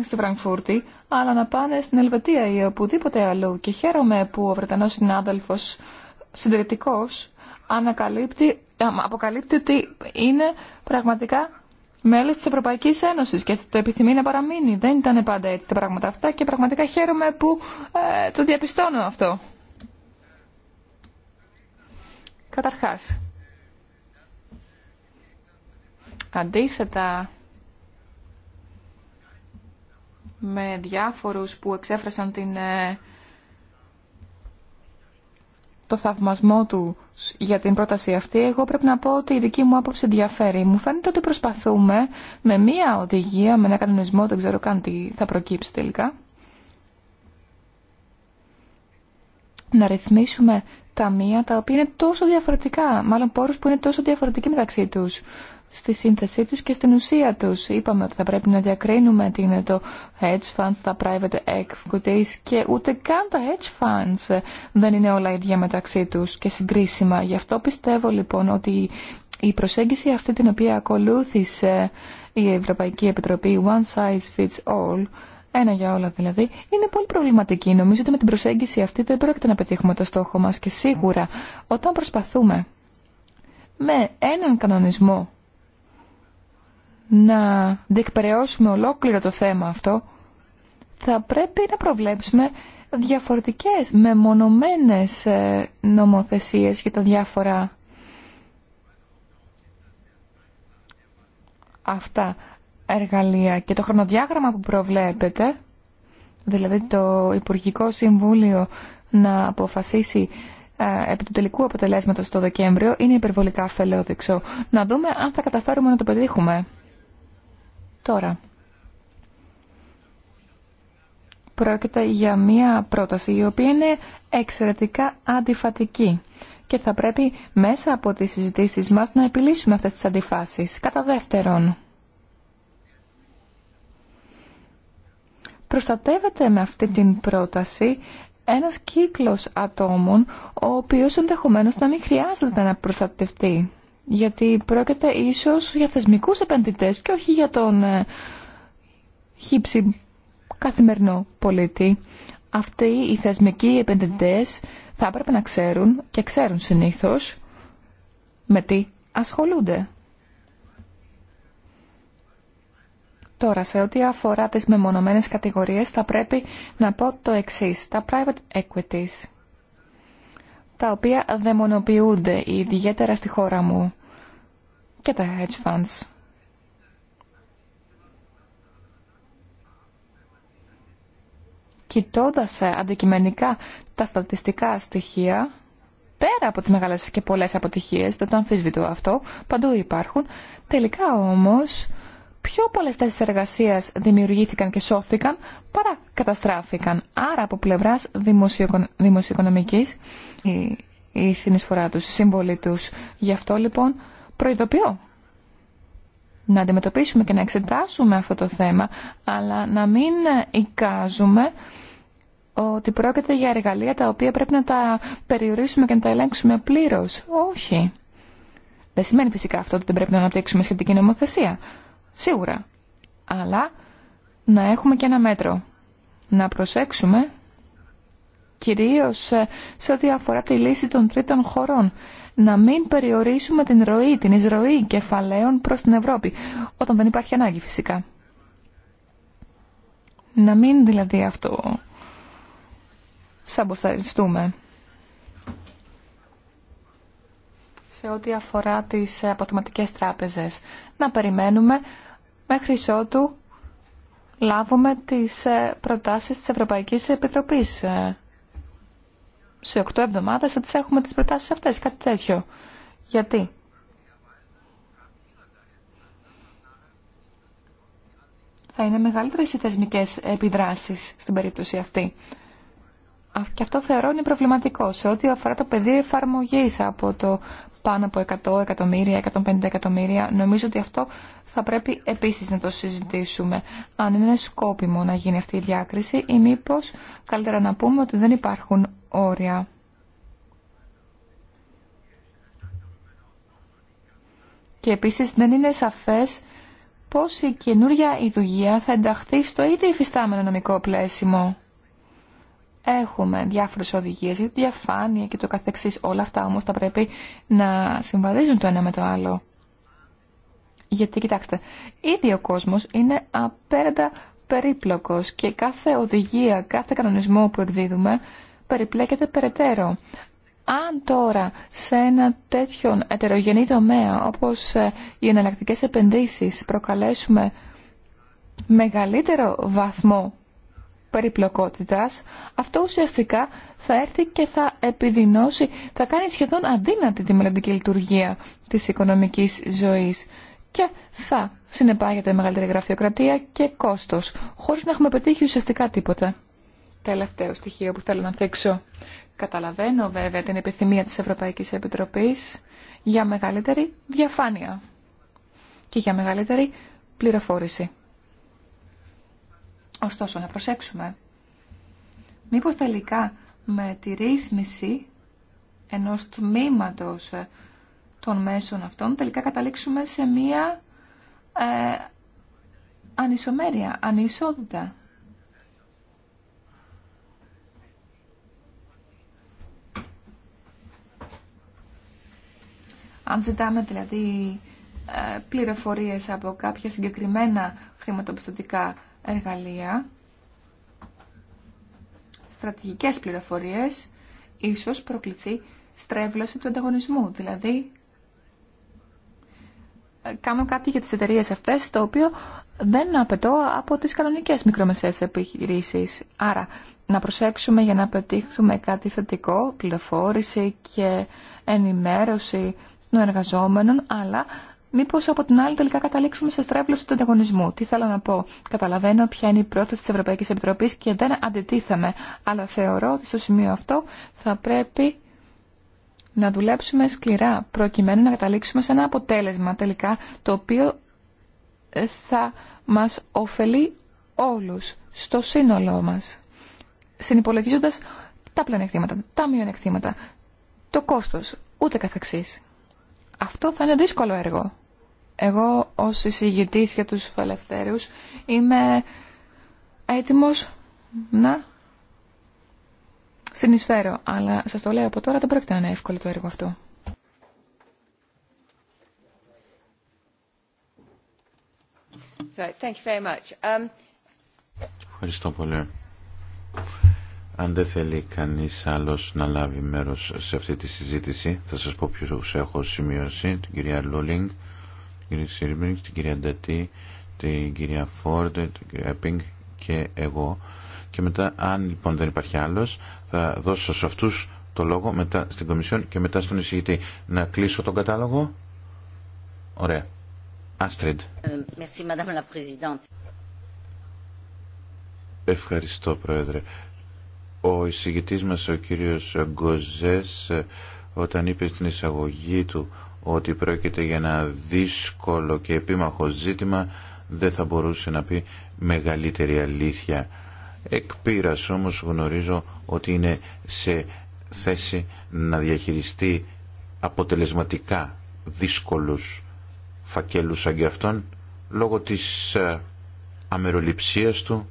στη Φραγκφούρτη, αλλά να πάνε στην Ελβετία ή οπουδήποτε αλλού. Και χαίρομαι που ο Βρετανό συνάδελφος συντηρητικό αποκαλύπτει ότι είναι πραγματικά μέλο τη Ευρωπαϊκή Ένωση και το επιθυμεί να παραμείνει. Δεν ήταν πάντα έτσι τα πράγματα αυτά και πραγματικά χαίρομαι που ε, το διαπιστώνω αυτό. Καταρχάς, αντίθετα με διάφορους που εξέφρασαν την, ε, το θαυμασμό του για την πρόταση αυτή, εγώ πρέπει να πω ότι η δική μου άποψη ενδιαφέρει. Μου φαίνεται ότι προσπαθούμε με μία οδηγία, με ένα κανονισμό, δεν ξέρω καν τι θα προκύψει τελικά, να ρυθμίσουμε ταμεία τα οποία είναι τόσο διαφορετικά, μάλλον πόρους που είναι τόσο διαφορετικοί μεταξύ τους στη σύνθεσή τους και στην ουσία τους. Είπαμε ότι θα πρέπει να διακρίνουμε τι είναι το hedge funds, τα private equities και ούτε καν τα hedge funds δεν είναι όλα ίδια μεταξύ τους και συγκρίσιμα. Γι' αυτό πιστεύω λοιπόν ότι η προσέγγιση αυτή την οποία ακολούθησε η Ευρωπαϊκή Επιτροπή One Size Fits All ένα για όλα δηλαδή, είναι πολύ προβληματική. Νομίζω ότι με την προσέγγιση αυτή δεν πρόκειται να πετύχουμε το στόχο μας και σίγουρα όταν προσπαθούμε με έναν κανονισμό να διεκπαιρεώσουμε ολόκληρο το θέμα αυτό, θα πρέπει να προβλέψουμε διαφορετικές, μεμονωμένες ε, νομοθεσίες για τα διάφορα αυτά εργαλεία και το χρονοδιάγραμμα που προβλέπετε, δηλαδή το Υπουργικό Συμβούλιο να αποφασίσει ε, επί του τελικού αποτελέσματος το Δεκέμβριο, είναι υπερβολικά φελαιόδειξο. Να δούμε αν θα καταφέρουμε να το πετύχουμε. Τώρα. Πρόκειται για μία πρόταση η οποία είναι εξαιρετικά αντιφατική και θα πρέπει μέσα από τις συζητήσεις μας να επιλύσουμε αυτές τις αντιφάσεις. Κατά δεύτερον, προστατεύεται με αυτή την πρόταση ένας κύκλος ατόμων ο οποίος ενδεχομένως να μην χρειάζεται να προστατευτεί γιατί πρόκειται ίσως για θεσμικούς επενδυτές και όχι για τον ε, χύψη καθημερινό πολίτη. Αυτοί οι θεσμικοί επενδυτές θα έπρεπε να ξέρουν και ξέρουν συνήθως με τι ασχολούνται. Τώρα, σε ό,τι αφορά τις μεμονωμένες κατηγορίες, θα πρέπει να πω το εξής. Τα private equities, τα οποία δαιμονοποιούνται ιδιαίτερα στη χώρα μου και τα hedge funds. Κοιτώντας ε, αντικειμενικά τα στατιστικά στοιχεία, πέρα από τις μεγάλες και πολλές αποτυχίες, δεν το αμφισβητώ αυτό, παντού υπάρχουν, τελικά όμως πιο πολλέ θέσει εργασία δημιουργήθηκαν και σώθηκαν παρά καταστράφηκαν. Άρα από πλευρά δημοσιοοικονομική η, η συνεισφορά του, η συμβολή του. Γι' αυτό λοιπόν προειδοποιώ να αντιμετωπίσουμε και να εξετάσουμε αυτό το θέμα, αλλά να μην εικάζουμε ότι πρόκειται για εργαλεία τα οποία πρέπει να τα περιορίσουμε και να τα ελέγξουμε πλήρως. Όχι. Δεν σημαίνει φυσικά αυτό ότι δεν πρέπει να αναπτύξουμε σχετική νομοθεσία. Σίγουρα. Αλλά να έχουμε και ένα μέτρο. Να προσέξουμε κυρίως ε, σε ό,τι αφορά τη λύση των τρίτων χωρών. Να μην περιορίσουμε την ροή, την εισρωή κεφαλαίων προς την Ευρώπη, όταν δεν υπάρχει ανάγκη φυσικά. Να μην δηλαδή αυτό σαμποσταριστούμε. Σε ό,τι αφορά τις ε, αποθηματικές τράπεζες. Να περιμένουμε μέχρι ότου λάβουμε τις ε, προτάσεις της Ευρωπαϊκής Επιτροπής. Ε. Σε οκτώ εβδομάδες θα τις έχουμε τις προτάσεις αυτές, κάτι τέτοιο. Γιατί? Θα είναι μεγαλύτερες οι θεσμικές επιδράσεις στην περίπτωση αυτή. Και αυτό θεωρώ είναι προβληματικό σε ό,τι αφορά το πεδίο εφαρμογή από το πάνω από 100 εκατομμύρια, 150 εκατομμύρια. Νομίζω ότι αυτό θα πρέπει επίσης να το συζητήσουμε. Αν είναι σκόπιμο να γίνει αυτή η διάκριση ή μήπως καλύτερα να πούμε ότι δεν υπάρχουν όρια. Και επίσης δεν είναι σαφές πώς η μήπω καλυτερα να πουμε οτι δεν υπαρχουν ορια και ιδουγία θα ενταχθεί στο ήδη υφιστάμενο νομικό πλαίσιμο. Έχουμε διάφορες οδηγίες για διαφάνεια και το καθεξής. Όλα αυτά όμως θα πρέπει να συμβαδίζουν το ένα με το άλλο. Γιατί κοιτάξτε, ήδη ο κόσμος είναι απέραντα περίπλοκος και κάθε οδηγία, κάθε κανονισμό που εκδίδουμε περιπλέκεται περαιτέρω. Αν τώρα σε ένα τέτοιο ετερογενή τομέα όπως ε, οι εναλλακτικές επενδύσεις προκαλέσουμε μεγαλύτερο βαθμό περιπλοκότητας, αυτό ουσιαστικά θα έρθει και θα επιδεινώσει, θα κάνει σχεδόν αδύνατη τη μελλοντική λειτουργία της οικονομικής ζωής και θα συνεπάγεται μεγαλύτερη γραφειοκρατία και κόστος, χωρίς να έχουμε πετύχει ουσιαστικά τίποτα. Τελευταίο στοιχείο που θέλω να θέξω. Καταλαβαίνω βέβαια την επιθυμία της Ευρωπαϊκής Επιτροπής για μεγαλύτερη διαφάνεια και για μεγαλύτερη πληροφόρηση. Ωστόσο, να προσέξουμε. Μήπως τελικά με τη ρύθμιση ενός τμήματος ε, των μέσων αυτών τελικά καταλήξουμε σε μία ε, ανισομέρεια, ανισότητα. Αν ζητάμε δηλαδή ε, πληροφορίες από κάποια συγκεκριμένα χρηματοπιστωτικά εργαλεία, στρατηγικές πληροφορίες, ίσως προκληθεί στρέβλωση του ανταγωνισμού. Δηλαδή, ε, κάνω κάτι για τις εταιρείε αυτές, το οποίο δεν απαιτώ από τις κανονικές μικρομεσαίες επιχειρήσεις. Άρα, να προσέξουμε για να πετύχουμε κάτι θετικό, πληροφόρηση και ενημέρωση των εργαζόμενων, αλλά Μήπω από την άλλη τελικά καταλήξουμε σε στρέβλωση του ανταγωνισμού. Τι θέλω να πω. Καταλαβαίνω ποια είναι η πρόθεση τη Ευρωπαϊκή Επιτροπή και δεν αντιτίθεμαι. Αλλά θεωρώ ότι στο σημείο αυτό θα πρέπει να δουλέψουμε σκληρά προκειμένου να καταλήξουμε σε ένα αποτέλεσμα τελικά το οποίο ε, θα μας ωφελεί όλους στο σύνολό μας συνυπολογίζοντας τα πλανεκτήματα, τα μειονεκτήματα, το κόστος, ούτε καθεξής. Αυτό θα είναι δύσκολο έργο. Εγώ ως εισηγητής για τους φελευθέρους είμαι έτοιμος να συνεισφέρω. Αλλά σας το λέω από τώρα δεν πρόκειται να είναι εύκολο το έργο αυτό. Um, Ευχαριστώ πολύ. Αν δεν θέλει κανείς άλλος να λάβει μέρος σε αυτή τη συζήτηση, θα σας πω ποιους έχω σημειώσει, την κυρία Λούλινγκ, την κυρία Σίρμπινγκ, την κυρία Ντατή, την κυρία Φόρντ, την κυρία Πινγκ και εγώ. Και μετά, αν λοιπόν δεν υπάρχει άλλο, θα δώσω σε αυτού το λόγο, μετά στην Κομισιόν και μετά στον εισηγητή. Να κλείσω τον κατάλογο. Ωραία. Άστριντ. Ε, Ευχαριστώ, Πρόεδρε. Ο εισηγητής μας, ο κύριος Γκοζές, όταν είπε στην εισαγωγή του ότι πρόκειται για ένα δύσκολο και επίμαχο ζήτημα δεν θα μπορούσε να πει μεγαλύτερη αλήθεια. Εκ πείρας όμως γνωρίζω ότι είναι σε θέση να διαχειριστεί αποτελεσματικά δύσκολους φακέλους σαν και αυτόν λόγω της ε, αμεροληψίας του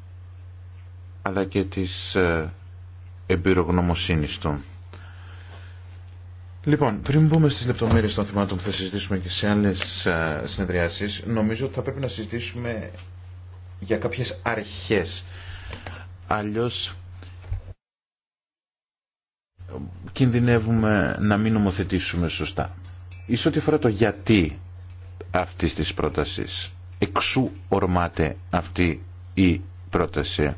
αλλά και της ε, εμπειρογνωμοσύνης του. Λοιπόν, πριν μπούμε στις λεπτομέρειες των θεμάτων που θα συζητήσουμε και σε άλλες συνεδριάσεις, νομίζω ότι θα πρέπει να συζητήσουμε για κάποιες αρχές. Αλλιώς κινδυνεύουμε να μην νομοθετήσουμε σωστά. Ίσως ό,τι αφορά το γιατί αυτής της πρότασης. Εξού ορμάται αυτή η πρόταση.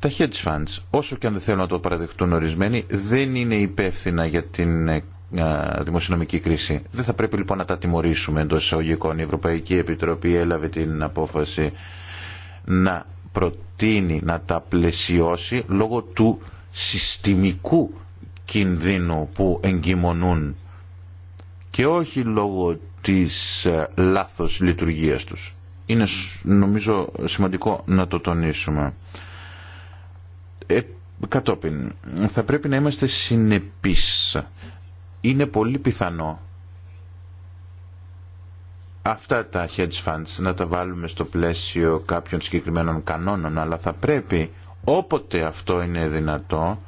Τα hedge funds, όσο και αν δεν θέλουν να το παραδεχτούν ορισμένοι, δεν είναι υπεύθυνα για την ε, δημοσιονομική κρίση. Δεν θα πρέπει λοιπόν να τα τιμωρήσουμε εντό εισαγωγικών. Η Ευρωπαϊκή Επιτροπή έλαβε την απόφαση να προτείνει να τα πλαισιώσει λόγω του συστημικού κινδύνου που εγκυμονούν και όχι λόγω της ε, λάθος λειτουργίας τους. Είναι νομίζω σημαντικό να το τονίσουμε. Ε, κατόπιν, θα πρέπει να είμαστε συνεπείς. Είναι πολύ πιθανό αυτά τα hedge funds να τα βάλουμε στο πλαίσιο κάποιων συγκεκριμένων κανόνων, αλλά θα πρέπει όποτε αυτό είναι δυνατό,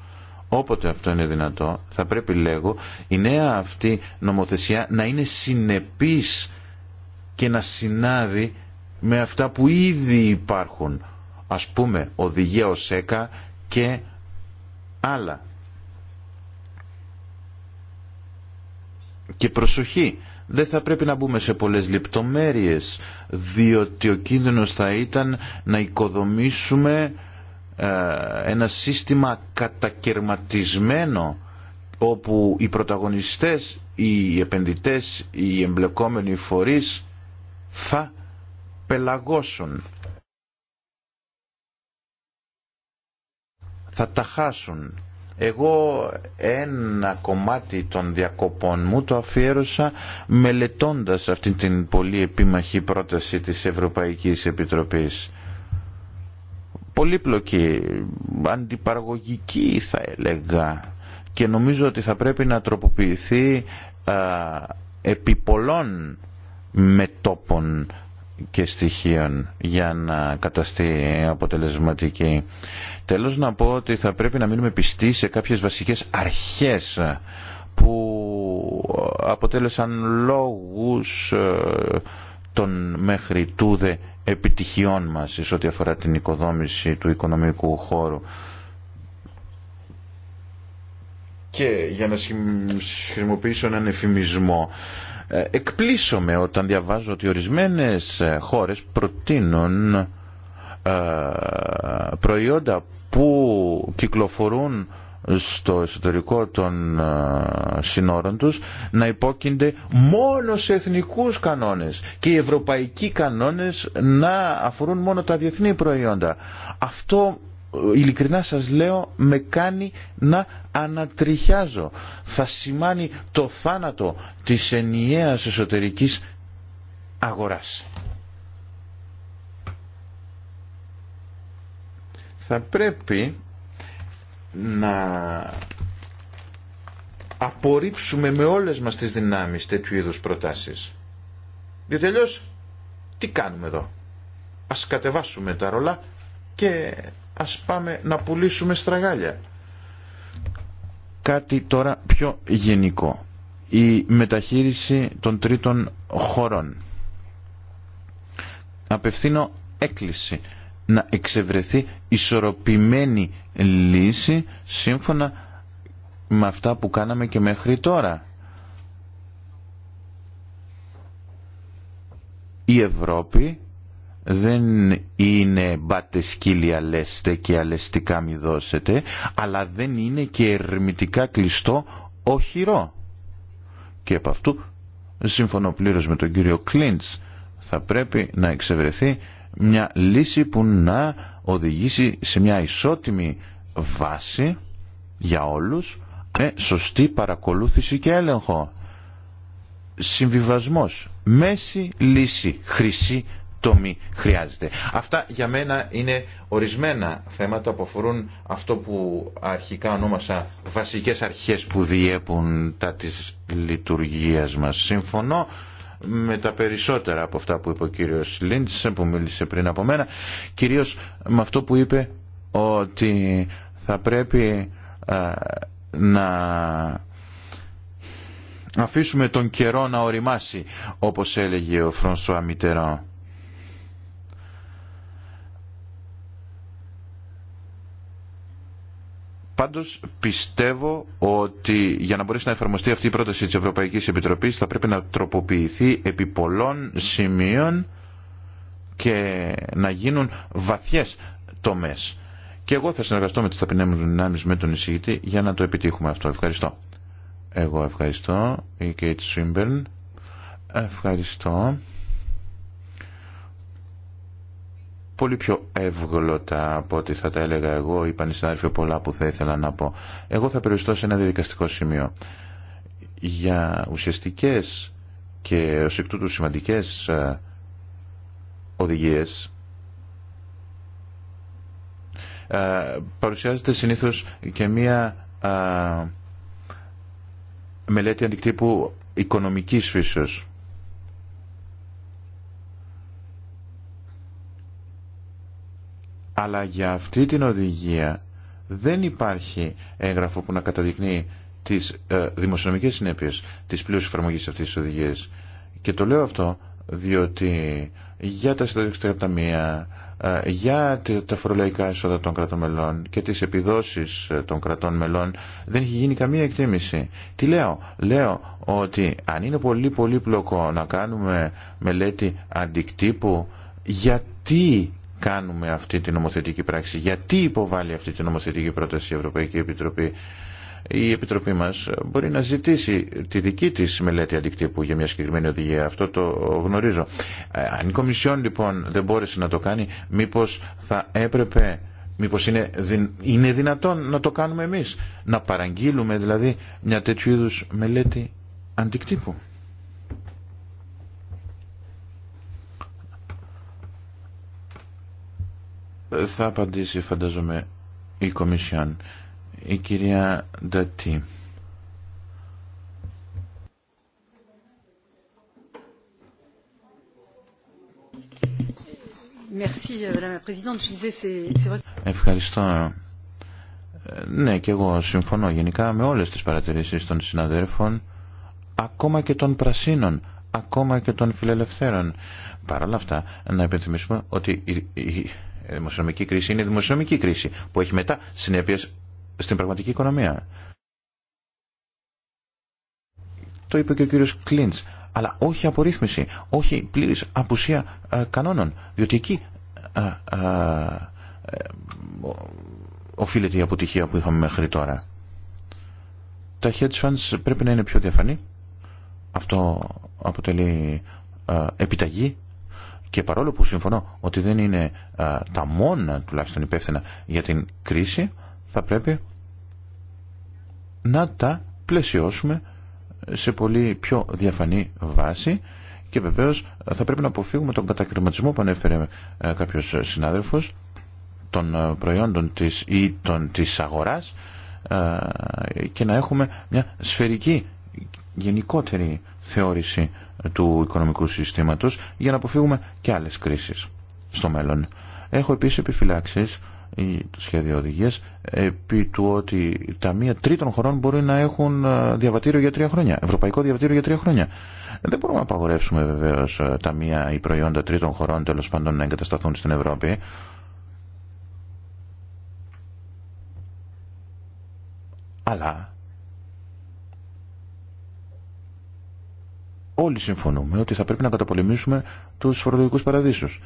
όποτε αυτό είναι δυνατό, θα πρέπει λέγω η νέα αυτή νομοθεσία να είναι συνεπής και να συνάδει με αυτά που ήδη υπάρχουν. Ας πούμε, οδηγία έκα και άλλα. Και προσοχή, δεν θα πρέπει να μπούμε σε πολλές λεπτομέρειες, διότι ο κίνδυνος θα ήταν να οικοδομήσουμε ε, ένα σύστημα κατακερματισμένο όπου οι πρωταγωνιστές, οι επενδυτές, οι εμπλεκόμενοι φορείς θα πελαγώσουν. θα τα χάσουν. Εγώ ένα κομμάτι των διακοπών μου το αφιέρωσα μελετώντας αυτή την πολύ επίμαχη πρόταση της Ευρωπαϊκής Επιτροπής. Πολύπλοκη, αντιπαραγωγική θα έλεγα και νομίζω ότι θα πρέπει να τροποποιηθεί επί πολλών μετόπων και στοιχείων για να καταστεί αποτελεσματική. Τέλος να πω ότι θα πρέπει να μείνουμε πιστοί σε κάποιες βασικές αρχές που αποτέλεσαν λόγους ε, των μέχρι τούδε επιτυχιών μας σε ό,τι αφορά την οικοδόμηση του οικονομικού χώρου. Και για να χρησιμοποιήσω έναν εφημισμό, ε, εκπλήσωμαι όταν διαβάζω ότι ορισμένες ε, χώρες προτείνουν ε, προϊόντα που κυκλοφορούν στο εσωτερικό των συνόρων τους να υπόκεινται μόνο σε εθνικούς κανόνες και οι ευρωπαϊκοί κανόνες να αφορούν μόνο τα διεθνή προϊόντα. Αυτό ειλικρινά σας λέω με κάνει να ανατριχιάζω. Θα σημάνει το θάνατο της ενιαίας εσωτερικής αγοράς. Θα πρέπει να απορρίψουμε με όλες μας τις δυνάμεις τέτοιου είδους προτάσεις. Διότι αλλιώς τι κάνουμε εδώ. Ας κατεβάσουμε τα ρολά και ας πάμε να πουλήσουμε στραγάλια. Κάτι τώρα πιο γενικό. Η μεταχείριση των τρίτων χωρών. Απευθύνω έκκληση να εξευρεθεί ισορροπημένη λύση σύμφωνα με αυτά που κάναμε και μέχρι τώρα. Η Ευρώπη δεν είναι μπάτε σκύλοι λέστε και αλεστικά μη δώσετε, αλλά δεν είναι και ερμητικά κλειστό οχυρό. Και από αυτού σύμφωνο πλήρως με τον κύριο Κλίντς θα πρέπει να εξευρεθεί μια λύση που να οδηγήσει σε μια ισότιμη βάση για όλους με σωστή παρακολούθηση και έλεγχο. Συμβιβασμός, μέση λύση, χρυσή τομή χρειάζεται. Αυτά για μένα είναι ορισμένα θέματα που αφορούν αυτό που αρχικά ονόμασα βασικές αρχές που διέπουν τα της λειτουργίας μας. Συμφωνώ με τα περισσότερα από αυτά που είπε ο κύριος Λίντσεν που μίλησε πριν από μένα κυρίως με αυτό που είπε ότι θα πρέπει να αφήσουμε τον καιρό να οριμάσει όπως έλεγε ο Φρονσουά Πάντως πιστεύω ότι για να μπορέσει να εφαρμοστεί αυτή η πρόταση της Ευρωπαϊκής Επιτροπής θα πρέπει να τροποποιηθεί επί πολλών σημείων και να γίνουν βαθιές τομές. Και εγώ θα συνεργαστώ με τις ταπεινέμους δυνάμεις με τον εισηγητή για να το επιτύχουμε αυτό. Ευχαριστώ. Εγώ ευχαριστώ. Η Κέιτ Σουίμπερν. Ευχαριστώ. πολύ πιο εύγλωτα από ό,τι θα τα έλεγα εγώ. Είπαν οι συνάδελφοι πολλά που θα ήθελα να πω. Εγώ θα περιοριστώ σε ένα διδικαστικό σημείο. Για ουσιαστικές και ως εκ τούτου σημαντικές ε, οδηγίες ε, παρουσιάζεται συνήθως και μία ε, μελέτη αντικτύπου οικονομικής φύσεως αλλά για αυτή την οδηγία δεν υπάρχει έγγραφο που να καταδεικνύει τις ε, δημοσιονομικές συνέπειες της πλήρους εφαρμογής αυτής της οδηγίας. Και το λέω αυτό διότι για τα συνταγματικά ταμεία, ε, για τα φορολογικά έσοδα των κρατών μελών και τις επιδόσεις ε, των κρατών μελών δεν έχει γίνει καμία εκτίμηση. Τι λέω? Λέω ότι αν είναι πολύ πολύ πλοκό να κάνουμε μελέτη αντικτύπου γιατί κάνουμε αυτή την νομοθετική πράξη. Γιατί υποβάλλει αυτή την νομοθετική πρόταση η Ευρωπαϊκή Επιτροπή. Η Επιτροπή μας μπορεί να ζητήσει τη δική της μελέτη αντικτύπου για μια συγκεκριμένη οδηγία. Αυτό το γνωρίζω. Ε, αν η Κομισιόν λοιπόν δεν μπόρεσε να το κάνει, μήπως θα έπρεπε Μήπως είναι, είναι δυνατόν να το κάνουμε εμείς, να παραγγείλουμε δηλαδή μια τέτοιου είδους μελέτη αντικτύπου. θα απαντήσει φαντάζομαι η Κομισιόν. Η κυρία Ντατή. Euh, Ευχαριστώ. Ε, ναι, και εγώ συμφωνώ γενικά με όλες τις παρατηρήσεις των συναδέρφων, ακόμα και των πρασίνων, ακόμα και των φιλελευθέρων. Παρ' όλα αυτά, να υπενθυμίσουμε ότι δημοσιονομική κρίση είναι η δημοσιονομική κρίση που έχει μετά συνέπειες στην πραγματική οικονομία. Το είπε και ο κύριος Κλίντς. Αλλά όχι απορρίθμιση, όχι πλήρης απουσία ε, κανόνων. Διότι εκεί ε, ε, οφείλεται η αποτυχία που είχαμε μέχρι τώρα. Τα hedge funds πρέπει να είναι πιο διαφανή. Αυτό αποτελεί επιταγή και παρόλο που συμφωνώ ότι δεν είναι τα μόνα τουλάχιστον υπεύθυνα για την κρίση, θα πρέπει να τα πλαισιώσουμε σε πολύ πιο διαφανή βάση και βεβαίως θα πρέπει να αποφύγουμε τον κατακριματισμό που ανέφερε κάποιος συνάδελφος των προϊόντων της ή των, της αγοράς και να έχουμε μια σφαιρική γενικότερη θεώρηση του οικονομικού συστήματος για να αποφύγουμε και άλλες κρίσεις στο μέλλον. Έχω επίσης επιφυλάξεις το σχέδιο οδηγίας επί του ότι τα μία τρίτων χωρών μπορεί να έχουν ε, διαβατήριο για τρία χρόνια, ευρωπαϊκό διαβατήριο για τρία χρόνια. Δεν μπορούμε να απαγορεύσουμε βεβαίως ε, τα μία ή προϊόντα τρίτων χωρών τέλος πάντων να εγκατασταθούν στην Ευρώπη. Αλλά όλοι συμφωνούμε ότι θα πρέπει να καταπολεμήσουμε τους φορολογικούς παραδείσους.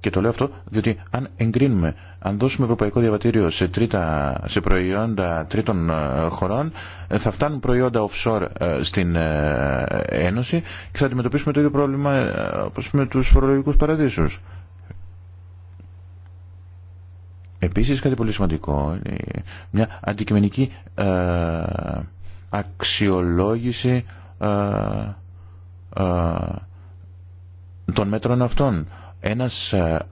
Και το λέω αυτό διότι αν εγκρίνουμε, αν δώσουμε ευρωπαϊκό διαβατήριο σε, τρίτα, σε προϊόντα τρίτων ε, χωρών, ε, θα φτάνουν προϊόντα offshore ε, στην Ένωση και θα αντιμετωπίσουμε το ίδιο πρόβλημα όπως με τους φορολογικούς παραδείσους. Επίσης κάτι πολύ σημαντικό, μια αντικειμενική αξιολόγηση ε, των μέτρων αυτών. Ένας, ε,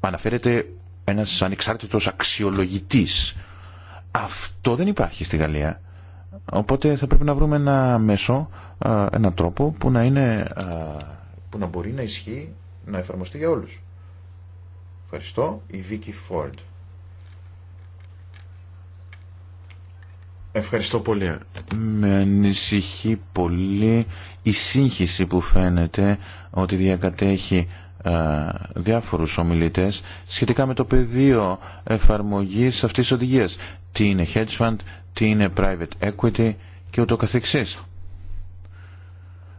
αναφέρεται ένας ανεξάρτητος αξιολογητής. Αυτό δεν υπάρχει στη Γαλλία. Οπότε θα πρέπει να βρούμε ένα μέσο, ε, ένα τρόπο που να, είναι, που να μπορεί να ισχύει, να εφαρμοστεί για όλους. Ευχαριστώ. Η Βίκη Φόρντ. Ευχαριστώ πολύ. Με ανησυχεί πολύ η σύγχυση που φαίνεται ότι διακατέχει διάφορους ομιλητές σχετικά με το πεδίο εφαρμογής αυτής της οδηγίας. Τι είναι hedge fund, τι είναι private equity και ούτω καθεξής.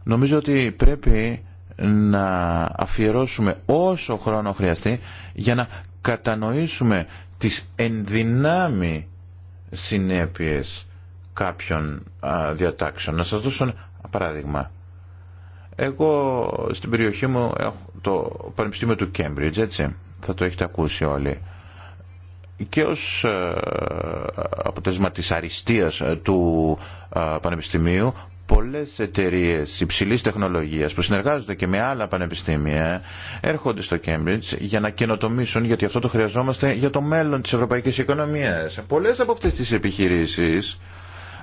Νομίζω ότι πρέπει να αφιερώσουμε όσο χρόνο χρειαστεί για να κατανοήσουμε τις ενδυνάμει συνέπειες κάποιων διατάξεων. Να σας δώσω ένα παράδειγμα. Εγώ στην περιοχή μου έχω το Πανεπιστήμιο του Κέμπριτζ, έτσι, θα το έχετε ακούσει όλοι. Και ως ε, αποτέλεσμα της αριστείας ε, του ε, Πανεπιστημίου πολλές εταιρείες υψηλής τεχνολογίας που συνεργάζονται και με άλλα πανεπιστήμια έρχονται στο Cambridge για να καινοτομήσουν γιατί αυτό το χρειαζόμαστε για το μέλλον της ευρωπαϊκής οικονομίας. Πολλές από αυτές τις επιχειρήσεις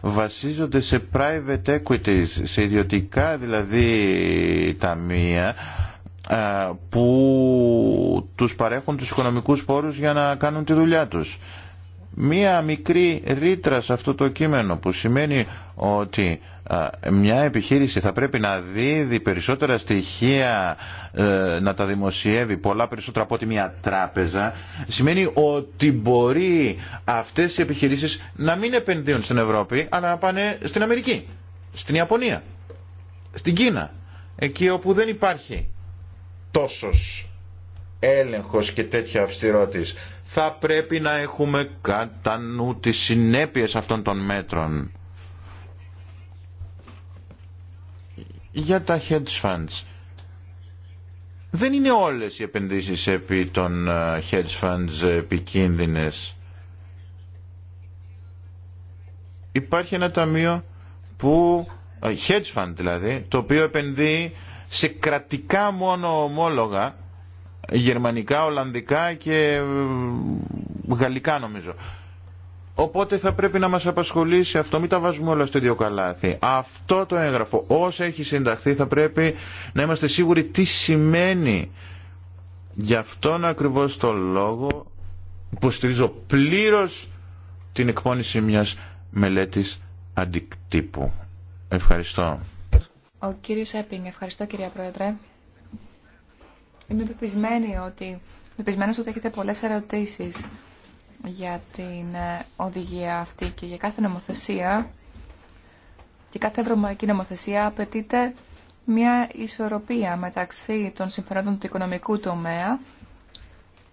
βασίζονται σε private equities, σε ιδιωτικά δηλαδή ταμεία που τους παρέχουν τους οικονομικούς πόρους για να κάνουν τη δουλειά τους μία μικρή ρήτρα σε αυτό το κείμενο που σημαίνει ότι μια επιχείρηση θα πρέπει να δίδει περισσότερα στοιχεία ε, να τα δημοσιεύει πολλά περισσότερα από ότι μια τράπεζα σημαίνει ότι μπορεί αυτές οι επιχειρήσεις να μην επενδύουν στην Ευρώπη αλλά να πάνε στην Αμερική, στην Ιαπωνία, στην Κίνα εκεί όπου δεν υπάρχει τόσος έλεγχος και τέτοια αυστηρότης. Θα πρέπει να έχουμε κατά νου τις συνέπειες αυτών των μέτρων. Για τα hedge funds. Δεν είναι όλες οι επενδύσεις επί των ε, hedge funds επικίνδυνες. Υπάρχει ένα ταμείο που, ε, hedge fund δηλαδή, το οποίο επενδύει σε κρατικά μόνο ομόλογα γερμανικά, ολλανδικά και γαλλικά νομίζω. Οπότε θα πρέπει να μας απασχολήσει αυτό, μην τα βάζουμε όλα στο ίδιο καλάθι. Αυτό το έγγραφο, όσο έχει συνταχθεί, θα πρέπει να είμαστε σίγουροι τι σημαίνει. Γι' αυτόν ακριβώς το λόγο υποστηρίζω πλήρως την εκπόνηση μιας μελέτης αντικτύπου. Ευχαριστώ. Ο κύριος Έπινγκ, ευχαριστώ κυρία Πρόεδρε. Είμαι πεπισμένη ότι, πεπισμένος ότι έχετε πολλές ερωτήσεις για την ε, οδηγία αυτή και για κάθε νομοθεσία και κάθε ευρωπαϊκή νομοθεσία απαιτείται μια ισορροπία μεταξύ των συμφερόντων του οικονομικού τομέα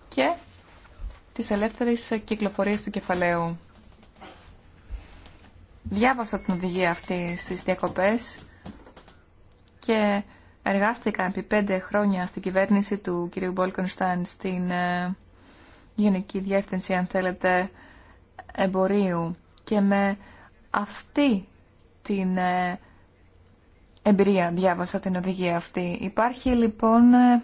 και της ελεύθερης κυκλοφορίας του κεφαλαίου. Διάβασα την οδηγία αυτή στις διακοπές και εργάστηκα επί πέντε χρόνια στην κυβέρνηση του κ. Μπόλκονσταν στην ε, Γενική Διεύθυνση, αν θέλετε, εμπορίου και με αυτή την ε, εμπειρία διάβασα την οδηγία αυτή. Υπάρχει λοιπόν ε,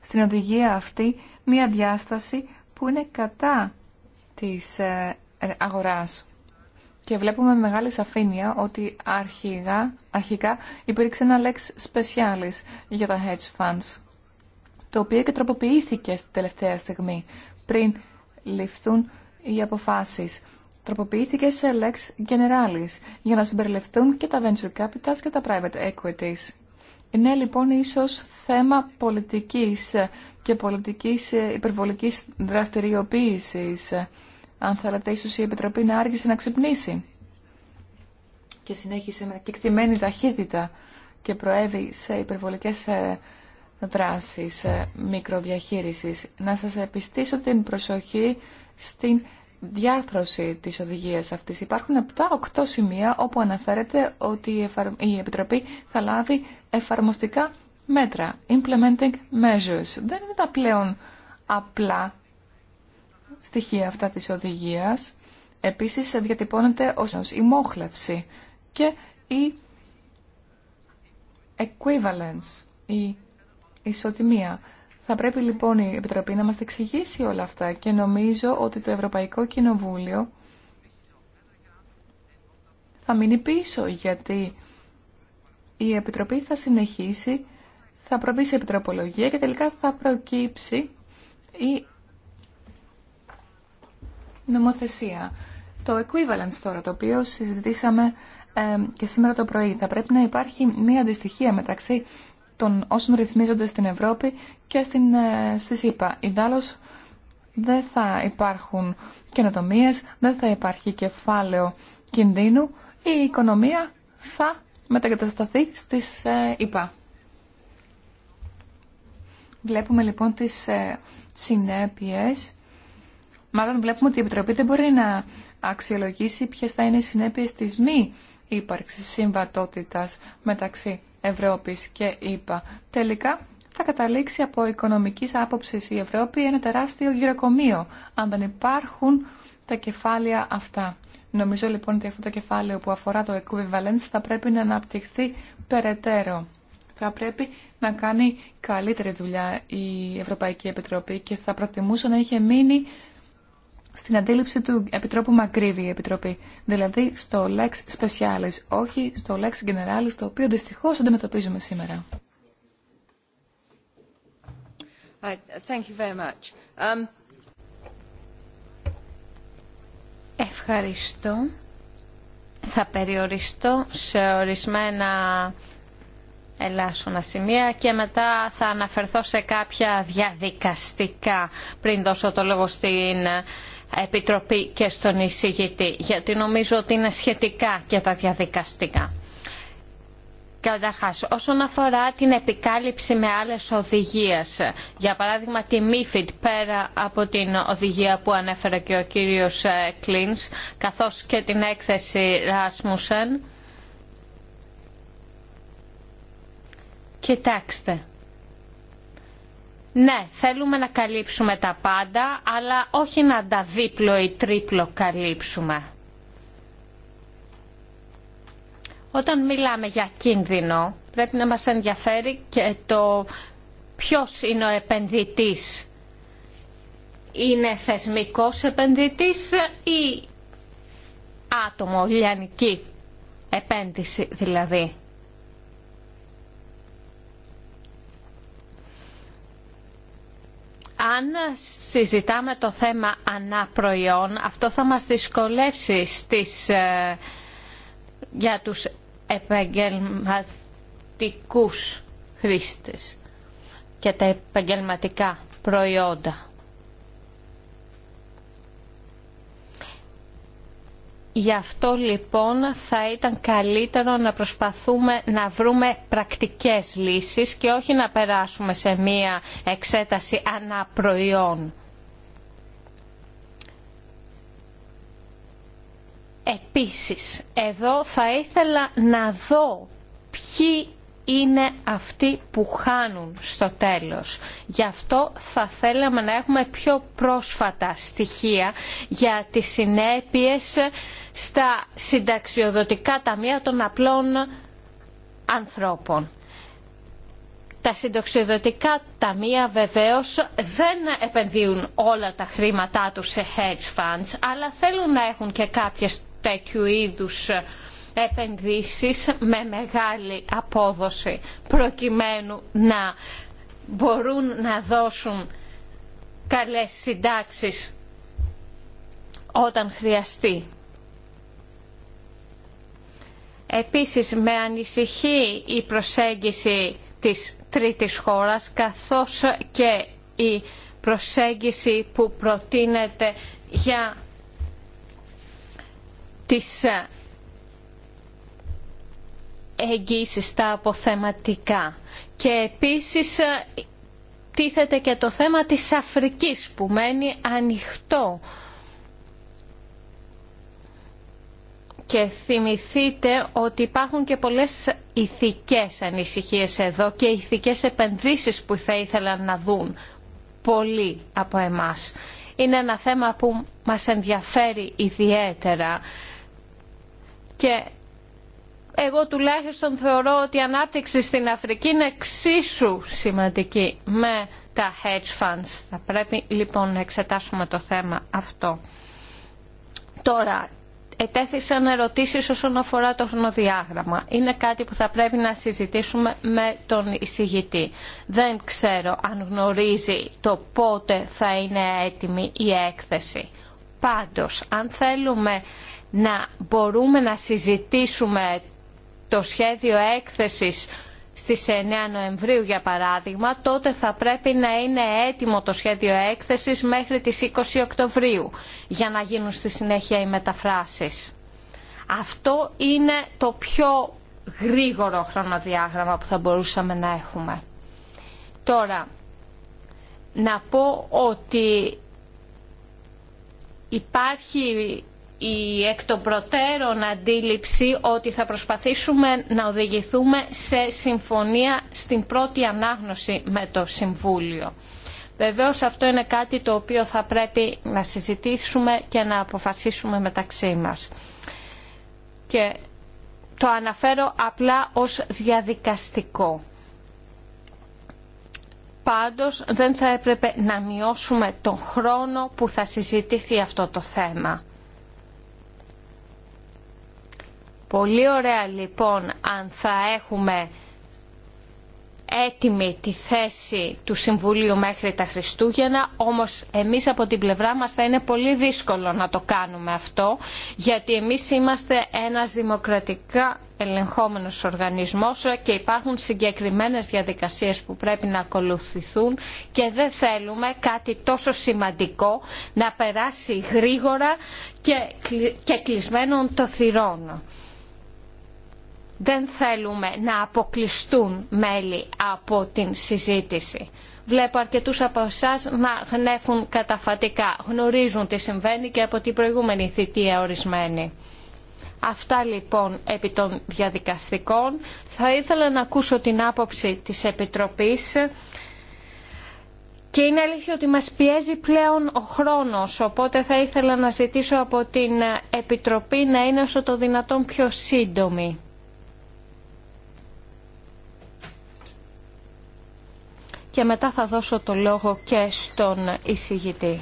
στην οδηγία αυτή μία διάσταση που είναι κατά της αγοράς και βλέπουμε με μεγάλη σαφήνεια ότι αρχικά, αρχικά υπήρξε ένα lex specialis για τα hedge funds, το οποίο και τροποποιήθηκε στη τελευταία στιγμή πριν ληφθούν οι αποφάσεις. Τροποποιήθηκε σε lex generalis για να συμπεριληφθούν και τα venture capitals και τα private equities. Είναι λοιπόν ίσως θέμα πολιτικής και πολιτικής ε, υπερβολικής δραστηριοποίησης αν θέλετε, ίσως η Επιτροπή να άργησε να ξυπνήσει και συνέχισε με κεκτημένη ταχύτητα και προέβη σε υπερβολικές ε, δράσεις ε, μικροδιαχείρισης. Να σας επιστήσω την προσοχή στην διάρθρωση της οδηγίας αυτής. Υπάρχουν 7-8 σημεία όπου αναφέρεται ότι η Επιτροπή θα λάβει εφαρμοστικά μέτρα, implementing measures. Δεν είναι τα πλέον απλά στοιχεία αυτά της οδηγίας. Επίσης διατυπώνεται ως η μόχλευση και η equivalence, η ισοτιμία. Θα πρέπει λοιπόν η Επιτροπή να μας εξηγήσει όλα αυτά και νομίζω ότι το Ευρωπαϊκό Κοινοβούλιο θα μείνει πίσω γιατί η Επιτροπή θα συνεχίσει, θα προβεί σε επιτροπολογία και τελικά θα προκύψει η νομοθεσία. Το equivalence τώρα, το οποίο συζητήσαμε και σήμερα το πρωί, θα πρέπει να υπάρχει μία αντιστοιχία μεταξύ των όσων ρυθμίζονται στην Ευρώπη και στην, ε, στη ΣΥΠΑ. δεν θα υπάρχουν καινοτομίε, δεν θα υπάρχει κεφάλαιο κινδύνου, η οικονομία θα μετακατασταθεί στις ΙΠΑ. Ε, Βλέπουμε λοιπόν τις ε, συνέπειες Μάλλον βλέπουμε ότι η Επιτροπή δεν μπορεί να αξιολογήσει ποιες θα είναι οι συνέπειες της μη ύπαρξης συμβατότητας μεταξύ Ευρώπης και ΗΠΑ. Τελικά θα καταλήξει από οικονομικής άποψης η Ευρώπη ένα τεράστιο γυροκομείο, αν δεν υπάρχουν τα κεφάλαια αυτά. Νομίζω λοιπόν ότι αυτό το κεφάλαιο που αφορά το equivalence θα πρέπει να αναπτυχθεί περαιτέρω. Θα πρέπει να κάνει καλύτερη δουλειά η Ευρωπαϊκή Επιτροπή και θα προτιμούσα να είχε μείνει στην αντίληψη του Επιτρόπου Μακρύβη η Επιτροπή, δηλαδή στο Lex Specialis, όχι στο Lex Generalis, το οποίο δυστυχώ αντιμετωπίζουμε σήμερα. Um, Ευχαριστώ. Θα περιοριστώ σε ορισμένα ελάσσονα σημεία και μετά θα αναφερθώ σε κάποια διαδικαστικά πριν δώσω το λόγο στην Επιτροπή και στον εισηγητή, γιατί νομίζω ότι είναι σχετικά και τα διαδικαστικά. Καταρχά, όσον αφορά την επικάλυψη με άλλες οδηγίες, για παράδειγμα τη MIFID πέρα από την οδηγία που ανέφερε και ο κύριος ε, Κλίνς, καθώς και την έκθεση Rasmussen, κοιτάξτε, ναι, θέλουμε να καλύψουμε τα πάντα, αλλά όχι να τα δίπλο ή τρίπλο καλύψουμε. Όταν μιλάμε για κίνδυνο, πρέπει να μας ενδιαφέρει και το ποιος είναι ο επενδυτής. Είναι θεσμικός επενδυτής ή άτομο, λιανική επένδυση δηλαδή. αν συζητάμε το θέμα αναπροϊόν, αυτό θα μας δυσκολεύσει στις, ε, για τους επαγγελματικούς χρήστες και τα επαγγελματικά προϊόντα. Γι' αυτό λοιπόν θα ήταν καλύτερο να προσπαθούμε να βρούμε πρακτικές λύσεις και όχι να περάσουμε σε μία εξέταση αναπροϊόν. Επίσης, εδώ θα ήθελα να δω ποιοι είναι αυτοί που χάνουν στο τέλος. Γι' αυτό θα θέλαμε να έχουμε πιο πρόσφατα στοιχεία για τις συνέπειες στα συνταξιοδοτικά ταμεία των απλών ανθρώπων. Τα συνταξιοδοτικά ταμεία βεβαίως δεν επενδύουν όλα τα χρήματά τους σε hedge funds, αλλά θέλουν να έχουν και κάποιες τέτοιου είδους επενδύσεις με μεγάλη απόδοση, προκειμένου να μπορούν να δώσουν καλές συντάξεις όταν χρειαστεί. Επίσης με ανησυχεί η προσέγγιση της τρίτης χώρας καθώς και η προσέγγιση που προτείνεται για τις εγγύσεις στα αποθεματικά. Και επίσης τίθεται και το θέμα της Αφρικής που μένει ανοιχτό και θυμηθείτε ότι υπάρχουν και πολλές ηθικές ανησυχίες εδώ και ηθικές επενδύσεις που θα ήθελαν να δουν πολλοί από εμάς. Είναι ένα θέμα που μας ενδιαφέρει ιδιαίτερα και εγώ τουλάχιστον θεωρώ ότι η ανάπτυξη στην Αφρική είναι εξίσου σημαντική με τα hedge funds. Θα πρέπει λοιπόν να εξετάσουμε το θέμα αυτό. Τώρα, ετέθησαν ερωτήσεις όσον αφορά το χρονοδιάγραμμα. Είναι κάτι που θα πρέπει να συζητήσουμε με τον εισηγητή. Δεν ξέρω αν γνωρίζει το πότε θα είναι έτοιμη η έκθεση. Πάντως, αν θέλουμε να μπορούμε να συζητήσουμε το σχέδιο έκθεσης στις 9 Νοεμβρίου για παράδειγμα, τότε θα πρέπει να είναι έτοιμο το σχέδιο έκθεσης μέχρι τις 20 Οκτωβρίου για να γίνουν στη συνέχεια οι μεταφράσεις. Αυτό είναι το πιο γρήγορο χρονοδιάγραμμα που θα μπορούσαμε να έχουμε. Τώρα, να πω ότι υπάρχει η εκ των προτέρων αντίληψη ότι θα προσπαθήσουμε να οδηγηθούμε σε συμφωνία στην πρώτη ανάγνωση με το Συμβούλιο. Βεβαίως αυτό είναι κάτι το οποίο θα πρέπει να συζητήσουμε και να αποφασίσουμε μεταξύ μας. Και το αναφέρω απλά ως διαδικαστικό. Πάντως δεν θα έπρεπε να μειώσουμε τον χρόνο που θα συζητηθεί αυτό το θέμα. Πολύ ωραία λοιπόν αν θα έχουμε έτοιμη τη θέση του Συμβουλίου μέχρι τα Χριστούγεννα, όμως εμείς από την πλευρά μας θα είναι πολύ δύσκολο να το κάνουμε αυτό, γιατί εμείς είμαστε ένας δημοκρατικά ελεγχόμενος οργανισμός και υπάρχουν συγκεκριμένες διαδικασίες που πρέπει να ακολουθηθούν και δεν θέλουμε κάτι τόσο σημαντικό να περάσει γρήγορα και κλεισμένων το θυρών. Δεν θέλουμε να αποκλειστούν μέλη από την συζήτηση. Βλέπω αρκετούς από εσά να γνέφουν καταφατικά. Γνωρίζουν τι συμβαίνει και από την προηγούμενη θητεία ορισμένη. Αυτά λοιπόν επί των διαδικαστικών. Θα ήθελα να ακούσω την άποψη της Επιτροπής. Και είναι αλήθεια ότι μας πιέζει πλέον ο χρόνος, οπότε θα ήθελα να ζητήσω από την Επιτροπή να είναι όσο το δυνατόν πιο σύντομη. και μετά θα δώσω το λόγο και στον εισηγητή.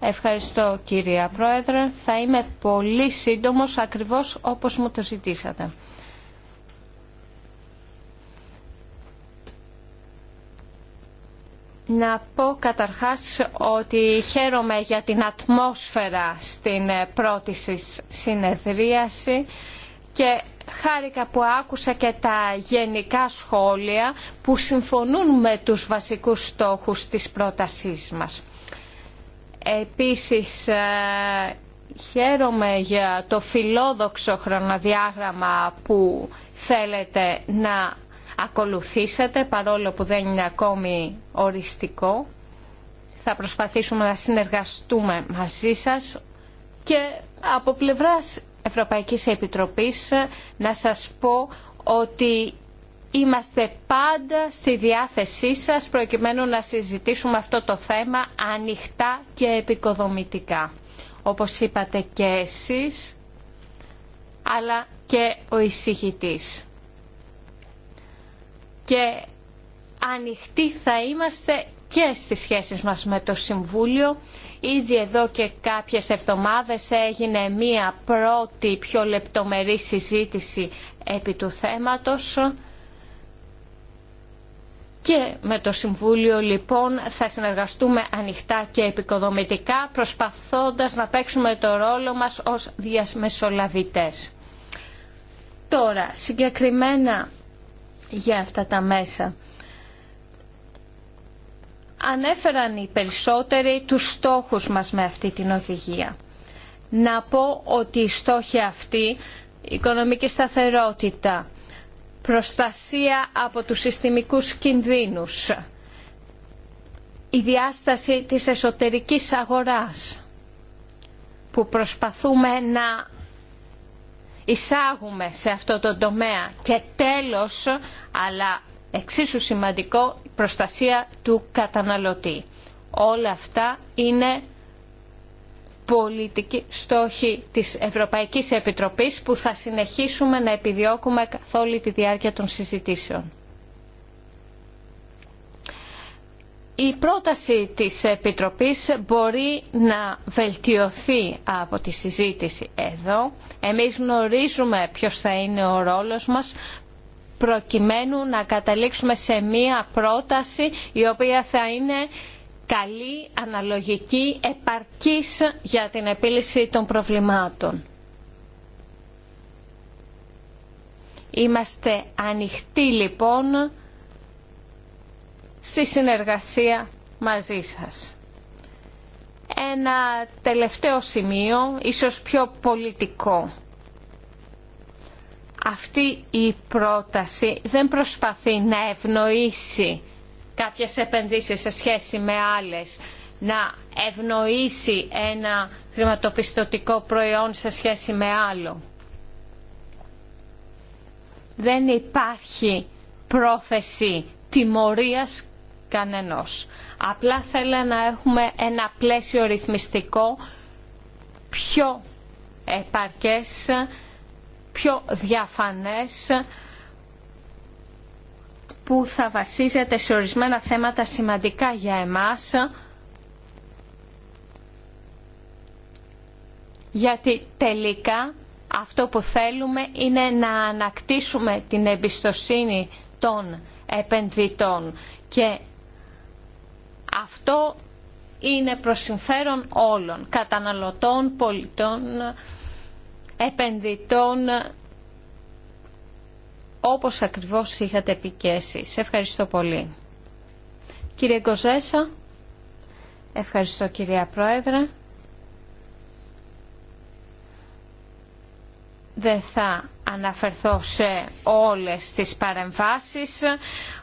Ευχαριστώ κυρία Πρόεδρε. Θα είμαι πολύ σύντομος ακριβώς όπως μου το ζητήσατε. Να πω καταρχάς ότι χαίρομαι για την ατμόσφαιρα στην πρώτη συνεδρίαση και χάρηκα που άκουσα και τα γενικά σχόλια που συμφωνούν με τους βασικούς στόχους της πρότασής μας. Επίσης, ε, χαίρομαι για το φιλόδοξο χρονοδιάγραμμα που θέλετε να ακολουθήσετε, παρόλο που δεν είναι ακόμη οριστικό. Θα προσπαθήσουμε να συνεργαστούμε μαζί σας και από πλευράς Ευρωπαϊκής Επιτροπής να σας πω ότι είμαστε πάντα στη διάθεσή σας προκειμένου να συζητήσουμε αυτό το θέμα ανοιχτά και επικοδομητικά. Όπως είπατε και εσείς, αλλά και ο εισηγητής. Και ανοιχτοί θα είμαστε και στις σχέσεις μας με το Συμβούλιο Ήδη εδώ και κάποιες εβδομάδες έγινε μία πρώτη πιο λεπτομερή συζήτηση επί του θέματος και με το Συμβούλιο λοιπόν θα συνεργαστούμε ανοιχτά και επικοδομητικά προσπαθώντας να παίξουμε το ρόλο μας ως διασμεσολαβητές. Τώρα, συγκεκριμένα για αυτά τα μέσα ανέφεραν οι περισσότεροι τους στόχους μας με αυτή την οδηγία. Να πω ότι οι στόχοι αυτοί, οικονομική σταθερότητα, προστασία από τους συστημικούς κινδύνους, η διάσταση της εσωτερικής αγοράς που προσπαθούμε να εισάγουμε σε αυτό το τομέα και τέλος, αλλά εξίσου σημαντικό, προστασία του καταναλωτή. Όλα αυτά είναι πολιτική στόχη της Ευρωπαϊκής Επιτροπής που θα συνεχίσουμε να επιδιώκουμε καθ' όλη τη διάρκεια των συζητήσεων. Η πρόταση της Επιτροπής μπορεί να βελτιωθεί από τη συζήτηση εδώ. Εμείς γνωρίζουμε ποιος θα είναι ο ρόλος μας, προκειμένου να καταλήξουμε σε μία πρόταση η οποία θα είναι καλή, αναλογική, επαρκής για την επίλυση των προβλημάτων. Είμαστε ανοιχτοί λοιπόν στη συνεργασία μαζί σας. Ένα τελευταίο σημείο, ίσως πιο πολιτικό αυτή η πρόταση δεν προσπαθεί να ευνοήσει κάποιες επενδύσεις σε σχέση με άλλες, να ευνοήσει ένα χρηματοπιστωτικό προϊόν σε σχέση με άλλο. Δεν υπάρχει πρόθεση τιμωρίας κανενός. Απλά θέλω να έχουμε ένα πλαίσιο ρυθμιστικό πιο επαρκές πιο διαφανές που θα βασίζεται σε ορισμένα θέματα σημαντικά για εμάς γιατί τελικά αυτό που θέλουμε είναι να ανακτήσουμε την εμπιστοσύνη των επενδυτών και αυτό είναι προς συμφέρον όλων, καταναλωτών, πολιτών, επενδυτών όπως ακριβώς είχατε επικέσει. Σε ευχαριστώ πολύ. Κύριε Κοζέσα, ευχαριστώ κυρία Πρόεδρε. Δεν θα αναφερθώ σε όλες τις παρεμβάσεις.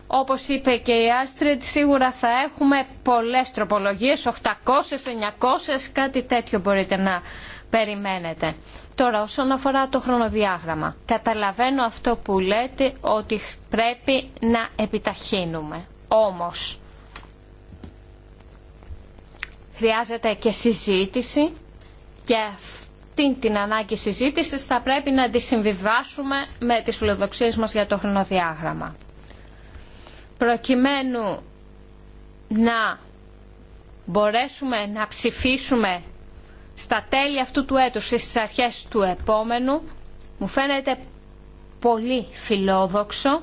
Όπως είπε και η Άστριτ, σίγουρα θα έχουμε πολλές τροπολογίες, 800, 900, κάτι τέτοιο μπορείτε να περιμένετε. Τώρα, όσον αφορά το χρονοδιάγραμμα, καταλαβαίνω αυτό που λέτε ότι πρέπει να επιταχύνουμε. Όμως, χρειάζεται και συζήτηση και αυτή την ανάγκη συζήτησης θα πρέπει να τη συμβιβάσουμε με τις φιλοδοξίες μας για το χρονοδιάγραμμα. Προκειμένου να μπορέσουμε να ψηφίσουμε στα τέλη αυτού του έτους ή στις αρχές του επόμενου μου φαίνεται πολύ φιλόδοξο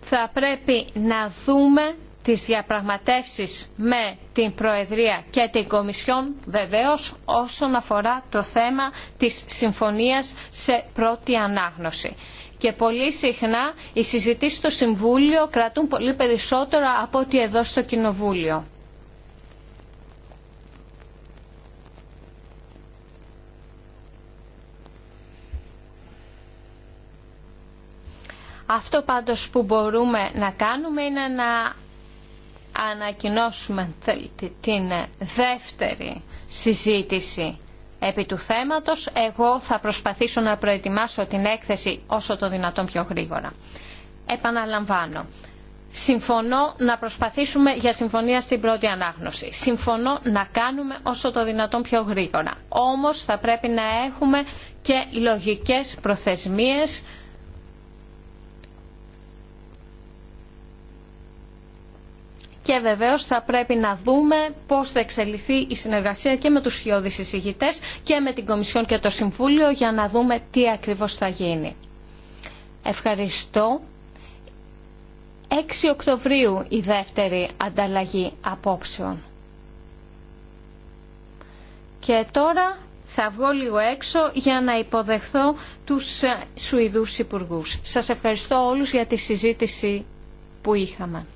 θα πρέπει να δούμε τις διαπραγματεύσεις με την Προεδρία και την Κομισιόν βεβαίως όσον αφορά το θέμα της συμφωνίας σε πρώτη ανάγνωση και πολύ συχνά οι συζητήσεις στο Συμβούλιο κρατούν πολύ περισσότερο από ό,τι εδώ στο Κοινοβούλιο. Αυτό πάντως που μπορούμε να κάνουμε είναι να ανακοινώσουμε την δεύτερη συζήτηση επί του θέματος. Εγώ θα προσπαθήσω να προετοιμάσω την έκθεση όσο το δυνατόν πιο γρήγορα. Επαναλαμβάνω. Συμφωνώ να προσπαθήσουμε για συμφωνία στην πρώτη ανάγνωση. Συμφωνώ να κάνουμε όσο το δυνατόν πιο γρήγορα. Όμως θα πρέπει να έχουμε και λογικές προθεσμίες και βεβαίως θα πρέπει να δούμε πώς θα εξελιχθεί η συνεργασία και με τους χειώδεις εισηγητές και με την Κομισιόν και το Συμβούλιο για να δούμε τι ακριβώς θα γίνει. Ευχαριστώ. 6 Οκτωβρίου η δεύτερη ανταλλαγή απόψεων. Και τώρα θα βγω λίγο έξω για να υποδεχθώ τους Σουηδούς Υπουργούς. Σας ευχαριστώ όλους για τη συζήτηση που είχαμε.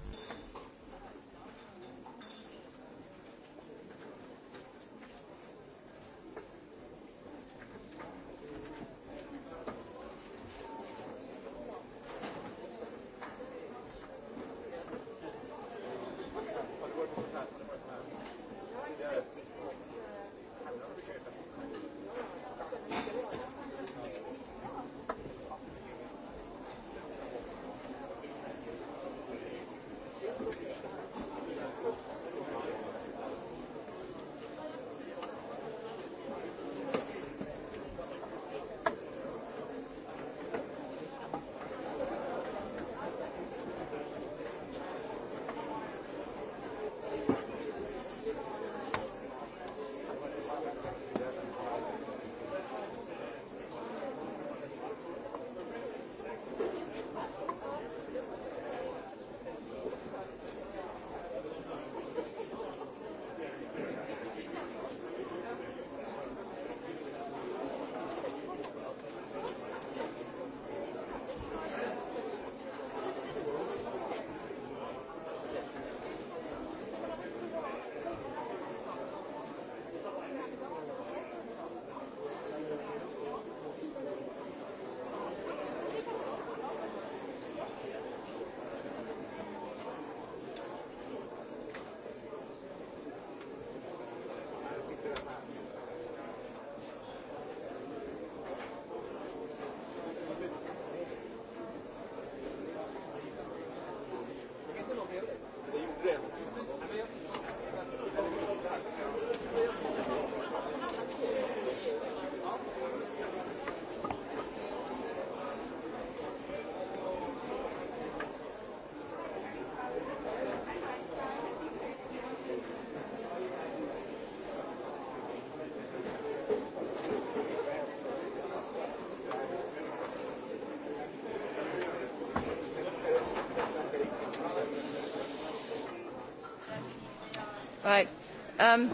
Um,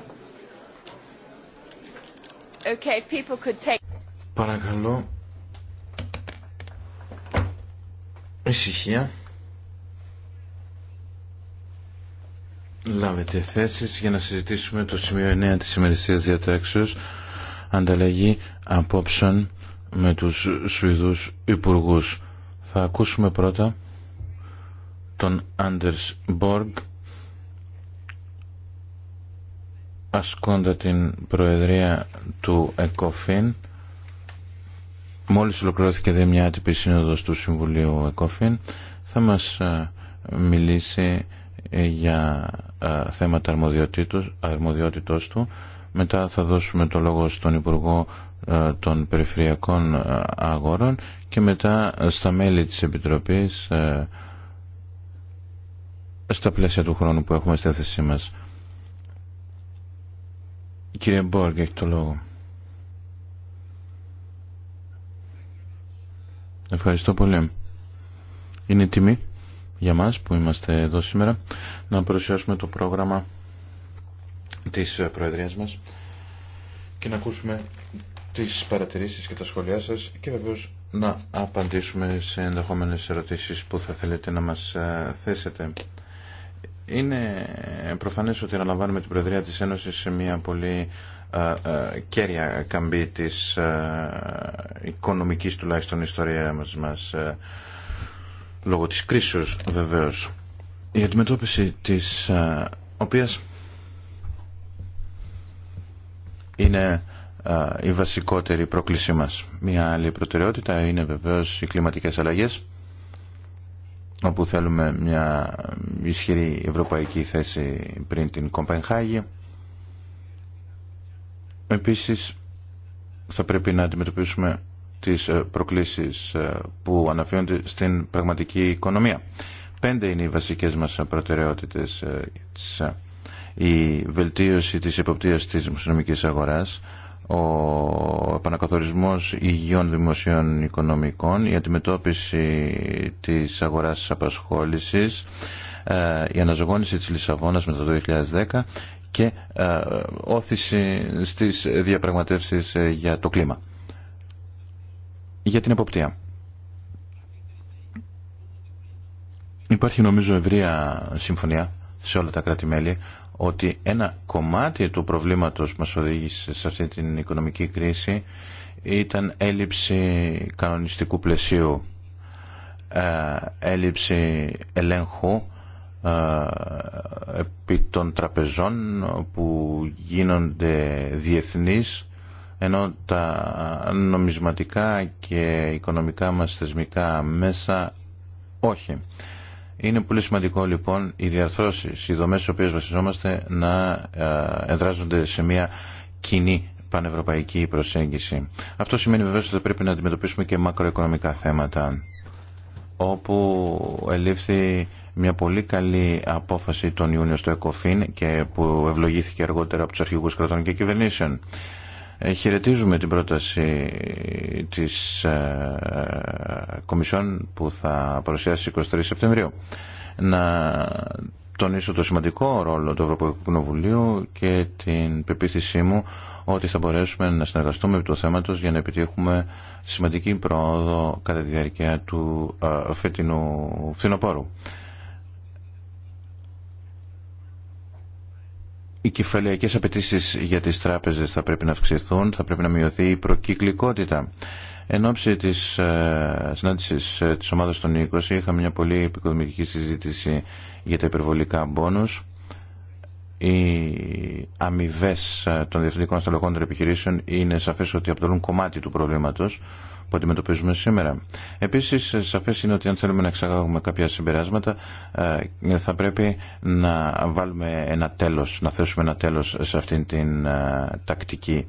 Παρακαλώ. Ησυχία. Λάβετε θέσεις για να συζητήσουμε το σημείο 9 της ημερησία διατάξεως ανταλλαγή απόψεων με τους Σουηδούς Υπουργούς. Θα ακούσουμε πρώτα τον Άντερ Μπόργκ ασκώντα την Προεδρία του ΕΚΟΦΗΝ μόλις ολοκληρώθηκε μια άτυπη σύνοδος του Συμβουλίου ΕΚΟΦΗΝ θα μας ε, μιλήσει ε, για ε, θέματα αρμοδιότητός του μετά θα δώσουμε το λόγο στον Υπουργό των Περιφερειακών Αγορών και μετά στα μέλη της Επιτροπής στα πλαίσια του χρόνου που έχουμε στη θέση μας κυρία Μπόργκ, έχει το λόγο. Ευχαριστώ πολύ. Είναι τιμή για μας που είμαστε εδώ σήμερα να παρουσιάσουμε το πρόγραμμα της Προεδρίας μας και να ακούσουμε τις παρατηρήσεις και τα σχόλιά σας και βεβαίως να απαντήσουμε σε ενδεχόμενες ερωτήσεις που θα θέλετε να μας ε, θέσετε. Είναι προφανές ότι αναλαμβάνουμε την Προεδρία της Ένωσης σε μια πολύ κέρια καμπή της οικονομικής τουλάχιστον ιστορία μας, μας λόγω της κρίσεως βεβαίως. Η αντιμετώπιση της οποίας είναι η βασικότερη πρόκλησή μας. Μια άλλη προτεραιότητα είναι βεβαίως οι κλιματικές αλλαγές όπου θέλουμε μια ισχυρή ευρωπαϊκή θέση πριν την Κομπενχάγη. Επίσης θα πρέπει να αντιμετωπίσουμε τις ε, προκλήσεις ε, που αναφέρονται στην πραγματική οικονομία. Πέντε είναι οι βασικές μας προτεραιότητες. Ε, η βελτίωση της εποπτείας της μουσουλμικής αγοράς, ο επανακαθορισμός υγιών δημοσίων οικονομικών, η αντιμετώπιση της αγοράς απασχόλησης, ε, η αναζωγόνηση της Λισαβόνας μετά το 2010 και ε, όθηση στις διαπραγματεύσεις ε, για το κλίμα. Για την εποπτεία. Υπάρχει νομίζω ευρεία συμφωνία σε όλα τα κράτη-μέλη ότι ένα κομμάτι του προβλήματος που μας οδήγησε σε αυτή την οικονομική κρίση ήταν έλλειψη κανονιστικού πλαισίου, ε, έλλειψη ελέγχου ε, επί των τραπεζών που γίνονται διεθνείς ενώ τα νομισματικά και οικονομικά μας θεσμικά μέσα όχι. Είναι πολύ σημαντικό λοιπόν οι διαρθρώσεις, οι δομές στις οποίες βασιζόμαστε να ε, εδράζονται σε μια κοινή πανευρωπαϊκή προσέγγιση. Αυτό σημαίνει βεβαίως ότι πρέπει να αντιμετωπίσουμε και μακροοικονομικά θέματα όπου ελήφθη μια πολύ καλή απόφαση τον Ιούνιο στο ΕΚΟΦΗΝ και που ευλογήθηκε αργότερα από τους αρχηγούς κρατών και κυβερνήσεων. Ε, χαιρετίζουμε την πρόταση της ε, Κομισιόν που θα παρουσιάσει 23 Σεπτεμβρίου. Να τονίσω το σημαντικό ρόλο του Ευρωπαϊκού Κοινοβουλίου και την πεποίθησή μου ότι θα μπορέσουμε να συνεργαστούμε επί του θέματος για να επιτύχουμε σημαντική πρόοδο κατά τη διάρκεια του ε, φετινού φθινοπόρου. Οι κεφαλαϊκέ απαιτήσει για τις τράπεζες θα πρέπει να αυξηθούν, θα πρέπει να μειωθεί η προκυκλικότητα. Εν ώψη της ε, συνάντησης ε, της ομάδας των 20 είχαμε μια πολύ επικοδομητική συζήτηση για τα υπερβολικά μπόνους. Οι αμοιβέ ε, των διευθυντικών στελεχών των επιχειρήσεων είναι σαφές ότι αποτελούν κομμάτι του προβλήματο που αντιμετωπίζουμε σήμερα. Επίσης, σαφές είναι ότι αν θέλουμε να εξαγάγουμε κάποια συμπεράσματα, ε, θα πρέπει να βάλουμε ένα τέλος, να θέσουμε ένα τέλος σε αυτήν την ε, τακτική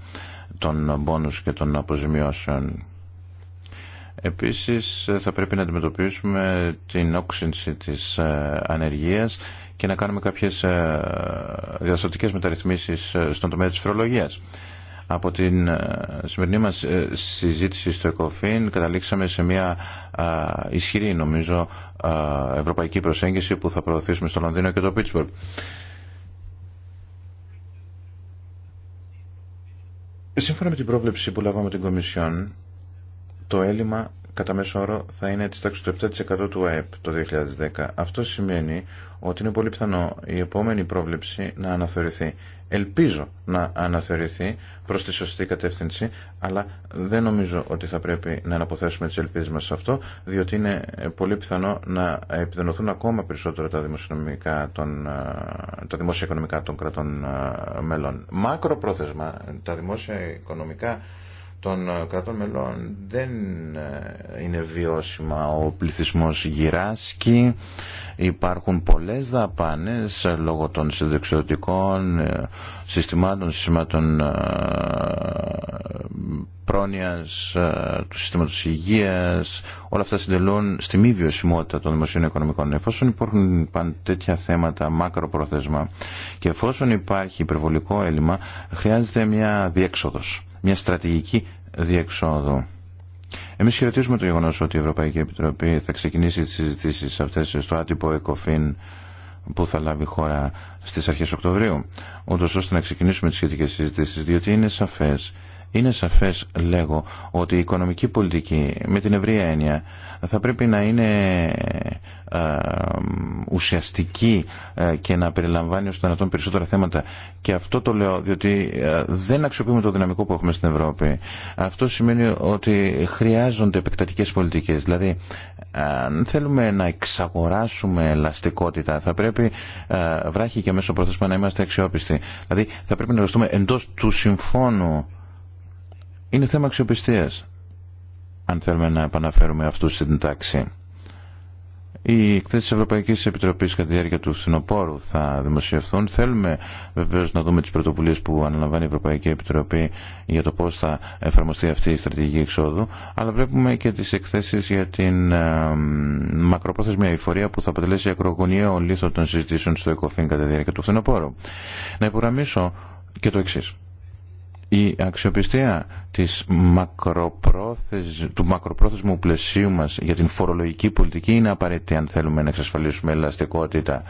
των πόνου και των αποζημιώσεων. Επίσης, θα πρέπει να αντιμετωπίσουμε την όξυνση της ε, ανεργίας και να κάνουμε κάποιες διαστατικές μεταρρυθμίσεις στον τομέα της φορολογίας. Από την ε, σημερινή μας ε, συζήτηση στο ΕΚΟΦΗΝ καταλήξαμε σε μια ε, ισχυρή νομίζω ευρωπαϊκή προσέγγιση που θα προωθήσουμε στο Λονδίνο και το Πίτσπορ. Σύμφωνα με την πρόβλεψη που λάβαμε την Κομισιόν, το έλλειμμα κατά μέσο όρο θα είναι της τάξης του 7% του ΑΕΠ το 2010. Αυτό σημαίνει ότι είναι πολύ πιθανό η επόμενη πρόβλεψη να αναθεωρηθεί. Ελπίζω να αναθεωρηθεί προς τη σωστή κατεύθυνση, αλλά δεν νομίζω ότι θα πρέπει να αναποθέσουμε τις ελπίδες μας σε αυτό, διότι είναι πολύ πιθανό να επιδενωθούν ακόμα περισσότερο τα, δημοσιονομικά των, ε, τα δημόσια οικονομικά των κρατών ε, μελών. Μάκρο πρόθεσμα, τα δημόσια οικονομικά των ε, κρατών μελών δεν ε, είναι βιώσιμα ο πληθυσμός γυράσκει υπάρχουν πολλές δαπάνες ε, λόγω των συνδεξιωτικών συστημάτων συστημάτων πρόνοιας του συστήματος υγείας όλα αυτά συντελούν στη μη βιωσιμότητα των δημοσίων οικονομικών εφόσον υπάρχουν τέτοια θέματα μακροπρόθεσμα και εφόσον υπάρχει υπερβολικό έλλειμμα χρειάζεται μια διέξοδος μια στρατηγική διεξόδου. Εμεί χαιρετίζουμε το γεγονό ότι η Ευρωπαϊκή Επιτροπή θα ξεκινήσει τι συζητήσει αυτέ στο άτυπο ΕΚΟΦΗΝ που θα λάβει η χώρα στι αρχέ Οκτωβρίου, ούτω ώστε να ξεκινήσουμε τι σχετικέ συζητήσει, διότι είναι σαφέ είναι σαφές, λέγω, ότι η οικονομική πολιτική με την ευρία έννοια θα πρέπει να είναι ε, ουσιαστική ε, και να περιλαμβάνει ως δυνατόν περισσότερα θέματα. Και αυτό το λέω διότι ε, δεν αξιοποιούμε το δυναμικό που έχουμε στην Ευρώπη. Αυτό σημαίνει ότι χρειάζονται επεκτατικές πολιτικές. Δηλαδή, αν θέλουμε να εξαγοράσουμε ελαστικότητα, θα πρέπει βράχη και μέσω πρόθεσμα να είμαστε αξιόπιστοι. Δηλαδή, θα πρέπει να εργαστούμε εντός του συμφώνου είναι θέμα αξιοπιστία αν θέλουμε να επαναφέρουμε αυτού στην τάξη. Οι εκθέσει τη Ευρωπαϊκή Επιτροπή κατά τη διάρκεια του φθινοπόρου θα δημοσιευθούν. Θέλουμε βεβαίω να δούμε τι πρωτοβουλίε που αναλαμβάνει η Ευρωπαϊκή Επιτροπή για το πώ θα εφαρμοστεί αυτή η στρατηγική εξόδου. Αλλά βλέπουμε και τι εκθέσει για την ε, μακροπρόθεσμη αηφορία που θα αποτελέσει ακρογωνιαίο λίθο των συζητήσεων στο ΕΚΟΦΗΝ κατά τη διάρκεια του φθινοπόρου. Να υπογραμμίσω και το εξή η αξιοπιστία της του μακροπρόθεσμου πλαισίου μας για την φορολογική πολιτική είναι απαραίτητη αν θέλουμε να εξασφαλίσουμε ελαστικότητα,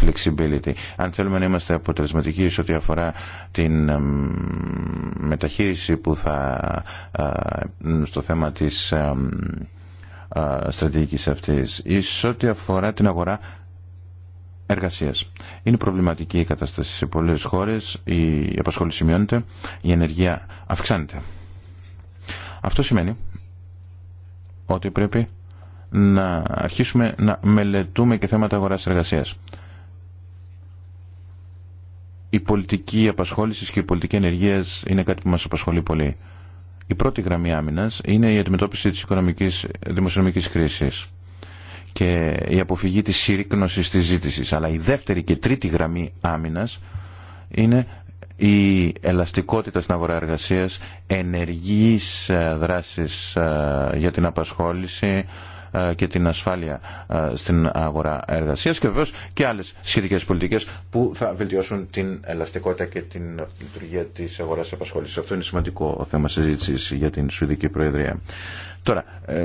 flexibility. Αν θέλουμε να είμαστε αποτελεσματικοί σε ό,τι αφορά την μεταχείριση που θα στο θέμα της στρατηγικής αυτής. Σε ό,τι αφορά την αγορά εργασίας. Είναι προβληματική η κατάσταση σε πολλές χώρες, η απασχόληση μειώνεται, η ενεργεία αυξάνεται. Αυτό σημαίνει ότι πρέπει να αρχίσουμε να μελετούμε και θέματα αγοράς εργασίας. Η πολιτική απασχόλησης και η πολιτική ενέργεια είναι κάτι που μας απασχολεί πολύ. Η πρώτη γραμμή άμυνας είναι η αντιμετώπιση της οικονομικής, δημοσιονομικής κρίσης και η αποφυγή της συρρήκνωσης της ζήτησης. Αλλά η δεύτερη και τρίτη γραμμή άμυνας είναι η ελαστικότητα στην αγορά εργασίας, ενεργής ε, δράσης ε, για την απασχόληση ε, και την ασφάλεια στην αγορά εργασίας και βεβαίως και άλλες σχετικές πολιτικές που θα βελτιώσουν την ελαστικότητα και την λειτουργία της αγοράς απασχόλησης. Αυτό είναι σημαντικό θέμα συζήτηση για την Σουηδική Προεδρία. Τώρα, ε,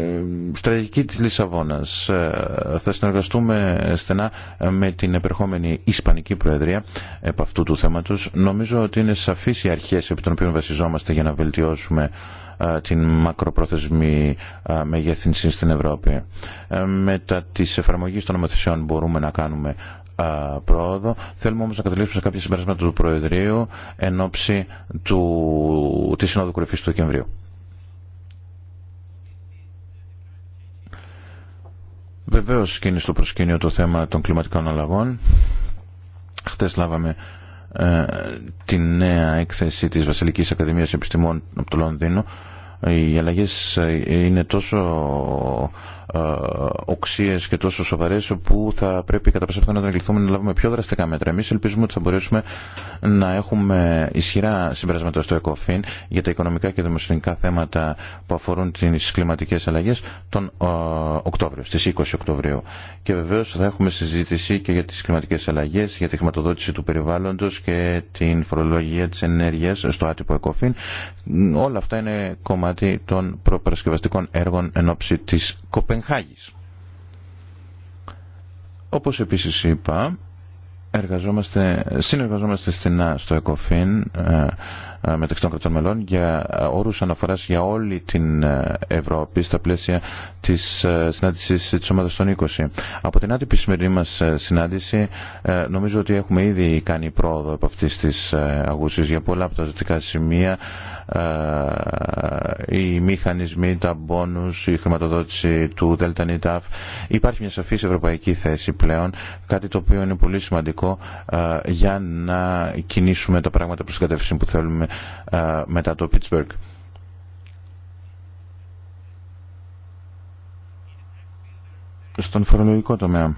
στρατηγική της Λισαβόνας. Ε, θα συνεργαστούμε στενά ε, με την επερχόμενη Ισπανική Προεδρία επ' αυτού του θέματος. Νομίζω ότι είναι σαφείς οι αρχές επί των οποίων βασιζόμαστε για να βελτιώσουμε την μακροπρόθεσμη μεγέθυνση στην Ευρώπη. Μετά της εφαρμογής των νομοθεσιών μπορούμε να κάνουμε πρόοδο. Θέλουμε όμως να καταλήξουμε σε κάποια συμπεράσματα του Προεδρείου εν ώψη του... της Συνόδου Κορυφής του Δεκεμβρίου. Βεβαίω, και είναι στο προσκήνιο το θέμα των κλιματικών αλλαγών. Χθε λάβαμε ε, τη νέα έκθεση της Βασιλικής Ακαδημίας Επιστημών από το Λονδίνο. Οι αλλαγέ ε, είναι τόσο ε, οξύε και τόσο σοβαρές που θα πρέπει κατά πάσα να αντιληφθούμε να λάβουμε πιο δραστικά μέτρα. Εμείς ελπίζουμε ότι θα μπορέσουμε να έχουμε ισχυρά συμπεράσματα στο ΕΚΟΦΗΝ για τα οικονομικά και δημοσιονομικά θέματα που αφορούν τις κλιματικές αλλαγές τον ε, Οκτώβριο, στις 20 Οκτωβρίου. Και βεβαίως θα έχουμε συζήτηση και για τις κλιματικές αλλαγές, για τη χρηματοδότηση του περιβάλλοντος και την φορολογία της ενέργειας στο άτυπο ΕΚΟΦΗΝ. Όλα αυτά είναι κομμάτι των προπαρασκευαστικών έργων εν ώψη της Κοπενχάγης. Όπως επίσης είπα, εργαζόμαστε, συνεργαζόμαστε στενά στο ΕΚΟΦΗΝ ε, ε, μεταξύ των κρατών μελών για ε, όρου αναφορά για όλη την ε, Ευρώπη στα πλαίσια τη συνάντηση τη ομάδα των 20. Από την άτυπη σημερινή μα συνάντηση νομίζω ότι έχουμε ήδη κάνει πρόοδο από αυτή τη αγούση για πολλά από τα ζωτικά σημεία οι μηχανισμοί, τα μπόνου, η χρηματοδότηση του ΔΕΛΤΑΝΙΤΑΦ. Υπάρχει μια σαφή ευρωπαϊκή θέση πλέον, κάτι το οποίο είναι πολύ σημαντικό για να κινήσουμε τα πράγματα προ την κατεύθυνση που θέλουμε ε, μετά το Pittsburgh. Στον φορολογικό τομέα.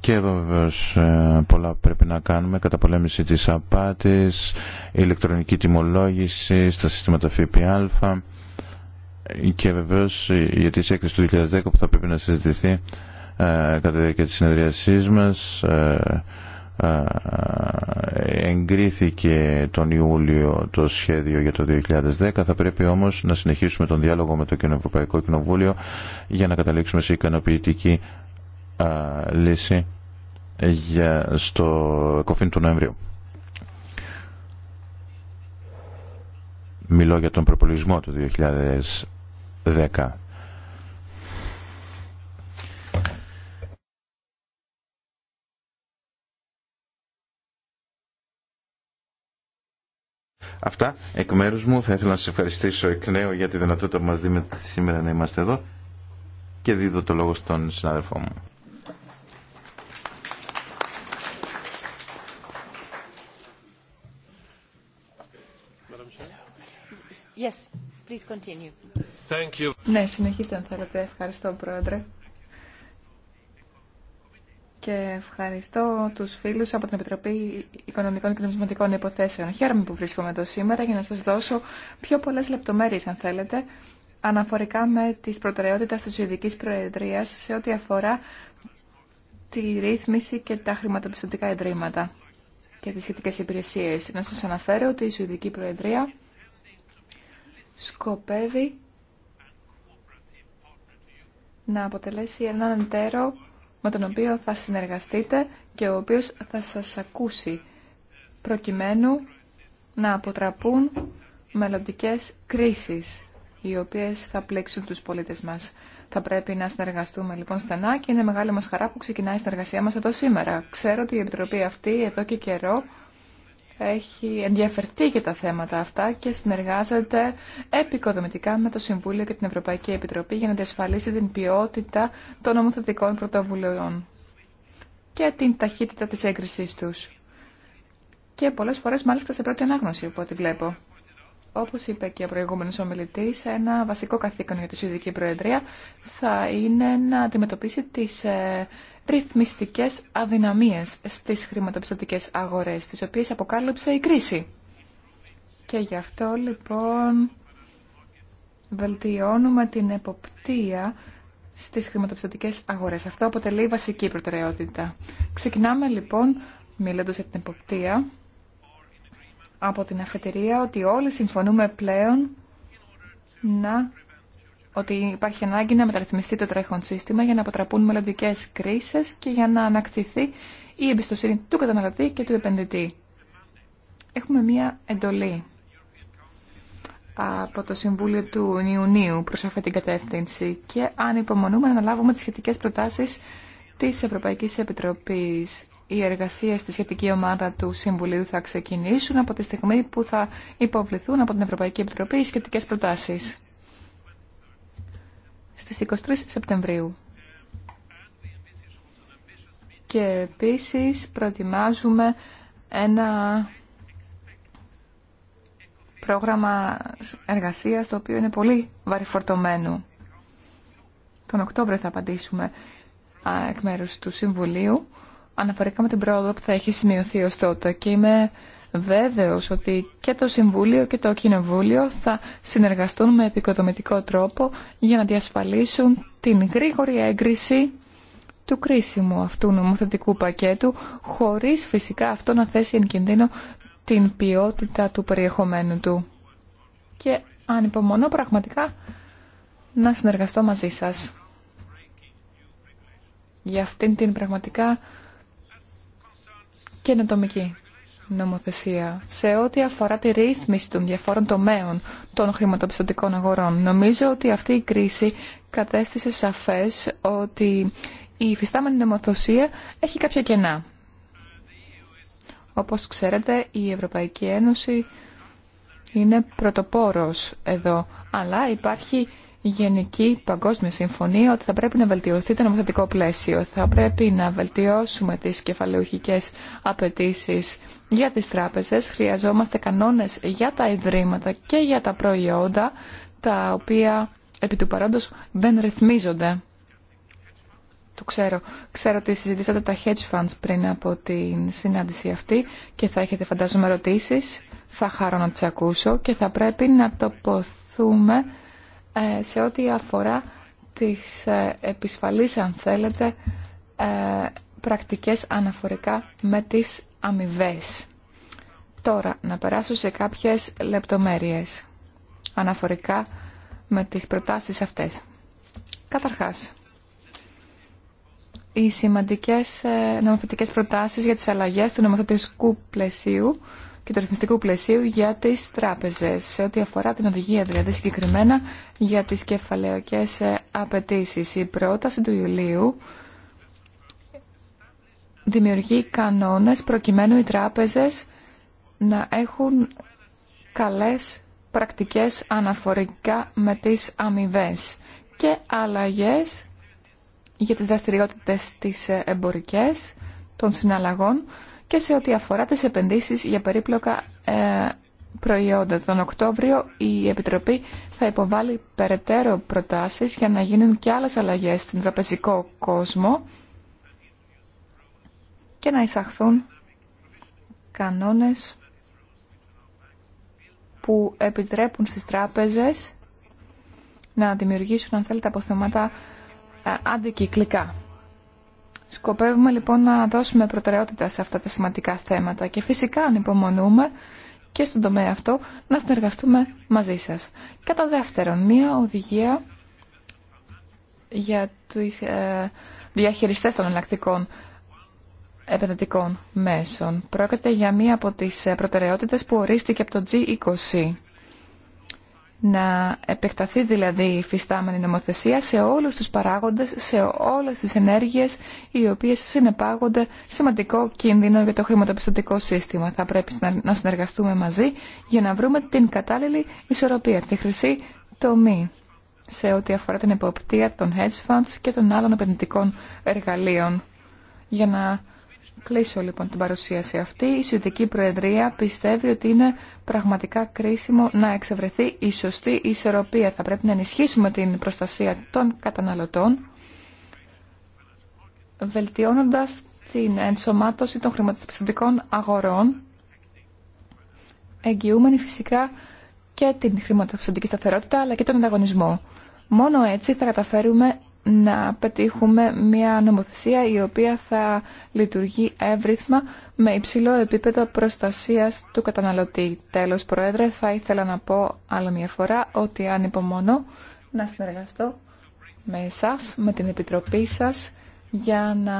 Και εδώ βεβαίω ε, πολλά πρέπει να κάνουμε. Καταπολέμηση της απάτης, ηλεκτρονική τιμολόγηση στα συστήματα ΦΠΑ και βεβαίω η ε, αιτήσια έκθεση του 2010 που θα πρέπει να συζητηθεί κατά τη διάρκεια της συνεδριασής μας εγκρίθηκε τον Ιούλιο το σχέδιο για το 2010 θα πρέπει όμως να συνεχίσουμε τον διάλογο με το Ευρωπαϊκό Κοινοβούλιο για να καταλήξουμε σε ικανοποιητική λύση για, στο κοφήν του Νοεμβρίου. Μιλώ για τον προπολισμό του 2010 Αυτά εκ μέρου μου. Θα ήθελα να σα ευχαριστήσω εκ νέου για τη δυνατότητα που μα δίνετε σήμερα να είμαστε εδώ και δίδω το λόγο στον συνάδελφό μου. Yes, please continue. Thank you. Ναι, συνεχίστε αν θέλετε. Ευχαριστώ, Πρόεδρε και ευχαριστώ τους φίλους από την Επιτροπή Οικονομικών και Νομισματικών Υποθέσεων. Χαίρομαι που βρίσκομαι εδώ σήμερα για να σας δώσω πιο πολλές λεπτομέρειες, αν θέλετε, αναφορικά με τις προτεραιότητες της Σουηδικής Προεδρίας σε ό,τι αφορά τη ρύθμιση και τα χρηματοπιστωτικά ιδρύματα και τις σχετικές υπηρεσίες. Να σας αναφέρω ότι η Σουηδική Προεδρία σκοπεύει να αποτελέσει έναν εντερό με τον οποίο θα συνεργαστείτε και ο οποίος θα σας ακούσει προκειμένου να αποτραπούν μελλοντικές κρίσεις οι οποίες θα πλέξουν τους πολίτες μας. Θα πρέπει να συνεργαστούμε λοιπόν στενά και είναι μεγάλη μας χαρά που ξεκινάει η συνεργασία μας εδώ σήμερα. Ξέρω ότι η Επιτροπή αυτή εδώ και καιρό έχει ενδιαφερθεί για τα θέματα αυτά και συνεργάζεται επικοδομητικά με το Συμβούλιο και την Ευρωπαϊκή Επιτροπή για να διασφαλίσει την ποιότητα των νομοθετικών πρωτοβουλειών και την ταχύτητα της έγκρισης τους. Και πολλές φορές μάλιστα σε πρώτη ανάγνωση, από ό,τι βλέπω. Όπως είπε και ο προηγούμενος ομιλητής, ένα βασικό καθήκον για τη Σουηδική Προεδρία θα είναι να αντιμετωπίσει τις ε, ρυθμιστικές αδυναμίες στις χρηματοπιστωτικές αγορές, τις οποίες αποκάλυψε η κρίση. Και γι' αυτό λοιπόν βελτιώνουμε την εποπτεία στις χρηματοπιστωτικές αγορές. Αυτό αποτελεί βασική προτεραιότητα. Ξεκινάμε λοιπόν, μιλώντα για την εποπτεία, από την αφετηρία ότι όλοι συμφωνούμε πλέον να ότι υπάρχει ανάγκη να μεταρρυθμιστεί το τρέχον σύστημα για να αποτραπούν μελλοντικέ κρίσει και για να ανακτηθεί η εμπιστοσύνη του καταναλωτή και του επενδυτή. Έχουμε μία εντολή από το Συμβούλιο του Ιουνίου προς αυτή την κατεύθυνση και αν υπομονούμε να λάβουμε τις σχετικές προτάσεις της Ευρωπαϊκής Επιτροπής. Οι εργασίες στη σχετική ομάδα του Συμβουλίου θα ξεκινήσουν από τη στιγμή που θα υποβληθούν από την Ευρωπαϊκή Επιτροπή οι σχετικές προτάσεις στις 23 Σεπτεμβρίου. Και επίσης προετοιμάζουμε ένα πρόγραμμα εργασίας το οποίο είναι πολύ βαρυφορτωμένο. Τον Οκτώβριο θα απαντήσουμε εκ μέρους του Συμβουλίου αναφορικά με την πρόοδο που θα έχει σημειωθεί ως τότε και είμαι βέβαιος ότι και το Συμβούλιο και το Κοινοβούλιο θα συνεργαστούν με επικοδομητικό τρόπο για να διασφαλίσουν την γρήγορη έγκριση του κρίσιμου αυτού νομοθετικού πακέτου, χωρίς φυσικά αυτό να θέσει εν κινδύνο την ποιότητα του περιεχομένου του. Και ανυπομονώ πραγματικά να συνεργαστώ μαζί σας για αυτήν την πραγματικά καινοτομική νομοθεσία σε ό,τι αφορά τη ρύθμιση των διαφόρων τομέων των χρηματοπιστωτικών αγορών. Νομίζω ότι αυτή η κρίση κατέστησε σαφές ότι η υφιστάμενη νομοθεσία έχει κάποια κενά. Όπως ξέρετε, η Ευρωπαϊκή Ένωση είναι πρωτοπόρος εδώ, αλλά υπάρχει Γενική Παγκόσμια Συμφωνία ότι θα πρέπει να βελτιωθεί το νομοθετικό πλαίσιο. Θα πρέπει να βελτιώσουμε τις κεφαλαιοχικές απαιτήσει για τις τράπεζες. Χρειαζόμαστε κανόνες για τα ιδρύματα και για τα προϊόντα τα οποία επί του παρόντος δεν ρυθμίζονται. Το ξέρω. Ξέρω ότι συζητήσατε τα hedge funds πριν από την συνάντηση αυτή και θα έχετε φαντάζομαι ερωτήσεις. Θα χαρώ να τις ακούσω και θα πρέπει να τοποθούμε ε, σε ό,τι αφορά τις ε, επισφαλείς, αν θέλετε, ε, πρακτικές αναφορικά με τις αμοιβέ. Τώρα, να περάσω σε κάποιες λεπτομέρειες αναφορικά με τις προτάσεις αυτές. Καταρχάς, οι σημαντικές νομοθετικές προτάσεις για τις αλλαγές του νομοθετικού πλαισίου και του ρυθμιστικού πλαισίου για τις τράπεζες, σε ό,τι αφορά την οδηγία δηλαδή συγκεκριμένα για τις κεφαλαιοκές ε, απαιτήσει. Η πρόταση του Ιουλίου δημιουργεί κανόνε προκειμένου οι τράπεζες να έχουν καλές πρακτικές αναφορικά με τις αμοιβέ και αλλαγές για τις δραστηριότητες της ε, εμπορικές των συναλλαγών και σε ό,τι αφορά τις επενδύσεις για περίπλοκα ε, προϊόντα. Τον Οκτώβριο η Επιτροπή θα υποβάλει περαιτέρω προτάσεις για να γίνουν και άλλες αλλαγές στην τραπεζικό κόσμο και να εισαχθούν κανόνες που επιτρέπουν στις τράπεζες να δημιουργήσουν, αν θέλετε, αποθεώματα ε, αντικυκλικά. Σκοπεύουμε λοιπόν να δώσουμε προτεραιότητα σε αυτά τα σημαντικά θέματα και φυσικά ανυπομονούμε και στον τομέα αυτό να συνεργαστούμε μαζί σας. Κατά δεύτερον, μία οδηγία για τους ε, διαχειριστές των εναλλακτικών επενδυτικών μέσων. Πρόκειται για μία από τις ε, προτεραιότητες που ορίστηκε από το G20 να επεκταθεί δηλαδή η φυστάμενη νομοθεσία σε όλους τους παράγοντες, σε όλες τις ενέργειες οι οποίες συνεπάγονται σημαντικό κίνδυνο για το χρηματοπιστωτικό σύστημα. Θα πρέπει να συνεργαστούμε μαζί για να βρούμε την κατάλληλη ισορροπία, τη χρυσή τομή σε ό,τι αφορά την εποπτεία των hedge funds και των άλλων επενδυτικών εργαλείων για να κλείσω λοιπόν την παρουσίαση αυτή. Η Σιωτική Προεδρία πιστεύει ότι είναι πραγματικά κρίσιμο να εξευρεθεί η σωστή ισορροπία. Θα πρέπει να ενισχύσουμε την προστασία των καταναλωτών, βελτιώνοντας την ενσωμάτωση των χρηματοπιστωτικών αγορών, εγγυούμενη φυσικά και την χρηματοπιστωτική σταθερότητα αλλά και τον ανταγωνισμό. Μόνο έτσι θα καταφέρουμε να πετύχουμε μια νομοθεσία η οποία θα λειτουργεί εύρυθμα με υψηλό επίπεδο προστασίας του καταναλωτή. Τέλος, Πρόεδρε, θα ήθελα να πω άλλη μια φορά ότι αν να συνεργαστώ με εσάς, με την Επιτροπή σας, για να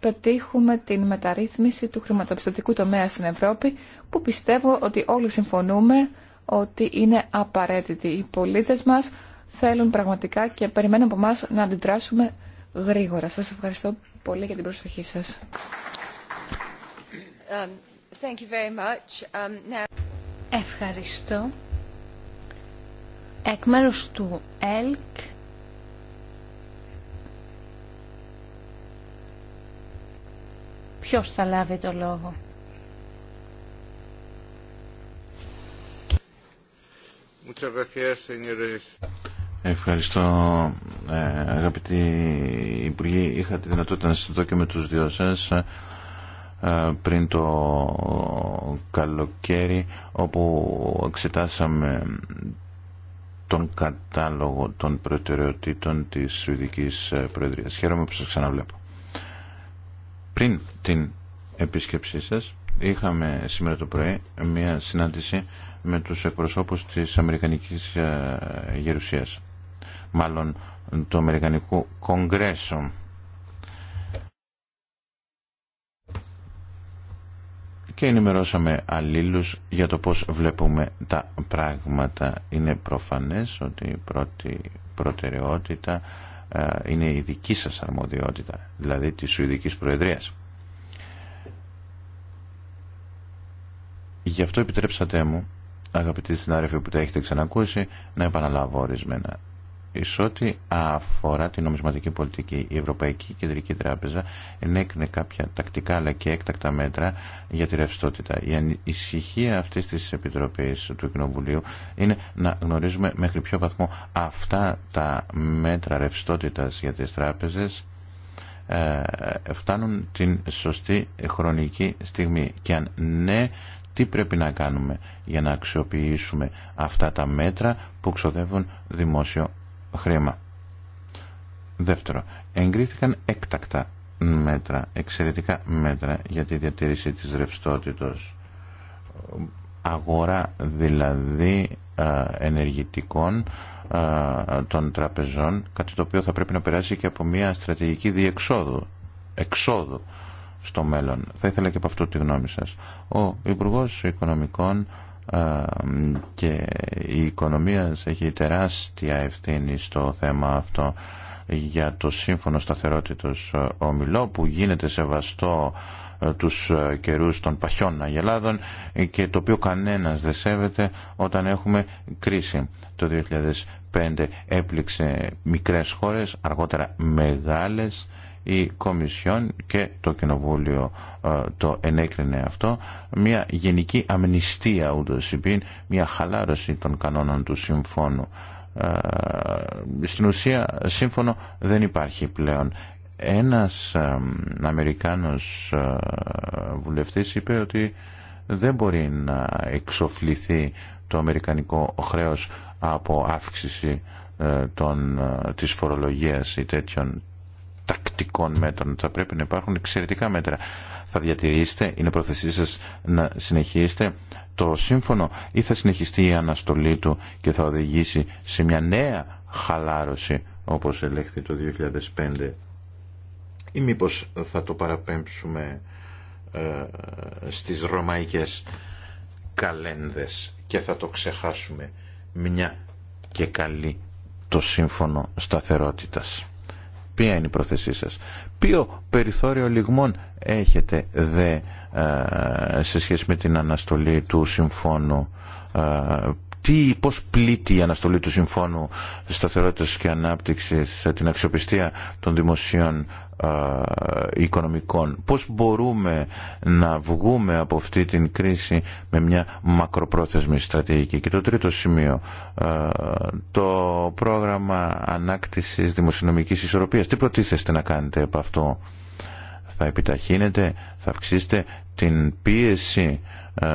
πετύχουμε την μεταρρύθμιση του χρηματοπιστωτικού τομέα στην Ευρώπη, που πιστεύω ότι όλοι συμφωνούμε ότι είναι απαραίτητοι οι πολίτες μας, θέλουν πραγματικά και περιμένουν από εμά να αντιδράσουμε γρήγορα. Σας ευχαριστώ πολύ για την προσοχή σας. Um, um, ευχαριστώ. Εκ μέρους του ΕΛΚ Ποιος θα λάβει το λόγο. Ευχαριστώ ε, αγαπητοί Υπουργοί. Είχα τη δυνατότητα να συζητώ και με τους δυο σας ε, πριν το καλοκαίρι όπου εξετάσαμε τον κατάλογο των προτεραιοτήτων της Σουηδικής ε, Προεδρίας. Χαίρομαι που σας ξαναβλέπω. Πριν την επίσκεψή σας είχαμε σήμερα το πρωί μια συνάντηση με τους εκπροσώπους της Αμερικανικής ε, Γερουσίας μάλλον του Αμερικανικού Κογκρέσου. και ενημερώσαμε αλλήλους για το πώς βλέπουμε τα πράγματα. Είναι προφανές ότι η πρώτη προτεραιότητα ε, είναι η δική σας αρμοδιότητα, δηλαδή της Σουηδικής Προεδρίας. Γι' αυτό επιτρέψατε μου, αγαπητοί συνάδελφοι που τα έχετε ξανακούσει, να επαναλάβω ορισμένα σε ό,τι αφορά την νομισματική πολιτική, η Ευρωπαϊκή Κεντρική Τράπεζα ενέκρινε κάποια τακτικά αλλά και έκτακτα μέτρα για τη ρευστότητα. Η ανησυχία αυτή τη Επιτροπή του Κοινοβουλίου είναι να γνωρίζουμε μέχρι ποιο βαθμό αυτά τα μέτρα ρευστότητα για τι τράπεζε ε, φτάνουν την σωστή χρονική στιγμή και αν ναι τι πρέπει να κάνουμε για να αξιοποιήσουμε αυτά τα μέτρα που ξοδεύουν δημόσιο χρήμα. Δεύτερο, εγκρίθηκαν έκτακτα μέτρα, εξαιρετικά μέτρα για τη διατήρηση της ρευστότητος. Αγορά δηλαδή ενεργητικών των τραπεζών, κάτι το οποίο θα πρέπει να περάσει και από μια στρατηγική διεξόδου, εξόδου στο μέλλον. Θα ήθελα και από αυτό τη γνώμη σας. Ο Υπουργός Οικονομικών και η οικονομία έχει τεράστια ευθύνη στο θέμα αυτό για το σύμφωνο σταθερότητος ομιλό που γίνεται σεβαστό ε, τους ε, καιρούς των παχιών αγελάδων και το οποίο κανένας δεν σέβεται όταν έχουμε κρίση. Το 2005 έπληξε μικρές χώρες, αργότερα μεγάλες η Κομισιόν και το Κοινοβούλιο ε, το ενέκρινε αυτό μια γενική αμνηστία ούτως είπε, μια χαλάρωση των κανόνων του συμφώνου ε, στην ουσία σύμφωνο δεν υπάρχει πλέον ένας Αμερικάνος ε, βουλευτής είπε ότι δεν μπορεί να εξοφληθεί το αμερικανικό χρέος από αύξηση των, της φορολογίας ή τέτοιων τακτικών μέτρων. Θα πρέπει να υπάρχουν εξαιρετικά μέτρα. Θα διατηρήσετε, είναι πρόθεσή σας να συνεχίσετε το σύμφωνο ή θα συνεχιστεί η αναστολή του και θα οδηγήσει σε μια νέα χαλάρωση όπως ελέγχθη το 2005 ή μήπως θα το παραπέμψουμε ε, στις ρωμαϊκές καλένδες και θα το ξεχάσουμε μια και καλή το σύμφωνο σταθερότητας. Ποια είναι η πρόθεσή σας. Ποιο περιθώριο λιγμών έχετε δε ε, σε σχέση με την αναστολή του συμφώνου ε, τι, πώς πλήττει η αναστολή του Συμφώνου Σταθερότητας και Ανάπτυξης ε, την αξιοπιστία των δημοσίων οικονομικών. Πώς μπορούμε να βγούμε από αυτή την κρίση με μια μακροπρόθεσμη στρατηγική. Και το τρίτο σημείο, το πρόγραμμα ανάκτησης δημοσιονομικής ισορροπίας. Τι προτίθεστε να κάνετε από αυτό. Θα επιταχύνετε, θα αυξήσετε την πίεση ε,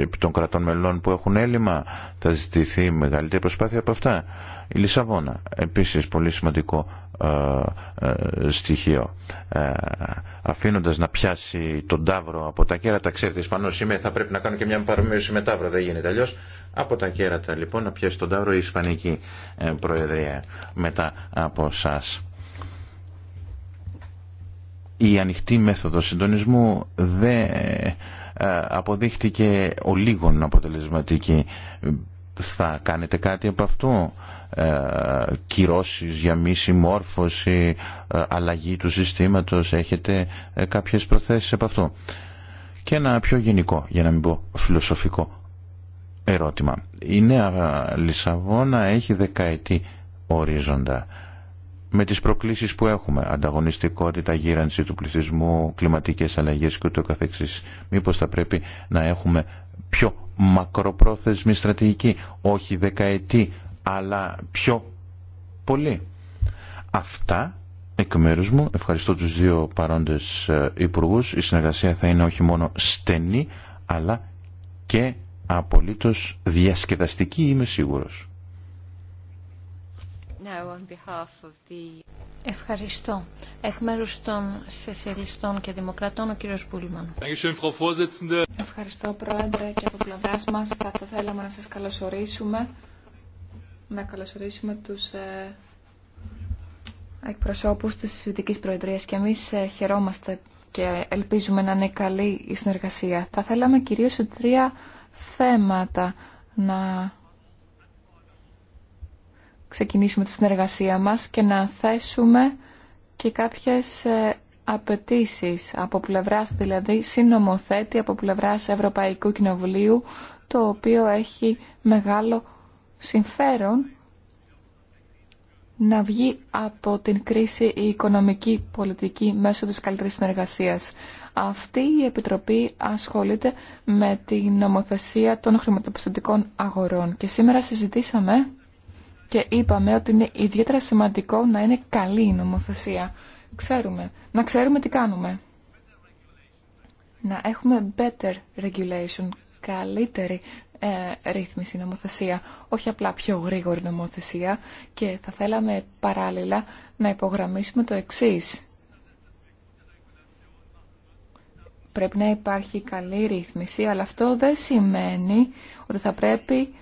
επί των κρατών μελών που έχουν έλλειμμα θα ζητηθεί μεγαλύτερη προσπάθεια από αυτά. Η Λισαβόνα, επίσης πολύ σημαντικό ε, ε, στοιχείο. αφήνοντας να πιάσει τον τάβρο από τα κέρατα, ξέρετε Ισπανός είμαι, θα πρέπει να κάνω και μια παρομοίωση με Ταύρο δεν γίνεται αλλιώς. Από τα κέρατα λοιπόν να πιάσει τον τάβρο η Ισπανική Προεδρία μετά από εσά. Η ανοιχτή μέθοδο συντονισμού δεν ε, αποδείχτηκε ο λίγων αποτελεσματική. Θα κάνετε κάτι από αυτού, ε, κυρώσεις για μη συμμόρφωση, ε, αλλαγή του συστήματος, έχετε κάποιες προθέσεις από αυτού. Και ένα πιο γενικό, για να μην πω φιλοσοφικό ερώτημα. Η νέα Λισαβόνα έχει δεκαετή ορίζοντα με τις προκλήσεις που έχουμε, ανταγωνιστικότητα, γύρανση του πληθυσμού, κλιματικές αλλαγές και ούτω καθεξής. Μήπως θα πρέπει να έχουμε πιο μακροπρόθεσμη στρατηγική, όχι δεκαετή, αλλά πιο πολύ. Αυτά εκ μέρου μου. Ευχαριστώ τους δύο παρόντες ε, υπουργού. Η συνεργασία θα είναι όχι μόνο στενή, αλλά και απολύτως διασκεδαστική, είμαι σίγουρος. Ευχαριστώ. Εκ μέρους των Σεσιαλιστών και Δημοκρατών, ο κύριος Πούλμαν. Ευχαριστώ, Πρόεδρε, και από πλευρά μας θα θέλαμε να σας καλωσορίσουμε, να καλωσορίσουμε τους ε, εκπροσώπους της Προεδρία. Προεδρίας και εμείς ε, χαιρόμαστε και ελπίζουμε να είναι καλή η συνεργασία. Θα θέλαμε κυρίως σε τρία θέματα να ξεκινήσουμε τη συνεργασία μας και να θέσουμε και κάποιες ε, απαιτήσει από πλευράς δηλαδή συνομοθέτη από πλευράς Ευρωπαϊκού Κοινοβουλίου το οποίο έχει μεγάλο συμφέρον να βγει από την κρίση η οικονομική πολιτική μέσω της καλύτερης συνεργασίας. Αυτή η Επιτροπή ασχολείται με την νομοθεσία των χρηματοπιστωτικών αγορών και σήμερα συζητήσαμε και είπαμε ότι είναι ιδιαίτερα σημαντικό να είναι καλή η νομοθεσία. Ξέρουμε, να ξέρουμε τι κάνουμε. Να έχουμε better regulation, καλύτερη ε, ρύθμιση νομοθεσία, όχι απλά πιο γρήγορη νομοθεσία και θα θέλαμε παράλληλα να υπογραμμίσουμε το εξής. Πρέπει να υπάρχει καλή ρύθμιση, αλλά αυτό δεν σημαίνει ότι θα πρέπει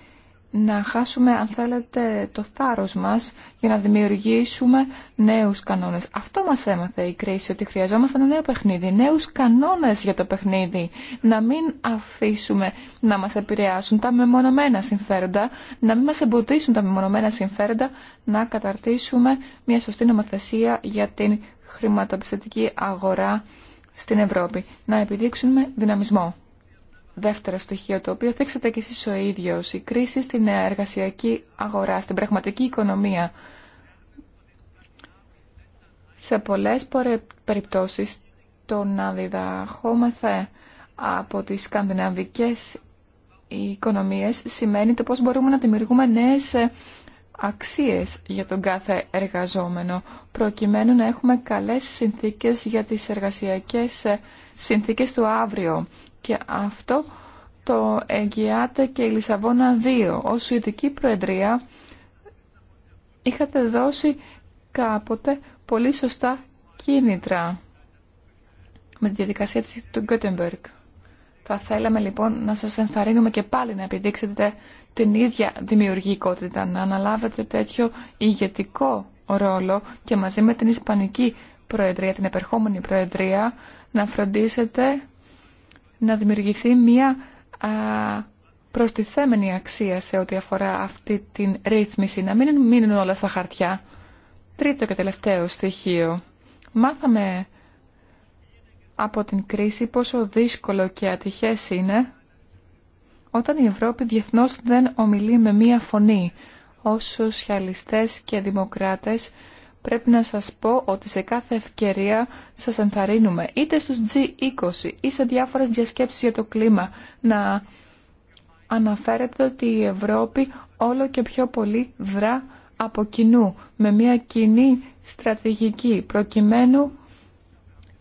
να χάσουμε, αν θέλετε, το θάρρος μας για να δημιουργήσουμε νέους κανόνες. Αυτό μας έμαθε η κρίση, ότι χρειαζόμαστε ένα νέο παιχνίδι, νέους κανόνες για το παιχνίδι. Να μην αφήσουμε να μας επηρεάσουν τα μεμονωμένα συμφέροντα, να μην μας εμποδίσουν τα μεμονωμένα συμφέροντα, να καταρτήσουμε μια σωστή νομοθεσία για την χρηματοπιστωτική αγορά στην Ευρώπη. Να επιδείξουμε δυναμισμό δεύτερο στοιχείο το οποίο θέξατε και εσείς ο ίδιος, η κρίση στην εργασιακή αγορά, στην πραγματική οικονομία. Σε πολλές περιπτώσεις το να διδαχόμεθε από τις σκανδιναβικές οικονομίες σημαίνει το πώς μπορούμε να δημιουργούμε νέες αξίες για τον κάθε εργαζόμενο προκειμένου να έχουμε καλές συνθήκες για τις εργασιακές συνθήκες του αύριο και αυτό το εγγυάται και η Λισαβόνα 2. Ως Σουηδική Προεδρία είχατε δώσει κάποτε πολύ σωστά κίνητρα με τη διαδικασία της του Γκότεμπεργκ. Θα θέλαμε λοιπόν να σας ενθαρρύνουμε και πάλι να επιδείξετε την ίδια δημιουργικότητα, να αναλάβετε τέτοιο ηγετικό ρόλο και μαζί με την Ισπανική Προεδρία, την επερχόμενη Προεδρία, να φροντίσετε να δημιουργηθεί μια προστιθέμενη αξία σε ό,τι αφορά αυτή την ρύθμιση, να μην μείνουν όλα στα χαρτιά. Τρίτο και τελευταίο στοιχείο. Μάθαμε από την κρίση πόσο δύσκολο και ατυχές είναι όταν η Ευρώπη διεθνώς δεν ομιλεί με μία φωνή. όσους σοσιαλιστές και δημοκράτες πρέπει να σας πω ότι σε κάθε ευκαιρία σας ενθαρρύνουμε είτε στους G20 ή σε διάφορες διασκέψεις για το κλίμα να αναφέρετε ότι η Ευρώπη όλο και πιο πολύ δρά από κοινού με μια κοινή στρατηγική προκειμένου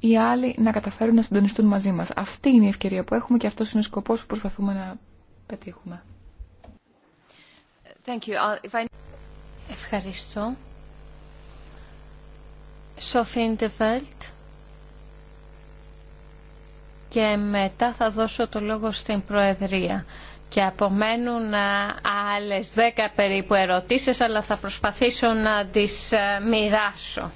οι άλλοι να καταφέρουν να συντονιστούν μαζί μας. Αυτή είναι η ευκαιρία που έχουμε και αυτός είναι ο σκοπός που προσπαθούμε να πετύχουμε. Thank you. Ευχαριστώ. Σοφή και μετά θα δώσω το λόγο στην Προεδρία. Και απομένουν άλλες δέκα περίπου ερωτήσεις, αλλά θα προσπαθήσω να τις μοιράσω.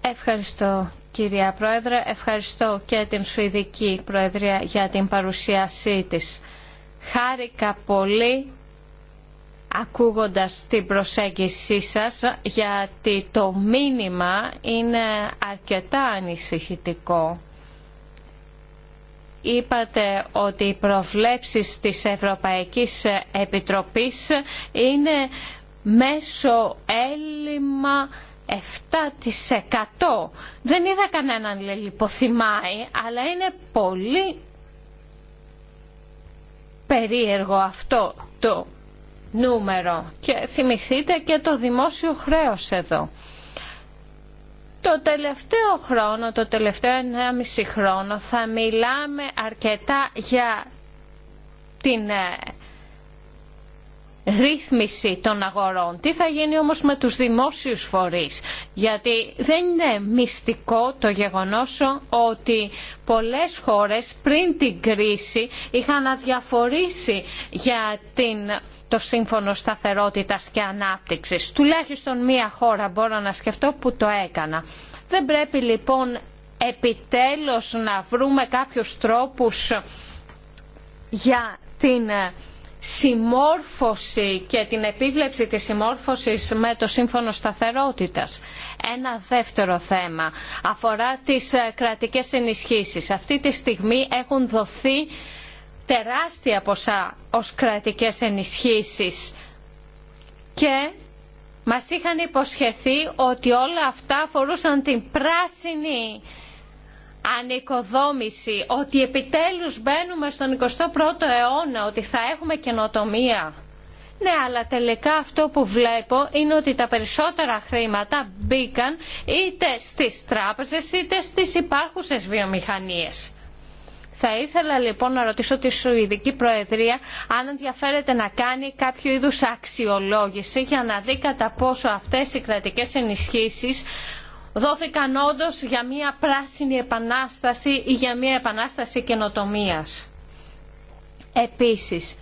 Ευχαριστώ κυρία Πρόεδρε, ευχαριστώ και την Σουηδική Προεδρία για την παρουσίασή της. Χάρηκα πολύ ακούγοντας την προσέγγισή σας γιατί το μήνυμα είναι αρκετά ανησυχητικό. Είπατε ότι οι προβλέψεις της Ευρωπαϊκής Επιτροπής είναι μέσο έλλειμμα 7%. Δεν είδα κανέναν λιποθυμάει, αλλά είναι πολύ περίεργο αυτό το νούμερο και θυμηθείτε και το δημόσιο χρέος εδώ. Το τελευταίο χρόνο, το τελευταίο 1,5 χρόνο θα μιλάμε αρκετά για την ε, ρύθμιση των αγορών. Τι θα γίνει όμως με τους δημόσιους φορείς. Γιατί δεν είναι μυστικό το γεγονός ότι πολλές χώρες πριν την κρίση είχαν αδιαφορήσει για την το Σύμφωνο Σταθερότητας και Ανάπτυξης. Τουλάχιστον μία χώρα μπορώ να σκεφτώ που το έκανα. Δεν πρέπει λοιπόν επιτέλους να βρούμε κάποιους τρόπους για την ε, συμμόρφωση και την επίβλεψη της συμμόρφωσης με το Σύμφωνο Σταθερότητας. Ένα δεύτερο θέμα αφορά τις ε, κρατικές ενισχύσεις. Αυτή τη στιγμή έχουν δοθεί τεράστια ποσά ως κρατικές ενισχύσεις και μας είχαν υποσχεθεί ότι όλα αυτά αφορούσαν την πράσινη ανοικοδόμηση, ότι επιτέλους μπαίνουμε στον 21ο αιώνα, ότι θα έχουμε καινοτομία. Ναι, αλλά τελικά αυτό που βλέπω είναι ότι τα περισσότερα χρήματα μπήκαν είτε στις τράπεζες είτε στις υπάρχουσες βιομηχανίες. Θα ήθελα λοιπόν να ρωτήσω τη Σουηδική Προεδρία αν ενδιαφέρεται να κάνει κάποιο είδου αξιολόγηση για να δει κατά πόσο αυτές οι κρατικές ενισχύσεις δόθηκαν όντω για μια πράσινη επανάσταση ή για μια επανάσταση καινοτομία. Επίσης,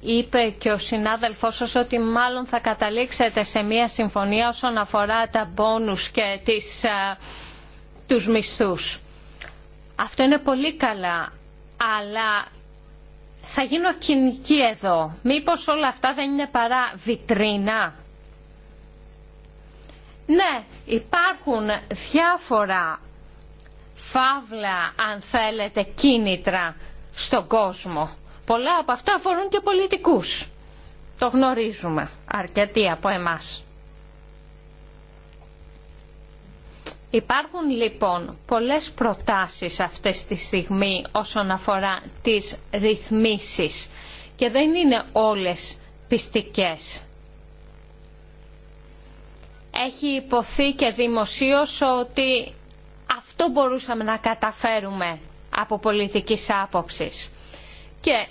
είπε και ο συνάδελφός σας ότι μάλλον θα καταλήξετε σε μια συμφωνία όσον αφορά τα μπόνους και τις, μισθού. Ε, τους Αυτό είναι πολύ καλά, αλλά θα γίνω κοινική εδώ. Μήπως όλα αυτά δεν είναι παρά βιτρίνα. Ναι, υπάρχουν διάφορα φαύλα, αν θέλετε, κίνητρα στον κόσμο. Πολλά από αυτά αφορούν και πολιτικούς. Το γνωρίζουμε αρκετοί από εμάς. Υπάρχουν λοιπόν πολλές προτάσεις αυτές τη στιγμή όσον αφορά τις ρυθμίσεις και δεν είναι όλες πιστικές. Έχει υποθεί και δημοσίως ότι αυτό μπορούσαμε να καταφέρουμε από πολιτικής άποψης. Και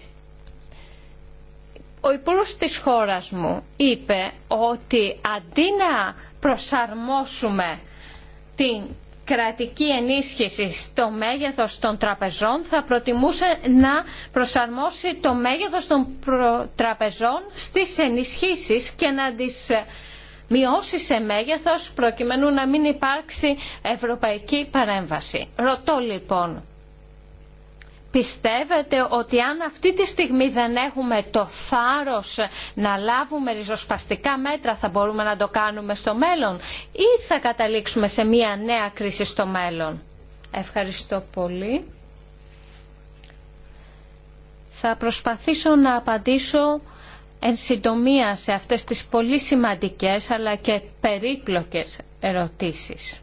ο υπουργός της χώρας μου είπε ότι αντί να προσαρμόσουμε την κρατική ενίσχυση στο μέγεθος των τραπεζών θα προτιμούσε να προσαρμόσει το μέγεθος των τραπεζών στις ενισχύσεις και να τις ε, μειώσει σε μέγεθος προκειμένου να μην υπάρξει ευρωπαϊκή παρέμβαση. Ρωτώ λοιπόν, Πιστεύετε ότι αν αυτή τη στιγμή δεν έχουμε το θάρρος να λάβουμε ριζοσπαστικά μέτρα θα μπορούμε να το κάνουμε στο μέλλον ή θα καταλήξουμε σε μια νέα κρίση στο μέλλον. Ευχαριστώ πολύ. Θα προσπαθήσω να απαντήσω εν συντομία σε αυτές τις πολύ σημαντικές αλλά και περίπλοκες ερωτήσεις.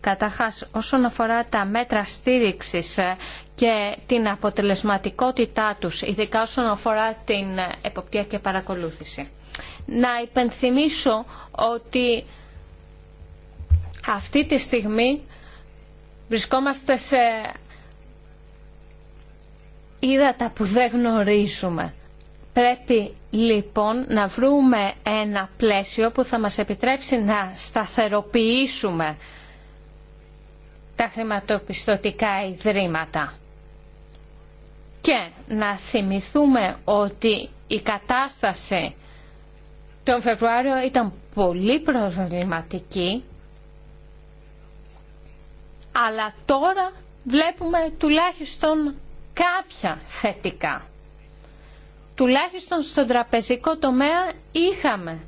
Καταρχάς, όσον αφορά τα μέτρα στήριξης ε, και την αποτελεσματικότητά τους, ειδικά όσον αφορά την εποπτεία και παρακολούθηση. Να υπενθυμίσω ότι αυτή τη στιγμή βρισκόμαστε σε ύδατα που δεν γνωρίζουμε. Πρέπει λοιπόν να βρούμε ένα πλαίσιο που θα μας επιτρέψει να σταθεροποιήσουμε τα χρηματοπιστωτικά ιδρύματα. Και να θυμηθούμε ότι η κατάσταση τον Φεβρουάριο ήταν πολύ προβληματική, αλλά τώρα βλέπουμε τουλάχιστον κάποια θετικά. Τουλάχιστον στον τραπεζικό τομέα είχαμε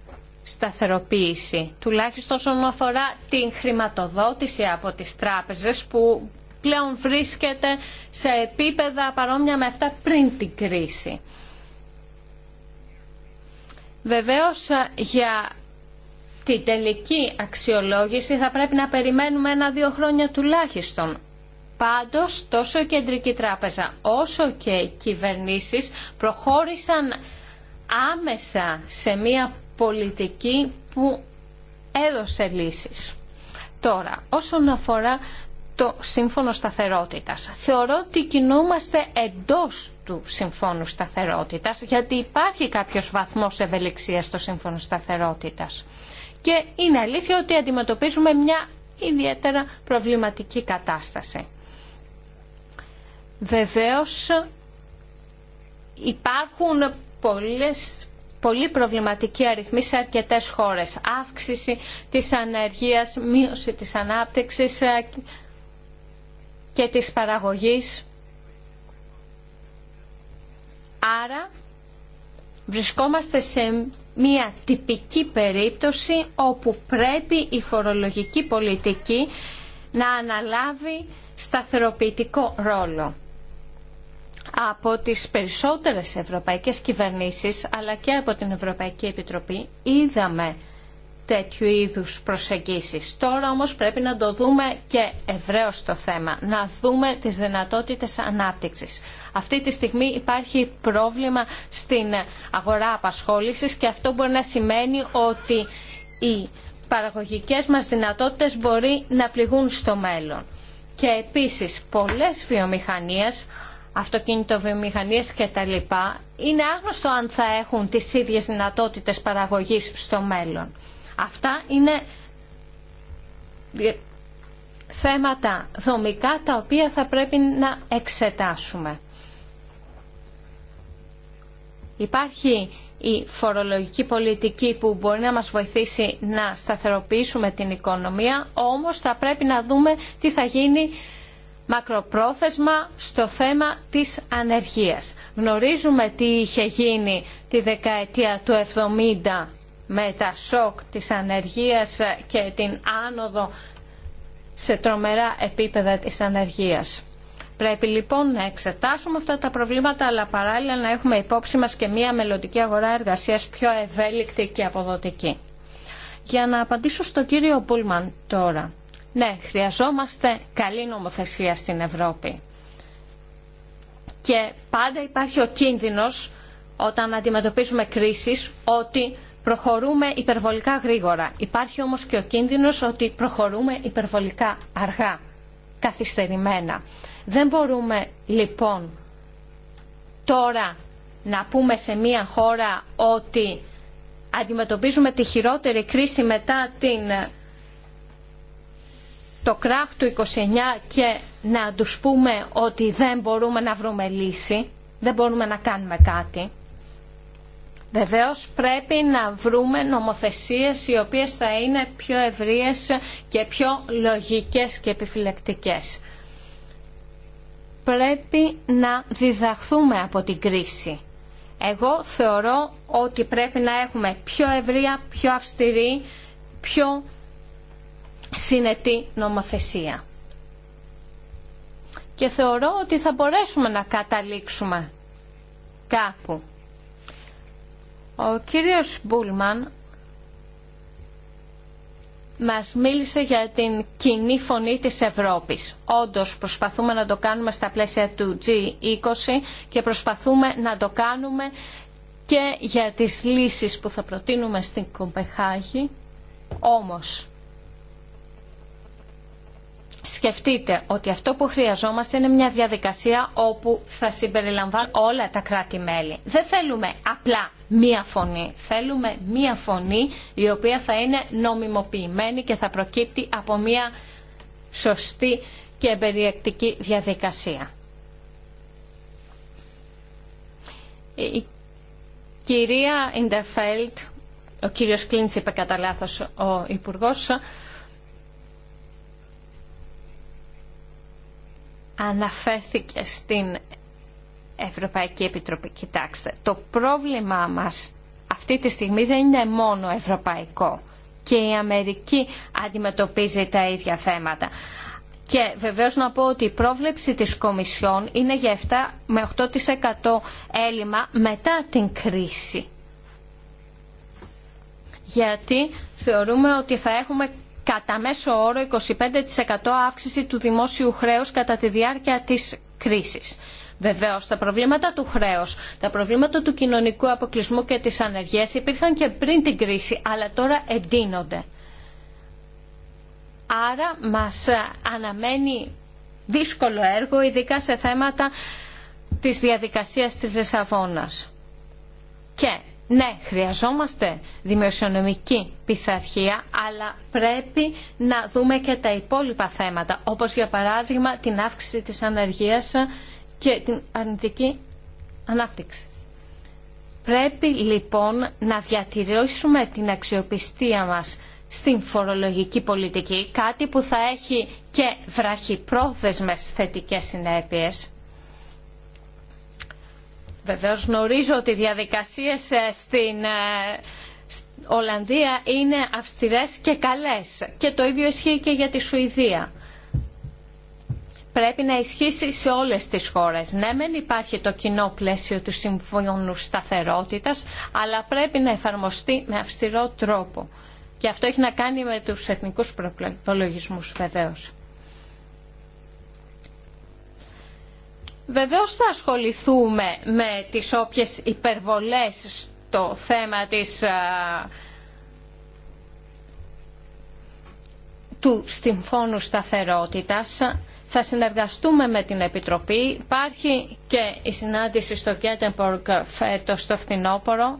σταθεροποίηση, τουλάχιστον όσον αφορά την χρηματοδότηση από τις τράπεζες που πλέον βρίσκεται σε επίπεδα παρόμοια με αυτά πριν την κρίση. Βεβαίως για την τελική αξιολόγηση θα πρέπει να περιμένουμε ένα-δύο χρόνια τουλάχιστον. Πάντως τόσο η Κεντρική Τράπεζα όσο και οι κυβερνήσεις προχώρησαν άμεσα σε μία πολιτική που έδωσε λύσεις. Τώρα, όσον αφορά το Σύμφωνο Σταθερότητας, θεωρώ ότι κινούμαστε εντός του Συμφώνου Σταθερότητας, γιατί υπάρχει κάποιος βαθμός ευελιξίας στο Σύμφωνο Σταθερότητας. Και είναι αλήθεια ότι αντιμετωπίζουμε μια ιδιαίτερα προβληματική κατάσταση. Βεβαίως υπάρχουν πολλές πολύ προβληματική αριθμή σε αρκετές χώρες. Αύξηση της ανεργίας, μείωση της ανάπτυξης ε, και της παραγωγής. Άρα βρισκόμαστε σε μια τυπική περίπτωση όπου πρέπει η φορολογική πολιτική να αναλάβει σταθεροποιητικό ρόλο από τις περισσότερες ευρωπαϊκές κυβερνήσεις αλλά και από την Ευρωπαϊκή Επιτροπή είδαμε τέτοιου είδους προσεγγίσεις. Τώρα όμως πρέπει να το δούμε και ευρέως το θέμα, να δούμε τις δυνατότητες ανάπτυξης. Αυτή τη στιγμή υπάρχει πρόβλημα στην αγορά απασχόλησης και αυτό μπορεί να σημαίνει ότι οι παραγωγικές μας δυνατότητες μπορεί να πληγούν στο μέλλον. Και επίσης πολλές βιομηχανίες αυτοκινητοβιομηχανίες και τα λοιπά, είναι άγνωστο αν θα έχουν τις ίδιες δυνατότητες παραγωγής στο μέλλον. Αυτά είναι θέματα δομικά τα οποία θα πρέπει να εξετάσουμε. Υπάρχει η φορολογική πολιτική που μπορεί να μας βοηθήσει να σταθεροποιήσουμε την οικονομία, όμως θα πρέπει να δούμε τι θα γίνει μακροπρόθεσμα στο θέμα της ανεργίας. Γνωρίζουμε τι είχε γίνει τη δεκαετία του 70 με τα σοκ της ανεργίας και την άνοδο σε τρομερά επίπεδα της ανεργίας. Πρέπει λοιπόν να εξετάσουμε αυτά τα προβλήματα, αλλά παράλληλα να έχουμε υπόψη μας και μια μελλοντική αγορά εργασίας πιο ευέλικτη και αποδοτική. Για να απαντήσω στον κύριο Πούλμαν τώρα. Ναι, χρειαζόμαστε καλή νομοθεσία στην Ευρώπη. Και πάντα υπάρχει ο κίνδυνος όταν αντιμετωπίζουμε κρίσεις ότι προχωρούμε υπερβολικά γρήγορα. Υπάρχει όμως και ο κίνδυνος ότι προχωρούμε υπερβολικά αργά, καθυστερημένα. Δεν μπορούμε λοιπόν τώρα να πούμε σε μία χώρα ότι αντιμετωπίζουμε τη χειρότερη κρίση μετά την το κράχ του 29 και να τους πούμε ότι δεν μπορούμε να βρούμε λύση, δεν μπορούμε να κάνουμε κάτι. Βεβαίως πρέπει να βρούμε νομοθεσίες οι οποίες θα είναι πιο ευρείες και πιο λογικές και επιφυλεκτικές. Πρέπει να διδαχθούμε από την κρίση. Εγώ θεωρώ ότι πρέπει να έχουμε πιο ευρεία, πιο αυστηρή, πιο συνετή νομοθεσία. Και θεωρώ ότι θα μπορέσουμε να καταλήξουμε κάπου. Ο κύριος Μπούλμαν μας μίλησε για την κοινή φωνή της Ευρώπης. Όντως προσπαθούμε να το κάνουμε στα πλαίσια του G20 και προσπαθούμε να το κάνουμε και για τις λύσεις που θα προτείνουμε στην Κομπεχάγη. Όμως σκεφτείτε ότι αυτό που χρειαζόμαστε είναι μια διαδικασία όπου θα συμπεριλαμβάνουν όλα τα κράτη-μέλη. Δεν θέλουμε απλά μία φωνή. Θέλουμε μία φωνή η οποία θα είναι νομιμοποιημένη και θα προκύπτει από μία σωστή και εμπεριεκτική διαδικασία. Η κυρία Ιντερφέλτ, ο κύριος Κλίνς είπε κατά λάθος ο Υπουργός, αναφέρθηκε στην Ευρωπαϊκή Επιτροπή. Κοιτάξτε, το πρόβλημά μας αυτή τη στιγμή δεν είναι μόνο ευρωπαϊκό και η Αμερική αντιμετωπίζει τα ίδια θέματα. Και βεβαίως να πω ότι η πρόβλεψη της Κομισιόν είναι για 7 με 8% έλλειμμα μετά την κρίση. Γιατί θεωρούμε ότι θα έχουμε κατά μέσο όρο 25% αύξηση του δημόσιου χρέους κατά τη διάρκεια της κρίσης. Βεβαίω, τα προβλήματα του χρέου, τα προβλήματα του κοινωνικού αποκλεισμού και τη ανεργία υπήρχαν και πριν την κρίση, αλλά τώρα εντείνονται. Άρα μας αναμένει δύσκολο έργο, ειδικά σε θέματα της διαδικασίας της Λισαβόνα. Και ναι, χρειαζόμαστε δημοσιονομική πειθαρχία, αλλά πρέπει να δούμε και τα υπόλοιπα θέματα, όπως για παράδειγμα την αύξηση της ανεργίας και την αρνητική ανάπτυξη. Πρέπει λοιπόν να διατηρήσουμε την αξιοπιστία μας στην φορολογική πολιτική, κάτι που θα έχει και βραχυπρόθεσμες θετικές συνέπειες. Βεβαίω, γνωρίζω ότι οι διαδικασίε ε, στην ε, Ολλανδία είναι αυστηρέ και καλές και το ίδιο ισχύει και για τη Σουηδία. Πρέπει να ισχύσει σε όλες τι χώρε. Ναι, δεν υπάρχει το κοινό πλαίσιο του Συμφωνού Σταθερότητας, αλλά πρέπει να εφαρμοστεί με αυστηρό τρόπο. Και αυτό έχει να κάνει με τους εθνικού προπολογισμού βεβαίω. Βεβαίως θα ασχοληθούμε με τις όποιες υπερβολές στο θέμα της, του Συμφώνου Σταθερότητας. Θα συνεργαστούμε με την Επιτροπή. Υπάρχει και η συνάντηση στο Γκέτεμπορκ φέτος στο φθινόπωρο.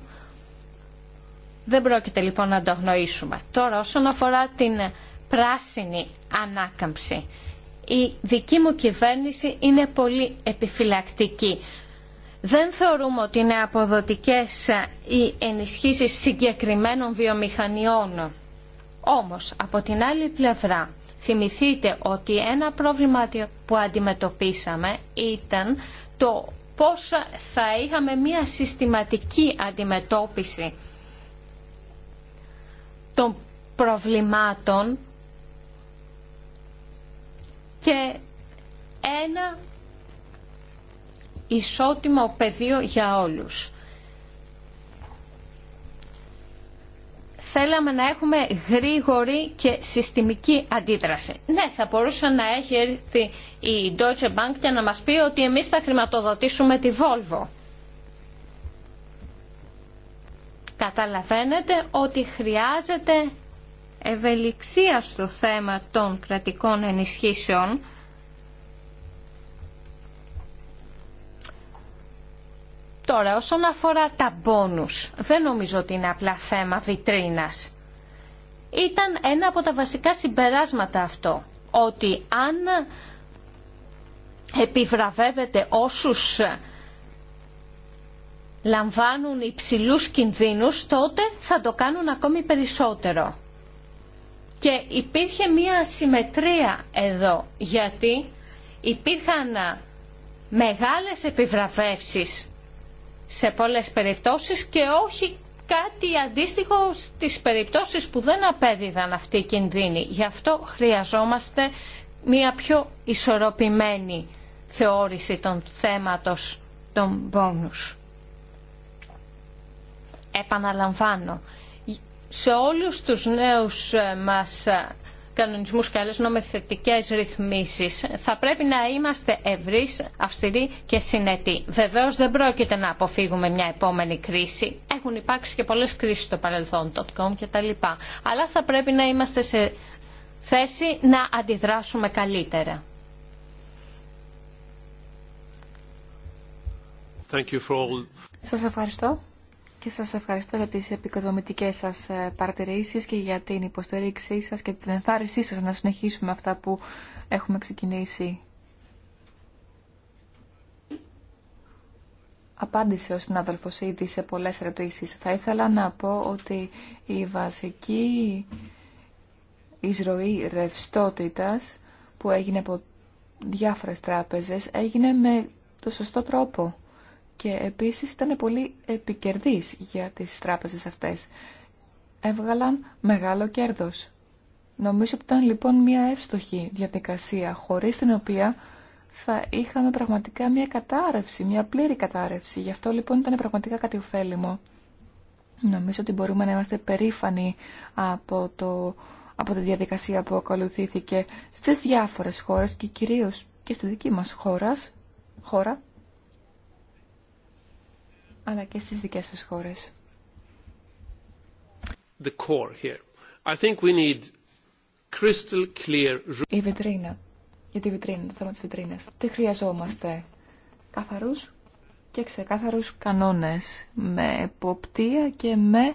Δεν πρόκειται λοιπόν να το γνωρίσουμε. Τώρα όσον αφορά την πράσινη ανάκαμψη η δική μου κυβέρνηση είναι πολύ επιφυλακτική. Δεν θεωρούμε ότι είναι αποδοτικές ε, οι ενισχύσεις συγκεκριμένων βιομηχανιών. Όμως, από την άλλη πλευρά, θυμηθείτε ότι ένα πρόβλημα που αντιμετωπίσαμε ήταν το πώς θα είχαμε μία συστηματική αντιμετώπιση των προβλημάτων και ένα ισότιμο πεδίο για όλους. Θέλαμε να έχουμε γρήγορη και συστημική αντίδραση. Ναι, θα μπορούσε να έχει έρθει η Deutsche Bank και να μας πει ότι εμείς θα χρηματοδοτήσουμε τη Volvo. Καταλαβαίνετε ότι χρειάζεται ευελιξία στο θέμα των κρατικών ενισχύσεων Τώρα, όσον αφορά τα πόνους, δεν νομίζω ότι είναι απλά θέμα βιτρίνας. Ήταν ένα από τα βασικά συμπεράσματα αυτό, ότι αν επιβραβεύεται όσους λαμβάνουν υψηλούς κινδύνους, τότε θα το κάνουν ακόμη περισσότερο. Και υπήρχε μία ασυμμετρία εδώ, γιατί υπήρχαν μεγάλες επιβραβεύσεις σε πολλές περιπτώσεις και όχι κάτι αντίστοιχο στις περιπτώσεις που δεν απέδιδαν αυτή η κινδύνη. Γι' αυτό χρειαζόμαστε μία πιο ισορροπημένη θεώρηση των θέματος των πόνους. Επαναλαμβάνω, σε όλους τους νέους ε, μας ε, κανονισμούς και άλλες νομοθετικές ρυθμίσεις. Θα πρέπει να είμαστε ευρείς, αυστηροί και συνετοί. Βεβαίως δεν πρόκειται να αποφύγουμε μια επόμενη κρίση. Έχουν υπάρξει και πολλές κρίσεις στο παρελθόν, .com και τα λοιπά. Αλλά θα πρέπει να είμαστε σε θέση να αντιδράσουμε καλύτερα. Thank you for all. Σας ευχαριστώ και σας ευχαριστώ για τις επικοδομητικές σας ε, παρατηρήσεις και για την υποστηρίξή σας και την ενθάρρυνσή σας να συνεχίσουμε αυτά που έχουμε ξεκινήσει. Απάντησε ο συνάδελφος ήδη σε πολλές ερωτήσει. Θα ήθελα να πω ότι η βασική εισρωή ρευστότητας που έγινε από διάφορες τράπεζες έγινε με το σωστό τρόπο και επίσης ήταν πολύ επικερδής για τις τράπεζες αυτές. Έβγαλαν μεγάλο κέρδος. Νομίζω ότι ήταν λοιπόν μια εύστοχη διαδικασία χωρίς την οποία θα είχαμε πραγματικά μια κατάρρευση, μια πλήρη κατάρρευση. Γι' αυτό λοιπόν ήταν πραγματικά κάτι ωφέλιμο. Νομίζω ότι μπορούμε να είμαστε περήφανοι από, το, από τη διαδικασία που ακολουθήθηκε στις διάφορες χώρες και κυρίως και στη δική μας χώρας, χώρα αλλά και στις δικές σας χώρες. The core here. I think we need crystal clear... Η βιτρίνα. Για τη βιτρίνα, το θέμα της βιτρίνας. Τι χρειαζόμαστε. Καθαρούς και ξεκάθαρους κανόνες. Με εποπτεία και με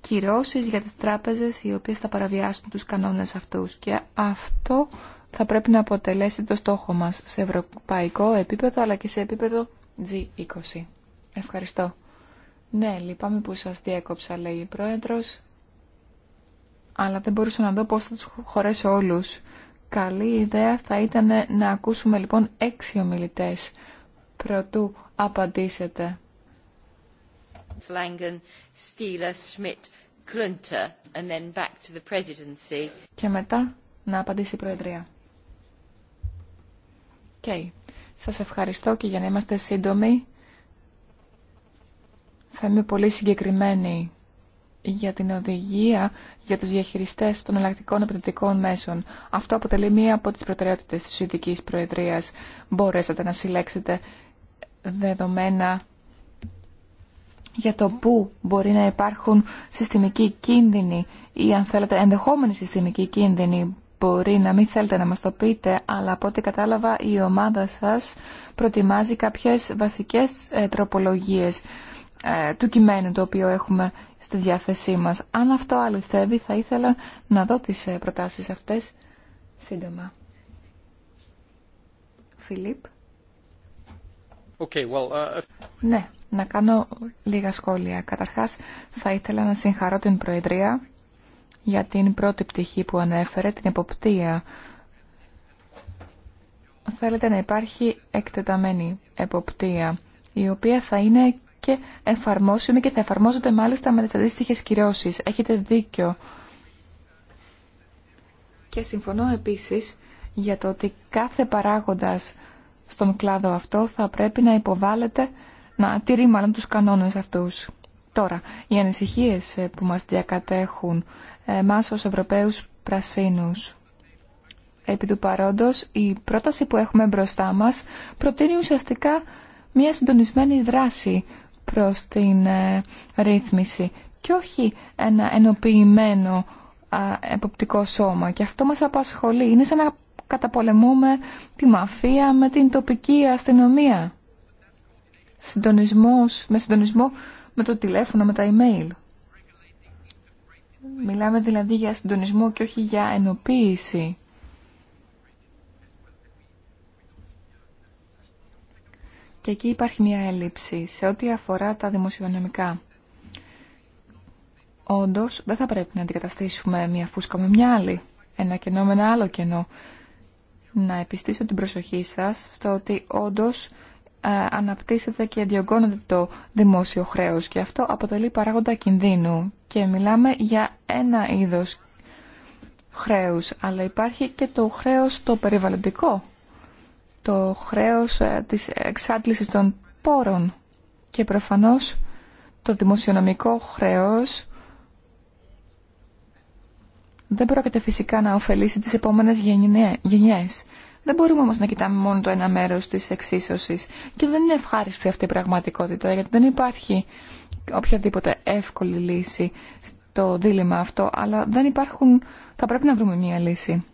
κυρώσεις για τις τράπεζες οι οποίες θα παραβιάσουν τους κανόνες αυτούς. Και αυτό θα πρέπει να αποτελέσει το στόχο μας σε ευρωπαϊκό επίπεδο αλλά και σε επίπεδο G20. Ευχαριστώ. Ναι, λυπάμαι που σας διέκοψα, λέει η Πρόεδρος, αλλά δεν μπορούσα να δω πώς θα τους χωρέσω όλους. Καλή ιδέα θα ήταν να ακούσουμε λοιπόν έξι ομιλητές, προτού απαντήσετε. Και μετά να απαντήσει η Προεδρία. Okay. Σας ευχαριστώ και για να είμαστε σύντομοι. Θα είμαι πολύ συγκεκριμένη για την οδηγία για τους διαχειριστές των ελλακτικών επενδυτικών μέσων. Αυτό αποτελεί μία από τις προτεραιότητες της Σουηδικής Προεδρίας. Μπορέσατε να συλλέξετε δεδομένα για το πού μπορεί να υπάρχουν συστημικοί κίνδυνοι ή αν θέλετε ενδεχόμενοι συστημικοί κίνδυνοι. Μπορεί να μην θέλετε να μας το πείτε, αλλά από ό,τι κατάλαβα η ομάδα σας προτιμάζει κάποιες βασικές ε, τροπολογίες ε, του κειμένου το οποίο έχουμε στη διάθεσή μας. Αν αυτό αληθεύει θα ήθελα να δω τις ε, προτάσεις αυτές σύντομα. Φιλίπ. Okay, uh, Ναι, να κάνω λίγα σχόλια. Καταρχάς θα ήθελα να συγχαρώ την Προεδρία για την πρώτη πτυχή που ανέφερε, την εποπτεία. Θέλετε να υπάρχει εκτεταμένη εποπτεία, η οποία θα είναι και εφαρμόσιμη και θα εφαρμόζονται μάλιστα με τι αντίστοιχε κυρώσει. Έχετε δίκιο. Και συμφωνώ επίσης για το ότι κάθε παράγοντας στον κλάδο αυτό θα πρέπει να υποβάλλεται, να τηρεί μάλλον τους κανόνες αυτούς. Τώρα, οι ανησυχίες ε, που μας διακατέχουν εμά ω Ευρωπαίους Πρασίνους. Επί του παρόντος, η πρόταση που έχουμε μπροστά μας προτείνει ουσιαστικά μια συντονισμένη δράση προς την ε, ρύθμιση και όχι ένα ενοποιημένο εποπτικό σώμα. Και αυτό μας απασχολεί. Είναι σαν να καταπολεμούμε τη μαφία με την τοπική αστυνομία. Συντονισμός, με συντονισμό με το τηλέφωνο, με τα email. Μιλάμε δηλαδή για συντονισμό και όχι για ενοποίηση. και εκεί υπάρχει μια έλλειψη σε ό,τι αφορά τα δημοσιονομικά. Όντω, δεν θα πρέπει να αντικαταστήσουμε μια φούσκα με μια άλλη, ένα κενό με ένα άλλο κενό. Να επιστήσω την προσοχή σας στο ότι όντω ε, αναπτύσσεται και διωγγώνεται το δημόσιο χρέος και αυτό αποτελεί παράγοντα κινδύνου και μιλάμε για ένα είδος χρέους αλλά υπάρχει και το χρέος το περιβαλλοντικό το χρέος ε, της εξάντλησης των πόρων και προφανώς το δημοσιονομικό χρέος δεν πρόκειται φυσικά να ωφελήσει τις επόμενες γενιές. Δεν μπορούμε όμως να κοιτάμε μόνο το ένα μέρος της εξίσωσης και δεν είναι ευχάριστη αυτή η πραγματικότητα γιατί δεν υπάρχει οποιαδήποτε εύκολη λύση στο δίλημα αυτό αλλά δεν υπάρχουν, θα πρέπει να βρούμε μια λύση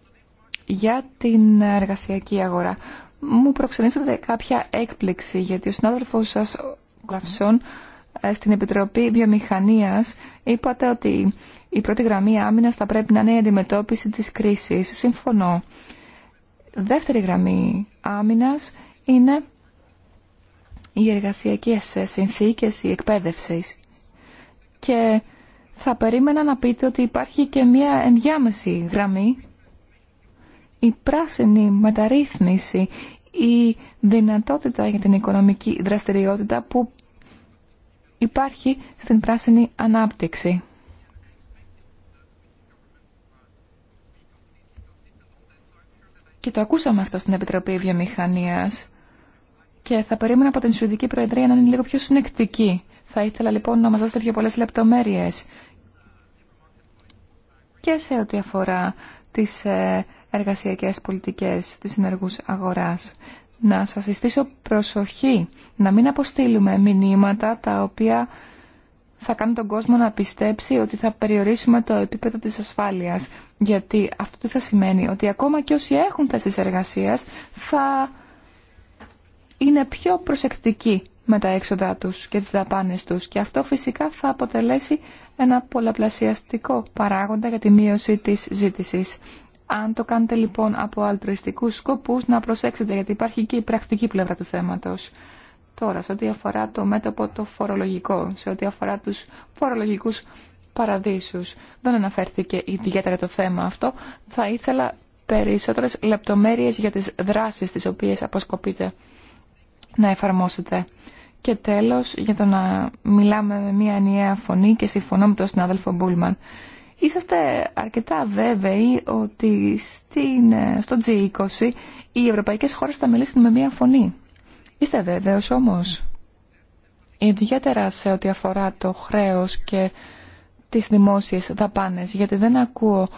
για την εργασιακή αγορά μου προξενήσατε κάποια έκπληξη γιατί ο συνάδελφός σας ο ε, στην Επιτροπή Βιομηχανίας είπατε ότι η πρώτη γραμμή άμυνας θα πρέπει να είναι η αντιμετώπιση της κρίσης. Συμφωνώ. Δεύτερη γραμμή άμυνας είναι οι εργασιακές ε, συνθήκες, η εκπαίδευση. Και θα περίμενα να πείτε ότι υπάρχει και μία ενδιάμεση γραμμή η πράσινη μεταρρύθμιση, η δυνατότητα για την οικονομική δραστηριότητα που υπάρχει στην πράσινη ανάπτυξη. Και το ακούσαμε αυτό στην Επιτροπή Βιομηχανίας και θα περίμενα από την Σουηδική Προεδρία να είναι λίγο πιο συνεκτική. Θα ήθελα λοιπόν να μας δώσετε πιο πολλές λεπτομέρειες και σε ό,τι αφορά τις ε, εργασιακές πολιτικές της ενεργούς αγοράς. Να σας συστήσω προσοχή, να μην αποστείλουμε μηνύματα τα οποία θα κάνουν τον κόσμο να πιστέψει ότι θα περιορίσουμε το επίπεδο της ασφάλειας. Γιατί αυτό τι θα σημαίνει, ότι ακόμα και όσοι έχουν θέσεις εργασίας θα είναι πιο προσεκτικοί με τα έξοδά τους και τις δαπάνες τους και αυτό φυσικά θα αποτελέσει ένα πολλαπλασιαστικό παράγοντα για τη μείωση της ζήτησης. Αν το κάνετε λοιπόν από αλτροιστικούς σκοπούς, να προσέξετε, γιατί υπάρχει και η πρακτική πλευρά του θέματος. Τώρα, σε ό,τι αφορά το μέτωπο το φορολογικό, σε ό,τι αφορά τους φορολογικούς παραδείσους, δεν αναφέρθηκε ιδιαίτερα το θέμα αυτό. Θα ήθελα περισσότερες λεπτομέρειες για τις δράσεις τις οποίες αποσκοπείτε να εφαρμόσετε. Και τέλος, για το να μιλάμε με μια ενιαία φωνή και συμφωνώ με τον συνάδελφο Μπούλμαν. Είσαστε αρκετά βέβαιοι ότι στην, ε, στο G20 οι ευρωπαϊκές χώρες θα μιλήσουν με μία φωνή. Είστε βέβαιος όμως, ιδιαίτερα σε ό,τι αφορά το χρέος και τις δημόσιες δαπάνες, γιατί δεν ακούω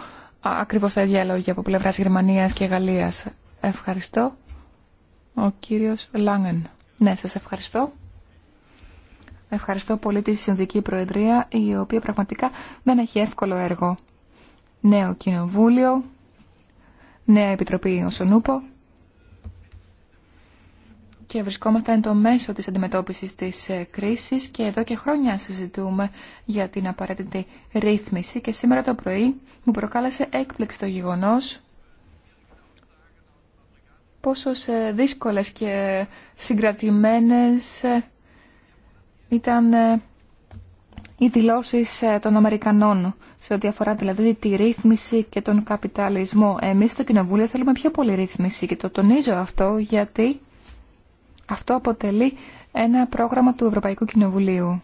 ακριβώς τα ίδια λόγια από πλευράς Γερμανίας και Γαλλίας. Ευχαριστώ. Ο κύριος Λάγεν. Ναι, σας ευχαριστώ. Ευχαριστώ πολύ τη Συνδική Προεδρία, η οποία πραγματικά δεν έχει εύκολο έργο. Νέο Κοινοβούλιο, νέα Επιτροπή Οσονούπο και βρισκόμαστε εν το μέσο της αντιμετώπισης της ε, κρίσης και εδώ και χρόνια συζητούμε για την απαραίτητη ρύθμιση και σήμερα το πρωί μου προκάλεσε έκπληξη το γεγονός πόσο σε δύσκολες και συγκρατημένες ε, ήταν ε, οι δηλώσεις ε, των Αμερικανών σε ό,τι αφορά δηλαδή τη ρύθμιση και τον καπιταλισμό. Εμείς στο Κοινοβούλιο θέλουμε πιο πολύ ρύθμιση και το τονίζω αυτό γιατί αυτό αποτελεί ένα πρόγραμμα του Ευρωπαϊκού Κοινοβουλίου.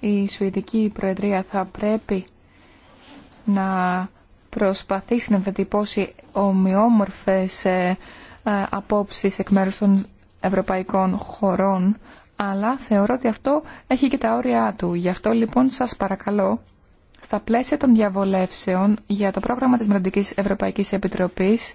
Η Σουηδική Προεδρία θα πρέπει να προσπαθήσει να διατυπώσει ομοιόμορφες ε, απόψεις εκ μέρους των ευρωπαϊκών χωρών, αλλά θεωρώ ότι αυτό έχει και τα όρια του. Γι' αυτό λοιπόν σας παρακαλώ, στα πλαίσια των διαβολεύσεων για το πρόγραμμα της Μελλοντικής Ευρωπαϊκής Επιτροπής,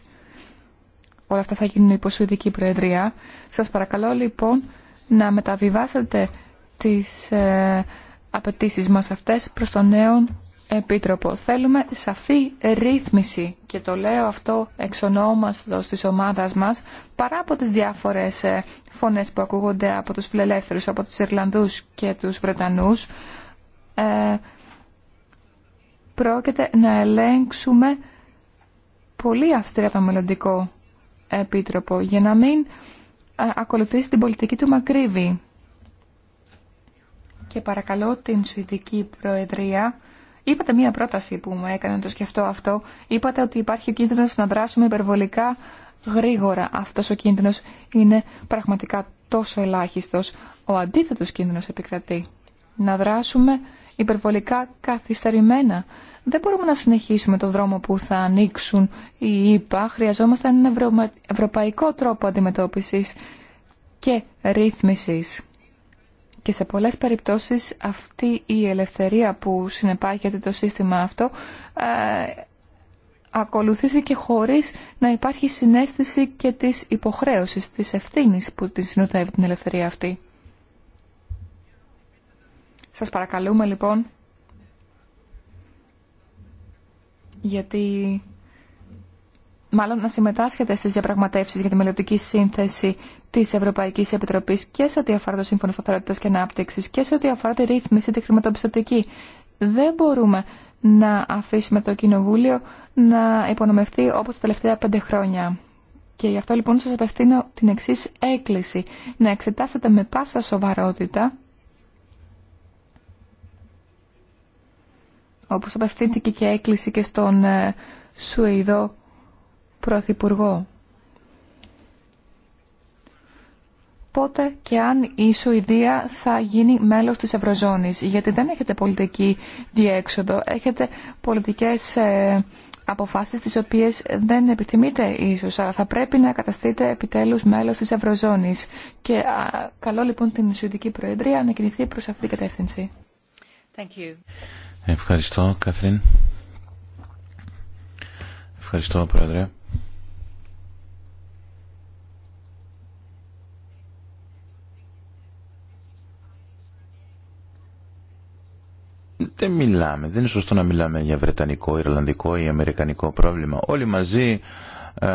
όλα αυτά θα γίνουν υπό Σουηδική Προεδρία, σας παρακαλώ λοιπόν να μεταβιβάσετε τις ε, απαιτήσεις μας αυτές προς τον νέο Επίτροπο. Θέλουμε σαφή ρύθμιση και το λέω αυτό εξ ονόμαστος της ομάδας μας παρά από τις διάφορες ε, φωνές που ακούγονται από τους φιλελεύθερους, από τους Ιρλανδούς και τους Βρετανούς. Ε, πρόκειται να ελέγξουμε πολύ αυστηρά το μελλοντικό Επίτροπο για να μην ε, ακολουθήσει την πολιτική του Μακρύβη. Και παρακαλώ την Σουηδική Προεδρία Είπατε μία πρόταση που μου έκανε το σκεφτώ αυτό. Είπατε ότι υπάρχει ο κίνδυνος να δράσουμε υπερβολικά γρήγορα. Αυτός ο κίνδυνος είναι πραγματικά τόσο ελάχιστος. Ο αντίθετος κίνδυνος επικρατεί. Να δράσουμε υπερβολικά καθυστερημένα. Δεν μπορούμε να συνεχίσουμε το δρόμο που θα ανοίξουν οι ΙΠΑ. Χρειαζόμαστε έναν ευρωπαϊκό τρόπο αντιμετώπισης και ρύθμισης. Και σε πολλές περιπτώσεις αυτή η ελευθερία που συνεπάγεται το σύστημα αυτό ε, ακολουθήθηκε χωρίς να υπάρχει συνέστηση και της υποχρέωσης, της ευθύνης που τη συνοδεύει την ελευθερία αυτή. Σας παρακαλούμε λοιπόν, γιατί μάλλον να συμμετάσχετε στις διαπραγματεύσεις για τη μελλοντική σύνθεση της Ευρωπαϊκής Επιτροπής και σε ό,τι αφορά το Σύμφωνο Σταθερότητας και Ανάπτυξης και σε ό,τι αφορά τη ρύθμιση τη χρηματοπιστωτική. Δεν μπορούμε να αφήσουμε το Κοινοβούλιο να υπονομευτεί όπως τα τελευταία πέντε χρόνια. Και γι' αυτό λοιπόν σας απευθύνω την εξή έκκληση. Να εξετάσετε με πάσα σοβαρότητα όπως απευθύνθηκε και έκκληση και στον ε, Σουηδό Πρωθυπουργό. πότε και αν η Σουηδία θα γίνει μέλος της Ευρωζώνης. Γιατί δεν έχετε πολιτική διέξοδο, έχετε πολιτικές ε, αποφάσεις τις οποίες δεν επιθυμείτε ίσως, αλλά θα πρέπει να καταστείτε επιτέλους μέλος της Ευρωζώνης. Και καλό λοιπόν την Σουηδική Προεδρία να κινηθεί προς αυτή την κατεύθυνση. Thank you. Ευχαριστώ, Καθρίν. Ευχαριστώ, Πρόεδρε. δεν μιλάμε, δεν είναι σωστό να μιλάμε για βρετανικό, ιρλανδικό ή αμερικανικό πρόβλημα. Όλοι μαζί ε,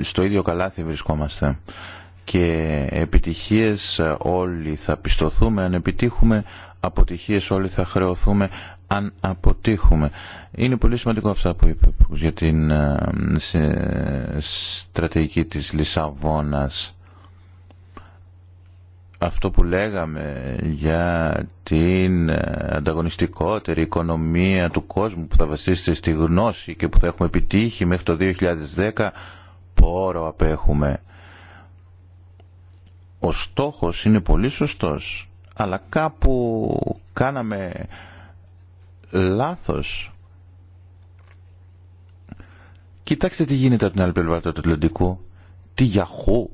στο ίδιο καλάθι βρισκόμαστε και επιτυχίες ε, όλοι θα πιστοθούμε αν επιτύχουμε, αποτυχίες όλοι θα χρεωθούμε αν αποτύχουμε. Είναι πολύ σημαντικό αυτά που είπε για την ε, στρατηγική της Λισαβόνας αυτό που λέγαμε για την ε, ανταγωνιστικότερη οικονομία του κόσμου που θα βασίσεται στη γνώση και που θα έχουμε επιτύχει μέχρι το 2010 πόρο απέχουμε. Ο στόχος είναι πολύ σωστός, αλλά κάπου κάναμε λάθος. Κοιτάξτε τι γίνεται από την άλλη πλευρά του Ατλαντικού. Τι Yahoo,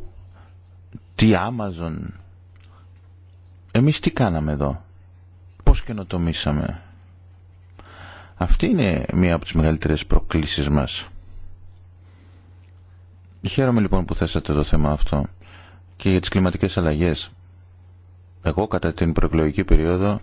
τι Amazon, εμείς τι κάναμε εδώ. Πώς καινοτομήσαμε. Αυτή είναι μία από τις μεγαλύτερες προκλήσεις μας. Χαίρομαι λοιπόν που θέσατε το θέμα αυτό και για τις κλιματικές αλλαγές. Εγώ κατά την προεκλογική περίοδο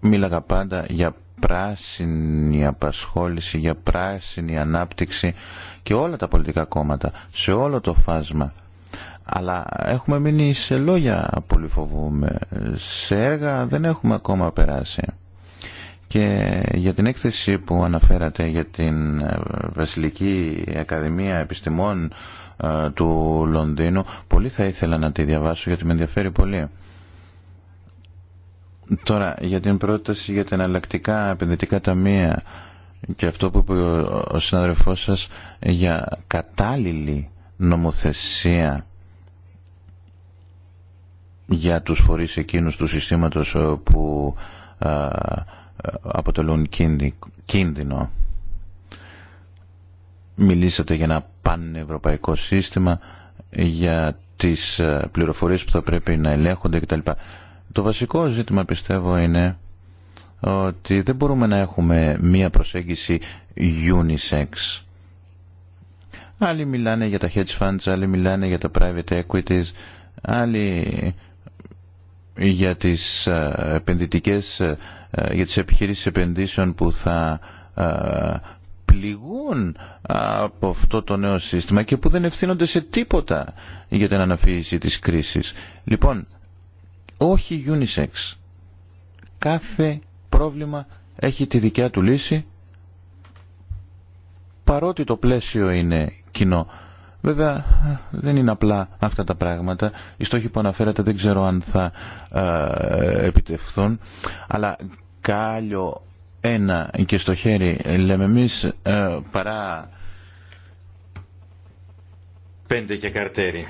μίλαγα πάντα για πράσινη απασχόληση, για πράσινη ανάπτυξη και όλα τα πολιτικά κόμματα σε όλο το φάσμα αλλά έχουμε μείνει σε λόγια, πολύ φοβούμε. Σε έργα δεν έχουμε ακόμα περάσει. Και για την έκθεση που αναφέρατε για την ε, Βασιλική Ακαδημία Επιστημών ε, του Λονδίνου, πολύ θα ήθελα να τη διαβάσω γιατί με ενδιαφέρει πολύ. Τώρα, για την πρόταση για την εναλλακτικά επενδυτικά ταμεία και αυτό που είπε ο συναδελφός σας για κατάλληλη νομοθεσία για τους φορείς εκείνους του συστήματος ε, που ε, αποτελούν κίνδυνο. Μιλήσατε για ένα πανευρωπαϊκό σύστημα, για τις ε, πληροφορίες που θα πρέπει να ελέγχονται κτλ. Το βασικό ζήτημα πιστεύω είναι ότι δεν μπορούμε να έχουμε μία προσέγγιση unisex. Άλλοι μιλάνε για τα hedge funds, άλλοι μιλάνε για τα private equities, άλλοι για τις ε, επενδυτικές, ε, ε, για τις επιχειρήσεις επενδύσεων που θα πληγούν από αυτό το νέο σύστημα και που δεν ευθύνονται σε τίποτα για την αναφύγηση της κρίσης. Λοιπόν, όχι unisex. Κάθε πρόβλημα έχει τη δικιά του λύση παρότι το πλαίσιο είναι κοινό. Βέβαια δεν είναι απλά αυτά τα πράγματα. Οι στόχοι που αναφέρατε δεν ξέρω αν θα ε, επιτευχθούν. Αλλά κάλιο ένα και στο χέρι λέμε εμείς ε, παρά πέντε και καρτέρι.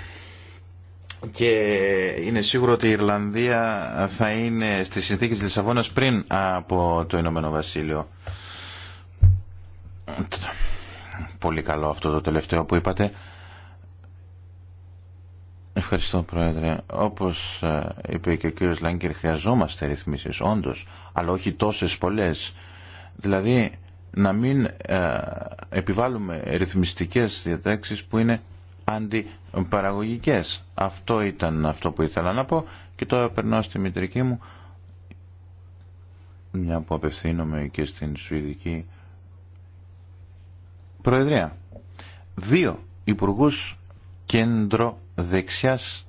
Και είναι σίγουρο ότι η Ιρλανδία θα είναι στις συνθήκες της Λισαβόνας πριν από το Ηνωμένο Βασίλειο. Πολύ καλό αυτό το τελευταίο που είπατε. Ευχαριστώ Πρόεδρε. Όπως ε, είπε και ο κύριος Λάγκερ, χρειαζόμαστε ρυθμίσεις όντως, αλλά όχι τόσες πολλές. Δηλαδή να μην ε, επιβάλλουμε ρυθμιστικές διατάξεις που είναι αντιπαραγωγικές. Αυτό ήταν αυτό που ήθελα να πω και τώρα περνάω στη μητρική μου μια που απευθύνομαι και στην Σουηδική Προεδρία. Δύο υπουργούς κέντρο δεξιάς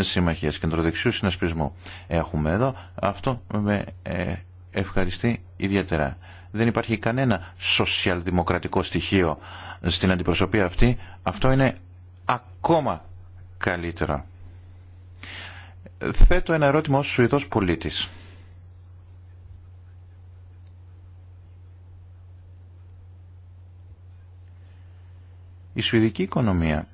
συμμαχίας, δεξιού συνασπισμού έχουμε εδώ. Αυτό με ε, ευχαριστεί ιδιαίτερα. Δεν υπάρχει κανένα σοσιαλδημοκρατικό στοιχείο στην αντιπροσωπεία αυτή. Αυτό είναι ακόμα καλύτερο. Θέτω ένα ερώτημα ως Σουηδός πολίτης. Η Σουηδική οικονομία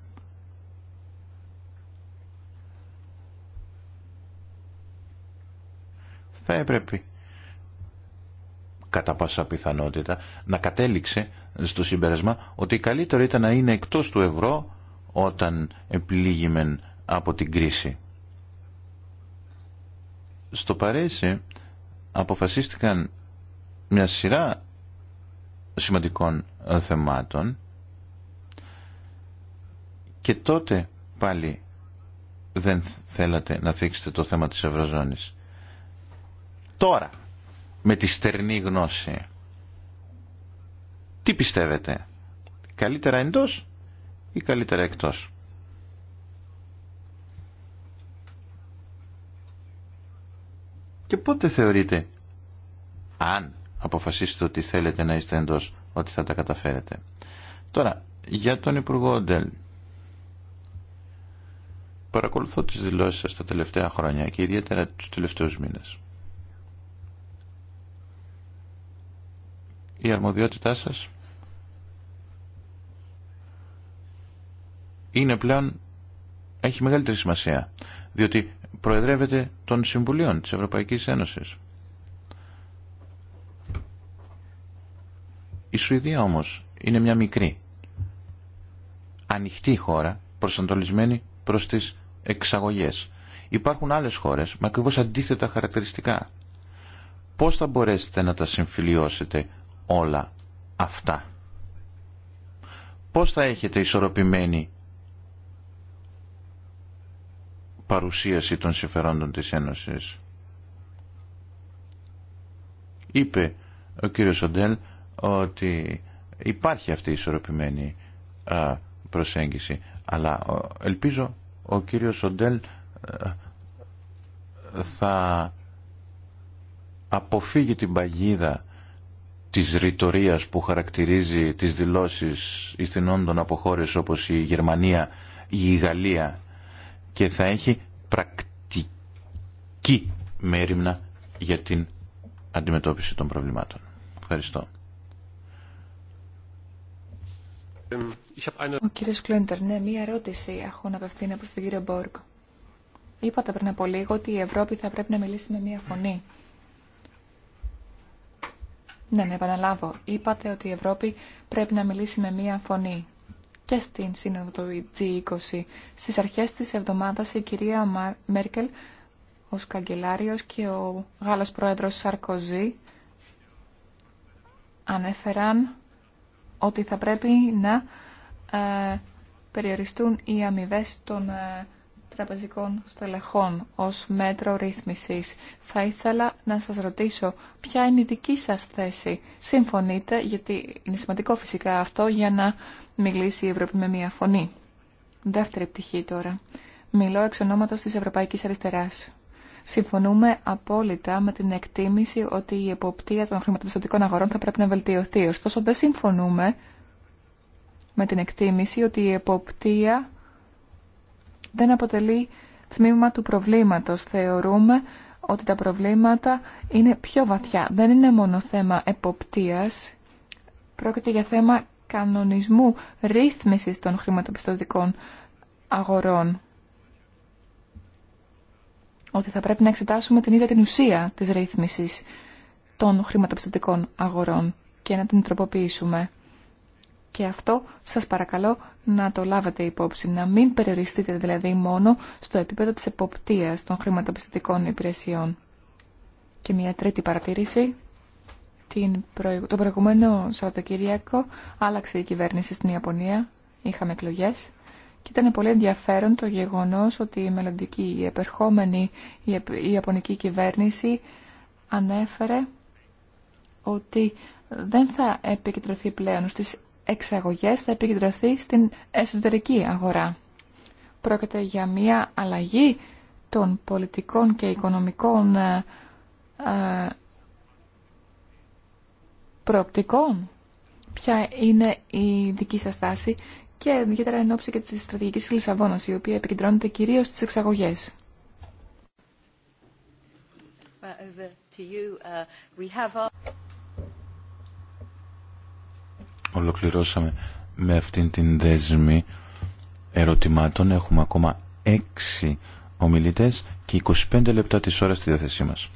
θα έπρεπε κατά πάσα πιθανότητα να κατέληξε στο συμπέρασμα ότι καλύτερο ήταν να είναι εκτός του ευρώ όταν επλήγημεν από την κρίση. Στο Παρέσι αποφασίστηκαν μια σειρά σημαντικών θεμάτων και τότε πάλι δεν θέλατε να θίξετε το θέμα της Ευρωζώνης τώρα με τη στερνή γνώση. Τι πιστεύετε, καλύτερα εντός ή καλύτερα εκτός. Και πότε θεωρείτε, αν αποφασίσετε ότι θέλετε να είστε εντός, ότι θα τα καταφέρετε. Τώρα, για τον Υπουργό Ντελ. Παρακολουθώ τις δηλώσεις σας τα τελευταία χρόνια και ιδιαίτερα τους τελευταίους μήνες. η αρμοδιότητά σας είναι πλέον έχει μεγαλύτερη σημασία διότι προεδρεύεται των Συμβουλίων της Ευρωπαϊκής Ένωσης. Η Σουηδία όμως είναι μια μικρή ανοιχτή χώρα προσανατολισμένη προς τις εξαγωγές. Υπάρχουν άλλες χώρες με ακριβώς αντίθετα χαρακτηριστικά. Πώς θα μπορέσετε να τα συμφιλιώσετε όλα αυτά. Πώς θα έχετε ισορροπημένη παρουσίαση των συμφερόντων της Ένωσης. Είπε ο κύριος Σοντέλ ότι υπάρχει αυτή η ισορροπημένη προσέγγιση, αλλά ελπίζω ο κύριος Σοντέλ θα αποφύγει την παγίδα της ρητορία που χαρακτηρίζει τις δηλώσεις ηθινόντων από χώρε όπως η Γερμανία ή η Γαλλία και θα έχει πρακτική μέρημνα για την αντιμετώπιση των προβλημάτων. Ευχαριστώ. Ο κύριος Κλέντερ, ναι, μία ερώτηση έχω να απευθύνω προς τον κύριο Μπόρκ. Είπατε πριν από λίγο ότι η Ευρώπη θα πρέπει να μιλήσει με μία φωνή. Ναι, να επαναλάβω. Είπατε ότι η Ευρώπη πρέπει να μιλήσει με μία φωνή. Και στην σύνοδο του G20. Στις αρχές της εβδομάδας η κυρία Μέρκελ ο καγκελάριο και ο Γάλλος πρόεδρος Σαρκοζή ανέφεραν ότι θα πρέπει να ε, περιοριστούν οι αμοιβέ των ε, τραπεζικών στελεχών ως μέτρο ρύθμισης. Θα ήθελα να σας ρωτήσω ποια είναι η δική σας θέση. Συμφωνείτε, γιατί είναι σημαντικό φυσικά αυτό για να μιλήσει η Ευρώπη με μία φωνή. Δεύτερη πτυχή τώρα. Μιλώ εξ ονόματος της Ευρωπαϊκής Αριστεράς. Συμφωνούμε απόλυτα με την εκτίμηση ότι η εποπτεία των χρηματοπιστωτικών αγορών θα πρέπει να βελτιωθεί. Ωστόσο, δεν συμφωνούμε με την εκτίμηση ότι η εποπτεία δεν αποτελεί τμήμα του προβλήματος. Θεωρούμε ότι τα προβλήματα είναι πιο βαθιά. Δεν είναι μόνο θέμα εποπτείας, πρόκειται για θέμα κανονισμού ρύθμισης των χρηματοπιστωτικών αγορών. Ότι θα πρέπει να εξετάσουμε την ίδια την ουσία της ρύθμισης των χρηματοπιστωτικών αγορών και να την τροποποιήσουμε. Και αυτό σας παρακαλώ να το λάβετε υπόψη, να μην περιοριστείτε δηλαδή μόνο στο επίπεδο της εποπτείας των χρηματοπιστωτικών υπηρεσιών. Και μια τρίτη παρατήρηση. Την Το προηγούμενο Σαββατοκυριακό άλλαξε η κυβέρνηση στην Ιαπωνία. Είχαμε εκλογέ. Και ήταν πολύ ενδιαφέρον το γεγονός ότι η μελλοντική, η επερχόμενη Ιαπωνική κυβέρνηση ανέφερε ότι δεν θα επικεντρωθεί πλέον στις εξαγωγές θα επικεντρωθεί στην εσωτερική αγορά. Πρόκειται για μια αλλαγή των πολιτικών και οικονομικών ε, ε, προοπτικών. Ποια είναι η δική σας στάση και ιδιαίτερα εν ώψη και της στρατηγικής Λισαβόνας, η οποία επικεντρώνεται κυρίως στις εξαγωγές. Uh, Ολοκληρώσαμε με αυτήν την δέσμη ερωτημάτων. Έχουμε ακόμα έξι ομιλητές και 25 λεπτά της ώρας στη διάθεσή μας.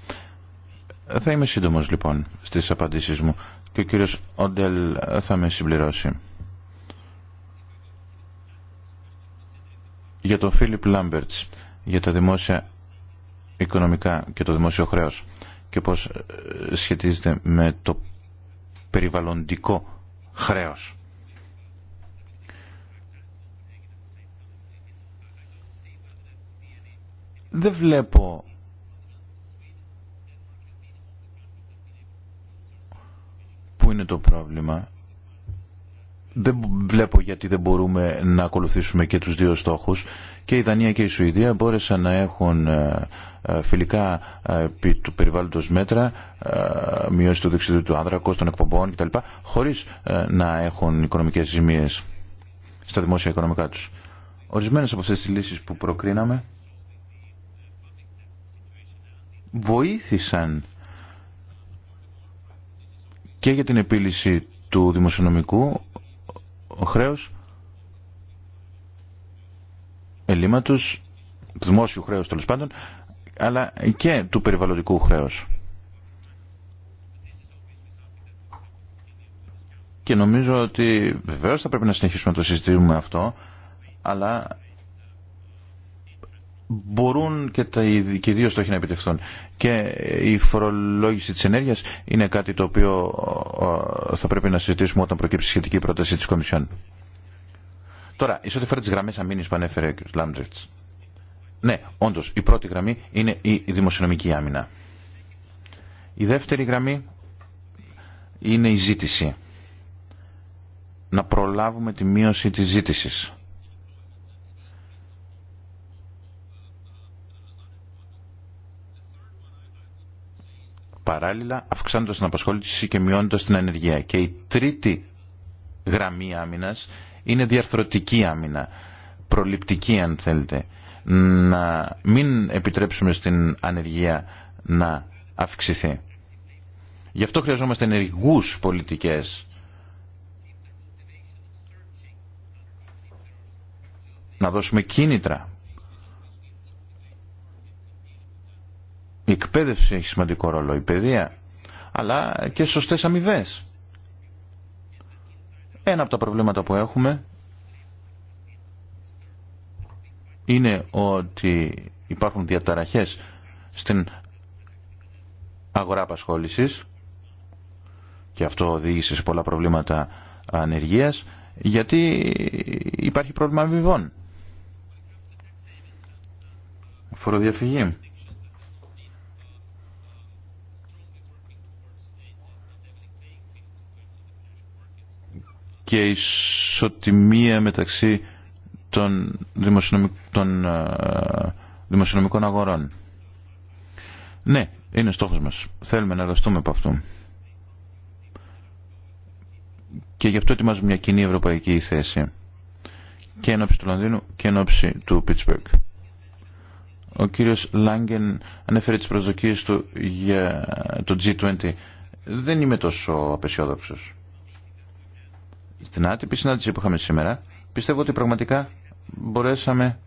Θα είμαι σύντομος λοιπόν στις απαντήσεις μου και ο κύριος Οντέλ θα με συμπληρώσει. Για τον Φίλιπ Λάμπερτς, για τα δημόσια οικονομικά και το δημόσιο χρέος και πώς ε, σχετίζεται με το περιβαλλοντικό χρέος. Δεν βλέπω πού είναι το πρόβλημα. Δεν βλέπω γιατί δεν μπορούμε να ακολουθήσουμε και τους δύο στόχους και η Δανία και η Σουηδία μπόρεσαν να έχουν ε, ε, φιλικά ε, επί του περιβάλλοντος μέτρα, μείωση του δεξιδίου του άνδρα των εκπομπών κτλ. χωρίς να έχουν οικονομικές ζημίες στα δημόσια οικονομικά τους. Ορισμένες από αυτές τις λύσεις που προκρίναμε βοήθησαν και για την επίλυση του δημοσιονομικού χρέους ελλείμματος, του δημόσιου χρέους τέλο πάντων, αλλά και του περιβαλλοντικού χρέους. Και νομίζω ότι βεβαίως θα πρέπει να συνεχίσουμε να το συζητήσουμε αυτό, αλλά μπορούν και, τα, και οι δύο στόχοι να επιτευχθούν. Και η φορολόγηση της ενέργειας είναι κάτι το οποίο θα πρέπει να συζητήσουμε όταν προκύψει σχετική πρόταση της Κομισιόν. Τώρα, ει ό,τι φορά τι γραμμέ αμήνη που ανέφερε ο κ. Ναι, όντω, η πρώτη γραμμή είναι η δημοσιονομική άμυνα. Η δεύτερη γραμμή είναι η ζήτηση. Να προλάβουμε τη μείωση της ζήτησης. Παράλληλα, αυξάνοντας την απασχόληση και μειώνοντας την ανεργία. Και η τρίτη γραμμή άμυνας είναι διαρθρωτική άμυνα, προληπτική αν θέλετε. Να μην επιτρέψουμε στην ανεργία να αυξηθεί. Γι' αυτό χρειαζόμαστε ενεργούς πολιτικές. Να δώσουμε κίνητρα. Η εκπαίδευση έχει σημαντικό ρόλο, η παιδεία, αλλά και σωστές αμοιβέ. Ένα από τα προβλήματα που έχουμε είναι ότι υπάρχουν διαταραχές στην αγορά απασχόλησης και αυτό οδήγησε σε πολλά προβλήματα ανεργίας γιατί υπάρχει πρόβλημα αμοιβών. Φοροδιαφυγή. και ισοτιμία μεταξύ των, ε, δημοσιονομικών αγορών. Ναι, είναι στόχος μας. Θέλουμε να εργαστούμε από αυτού. Και γι' αυτό ετοιμάζουμε μια κοινή ευρωπαϊκή θέση. Και ενώψη του Λονδίνου και ενώψη του Πίτσμπεργκ. Ο κύριος Λάγκεν ανέφερε τις προσδοκίες του για το G20. Δεν είμαι τόσο απεσιόδοξος στην άτυπη συνάντηση που είχαμε σήμερα, πιστεύω ότι πραγματικά μπορέσαμε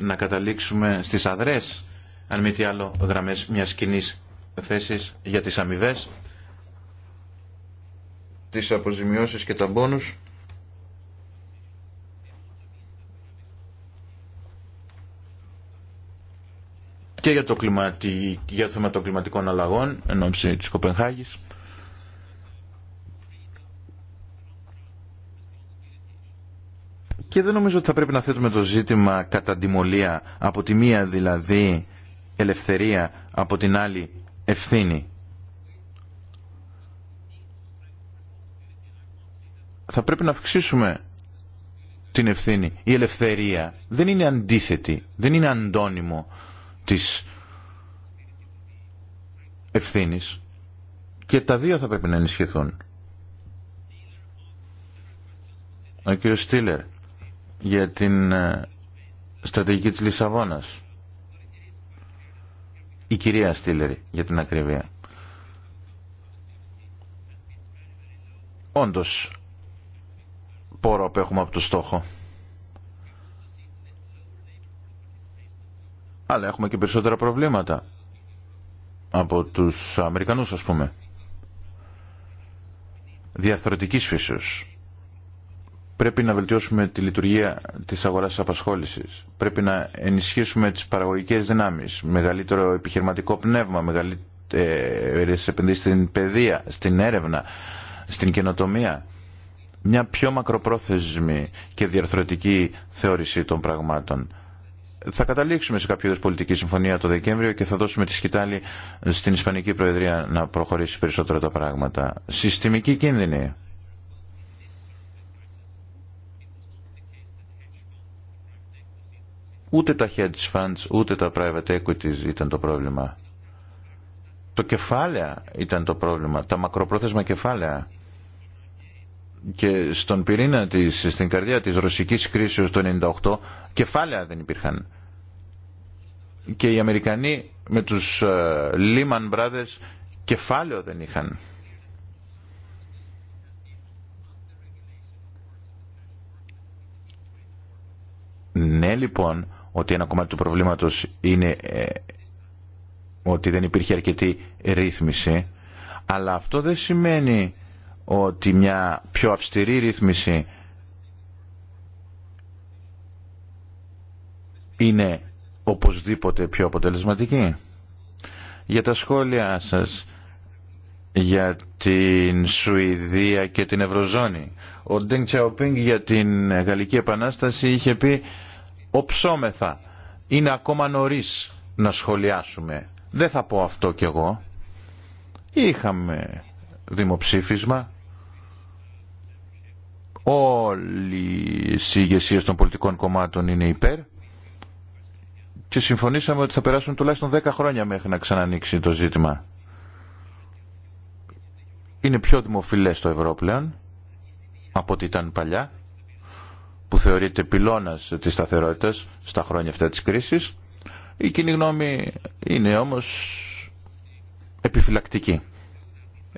να καταλήξουμε στις αδρές, αν μη τι άλλο, γραμμές μιας κοινή θέσης για τις αμοιβέ, τις αποζημιώσεις και τα μπόνους. και για το, κλιματι... για το θέμα των κλιματικών αλλαγών εν της Κοπενχάγης. Και δεν νομίζω ότι θα πρέπει να θέτουμε το ζήτημα κατά αντιμολία από τη μία δηλαδή ελευθερία, από την άλλη ευθύνη. Θα πρέπει να αυξήσουμε την ευθύνη. Η ελευθερία δεν είναι αντίθετη, δεν είναι αντώνυμο της ευθύνης και τα δύο θα πρέπει να ενισχυθούν. Ο κύριος Στήλερ για την ε, στρατηγική της Λισαβόνας. Η κυρία Στήλερ για την ακριβία. Όντως, πόρο έχουμε από το στόχο. αλλά έχουμε και περισσότερα προβλήματα από τους Αμερικανούς ας πούμε διαρθρωτικής φύσεως πρέπει να βελτιώσουμε τη λειτουργία της αγοράς απασχόλησης πρέπει να ενισχύσουμε τις παραγωγικές δυνάμεις μεγαλύτερο επιχειρηματικό πνεύμα μεγαλύτερες επενδύσεις στην παιδεία, στην έρευνα στην καινοτομία μια πιο μακροπρόθεσμη και διαρθρωτική θεώρηση των πραγμάτων θα καταλήξουμε σε κάποιο είδου πολιτική συμφωνία το Δεκέμβριο και θα δώσουμε τη σκητάλη στην Ισπανική Προεδρία να προχωρήσει περισσότερο τα πράγματα. Συστημική κίνδυνη. Ούτε τα hedge funds, ούτε τα private equities ήταν το πρόβλημα. Το κεφάλαια ήταν το πρόβλημα, τα μακροπρόθεσμα κεφάλαια και στον πυρήνα της, στην καρδιά της ρωσικής κρίσης το 98 κεφάλαια δεν υπήρχαν. Και οι Αμερικανοί με τους ε, Lehman Brothers κεφάλαιο δεν είχαν. Ναι λοιπόν ότι ένα κομμάτι του προβλήματος είναι ε, ότι δεν υπήρχε αρκετή ρύθμιση αλλά αυτό δεν σημαίνει ότι μια πιο αυστηρή ρύθμιση είναι οπωσδήποτε πιο αποτελεσματική. Για τα σχόλια σας για την Σουηδία και την Ευρωζώνη. Ο Ντέγκ Τσαοπίνγκ για την Γαλλική Επανάσταση είχε πει «Οψόμεθα, είναι ακόμα νωρίς να σχολιάσουμε». Δεν θα πω αυτό κι εγώ. Είχαμε δημοψήφισμα Όλοι οι ηγεσίε των πολιτικών κομμάτων είναι υπέρ και συμφωνήσαμε ότι θα περάσουν τουλάχιστον 10 χρόνια μέχρι να ξανανοίξει το ζήτημα. Είναι πιο δημοφιλές το ευρώ από ό,τι ήταν παλιά που θεωρείται πυλώνας της σταθερότητας στα χρόνια αυτά της κρίσης. Η κοινή γνώμη είναι όμως επιφυλακτική.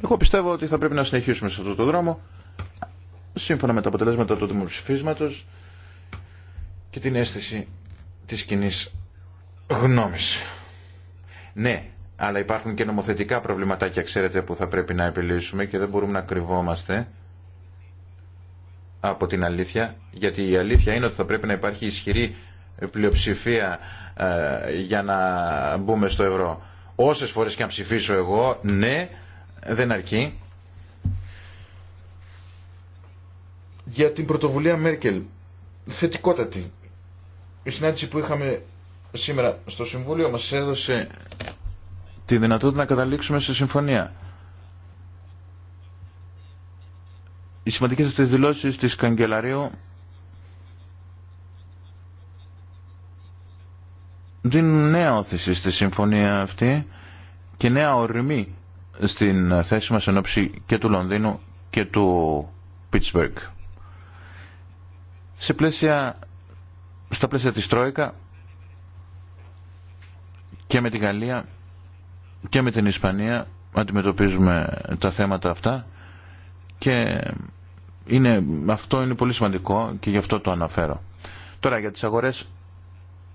Εγώ πιστεύω ότι θα πρέπει να συνεχίσουμε σε αυτό το δρόμο, σύμφωνα με τα αποτελέσματα του δημοψηφίσματος και την αίσθηση της κοινή γνώμης. Ναι, αλλά υπάρχουν και νομοθετικά προβληματάκια, ξέρετε, που θα πρέπει να επιλύσουμε και δεν μπορούμε να κρυβόμαστε από την αλήθεια, γιατί η αλήθεια είναι ότι θα πρέπει να υπάρχει ισχυρή πλειοψηφία ε, για να μπούμε στο ευρώ. Όσες φορές και αν ψηφίσω εγώ, ναι, δεν αρκεί. Για την πρωτοβουλία Μέρκελ, θετικότατη. Η συνάντηση που είχαμε σήμερα στο Συμβούλιο μας έδωσε τη δυνατότητα να καταλήξουμε σε συμφωνία. Οι σημαντικές αυτές δηλώσεις της Καγκελαρίου δίνουν νέα όθηση στη συμφωνία αυτή και νέα ορμή στην θέση μας εν και του Λονδίνου και του Πίτσμπεργκ. Σε πλαίσια, στα πλαίσια της Τρόικα και με την Γαλλία και με την Ισπανία αντιμετωπίζουμε τα θέματα αυτά και είναι, αυτό είναι πολύ σημαντικό και γι' αυτό το αναφέρω. Τώρα για τις αγορές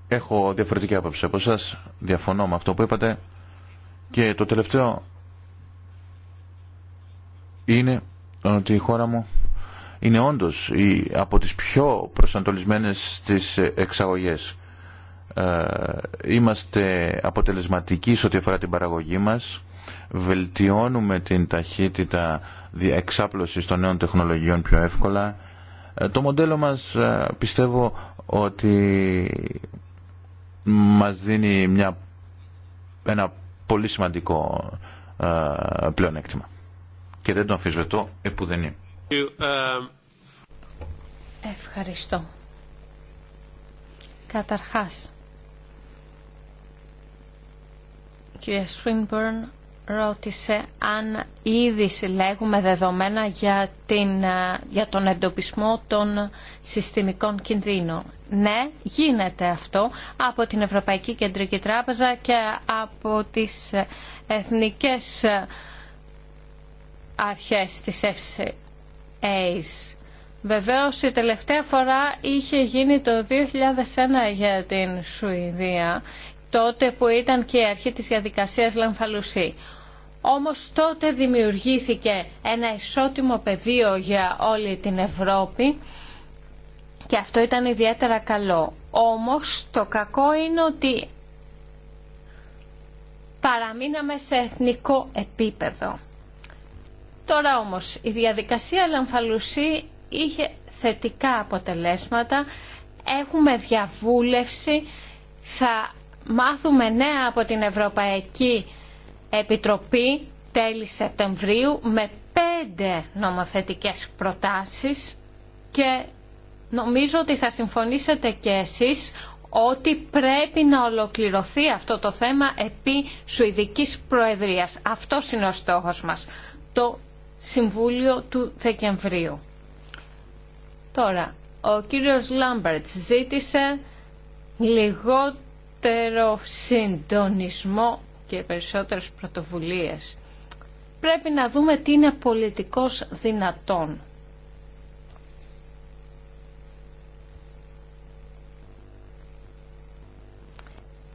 έχω διαφορετική άποψη από εσάς, διαφωνώ με αυτό που είπατε και το τελευταίο είναι ότι η χώρα μου είναι όντως η, από τις πιο προσανατολισμένες στις εξαγωγές. Ε, είμαστε αποτελεσματικοί σε ό,τι αφορά την παραγωγή μας, βελτιώνουμε την ταχύτητα εξάπλωσης των νέων τεχνολογιών πιο εύκολα. Ε, το μοντέλο μας ε, πιστεύω ότι μας δίνει μια, ένα πολύ σημαντικό πλεονέκτημα και δεν το αμφισβητώ επουδενή. Ευχαριστώ. Καταρχάς, η κυρία ρώτησε αν ήδη συλλέγουμε δεδομένα για, την, ε, για τον εντοπισμό των συστημικών κινδύνων. Ναι, γίνεται αυτό από την Ευρωπαϊκή Κεντρική Τράπεζα και από τις ε, Εθνικές ε, αρχές της FCA. Βεβαίως η τελευταία φορά είχε γίνει το 2001 για την Σουηδία, τότε που ήταν και η αρχή της διαδικασίας Λαμφαλουσί. Όμως τότε δημιουργήθηκε ένα ισότιμο πεδίο για όλη την Ευρώπη και αυτό ήταν ιδιαίτερα καλό. Όμως το κακό είναι ότι παραμείναμε σε εθνικό επίπεδο. Τώρα όμως η διαδικασία λαμφαλουσί είχε θετικά αποτελέσματα. Έχουμε διαβούλευση, θα μάθουμε νέα από την Ευρωπαϊκή Επιτροπή τέλη Σεπτεμβρίου με πέντε νομοθετικές προτάσεις και νομίζω ότι θα συμφωνήσετε και εσείς ότι πρέπει να ολοκληρωθεί αυτό το θέμα επί Σουηδικής Προεδρίας. Αυτό είναι ο στόχος μας. Το Συμβούλιο του Δεκεμβρίου. Τώρα, ο κύριος Λάμπερτ ζήτησε λιγότερο συντονισμό και περισσότερες πρωτοβουλίες. Πρέπει να δούμε τι είναι πολιτικός δυνατόν.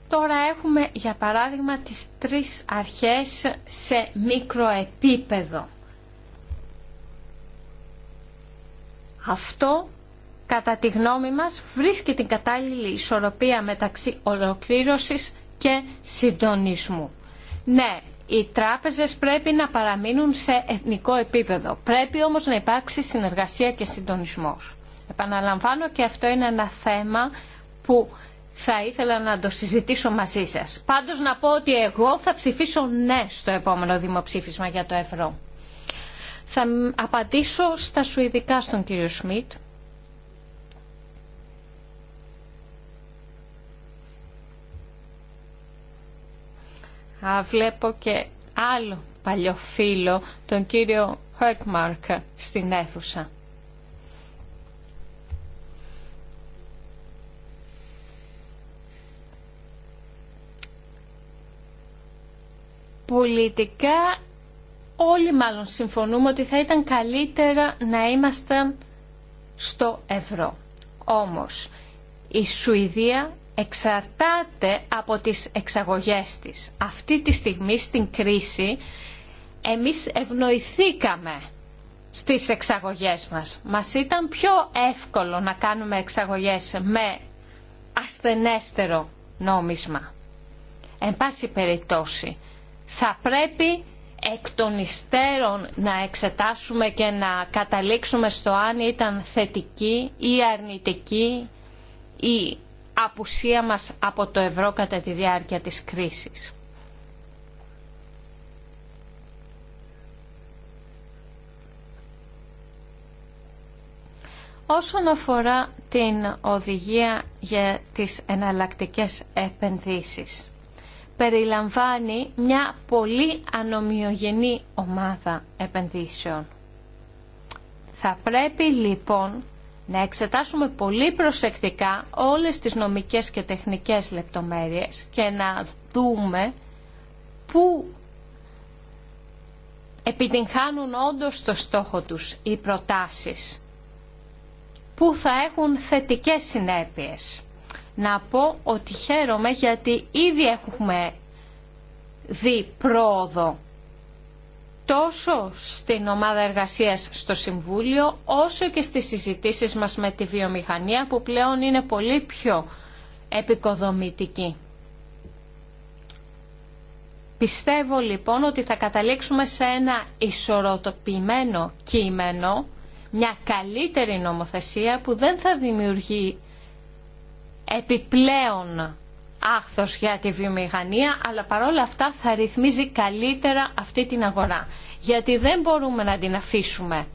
Τώρα έχουμε για παράδειγμα τις τρεις αρχές σε μικροεπίπεδο. Αυτό, κατά τη γνώμη μας, βρίσκει την κατάλληλη ισορροπία μεταξύ ολοκλήρωσης και συντονισμού. Ναι, οι τράπεζες πρέπει να παραμείνουν σε εθνικό επίπεδο. Πρέπει όμως να υπάρξει συνεργασία και συντονισμός. Επαναλαμβάνω και αυτό είναι ένα θέμα που θα ήθελα να το συζητήσω μαζί σας. Πάντως να πω ότι εγώ θα ψηφίσω ναι στο επόμενο δημοψήφισμα για το ευρώ. Θα απαντήσω στα σουηδικά στον κύριο Σμιτ. Α, βλέπω και άλλο παλιό φίλο, τον κύριο Χοικμάρκ, στην αίθουσα. Πολιτικά όλοι μάλλον συμφωνούμε ότι θα ήταν καλύτερα να ήμασταν στο ευρώ. Όμως η Σουηδία εξαρτάται από τις εξαγωγές της. Αυτή τη στιγμή στην κρίση εμείς ευνοηθήκαμε στις εξαγωγές μας. Μας ήταν πιο εύκολο να κάνουμε εξαγωγές με ασθενέστερο νόμισμα. Εν πάση περιπτώσει, θα πρέπει εκ των υστέρων να εξετάσουμε και να καταλήξουμε στο αν ήταν θετική ή αρνητική η απουσία μας από το ευρώ κατά τη διάρκεια της κρίσης. Όσον αφορά την οδηγία για τις εναλλακτικές επενδύσεις περιλαμβάνει μια πολύ ανομοιογενή ομάδα επενδύσεων. Θα πρέπει λοιπόν να εξετάσουμε πολύ προσεκτικά όλες τις νομικές και τεχνικές λεπτομέρειες και να δούμε πού επιτυγχάνουν όντως το στόχο τους οι προτάσεις, πού θα έχουν θετικές συνέπειες να πω ότι χαίρομαι γιατί ήδη έχουμε δει πρόοδο τόσο στην ομάδα εργασίας στο Συμβούλιο όσο και στις συζητήσεις μας με τη βιομηχανία που πλέον είναι πολύ πιο επικοδομητική. Πιστεύω λοιπόν ότι θα καταλήξουμε σε ένα ισορροπημένο κείμενο, μια καλύτερη νομοθεσία που δεν θα δημιουργεί επιπλέον άχθος για τη βιομηχανία, αλλά παρόλα αυτά θα ρυθμίζει καλύτερα αυτή την αγορά. Γιατί δεν μπορούμε να την αφήσουμε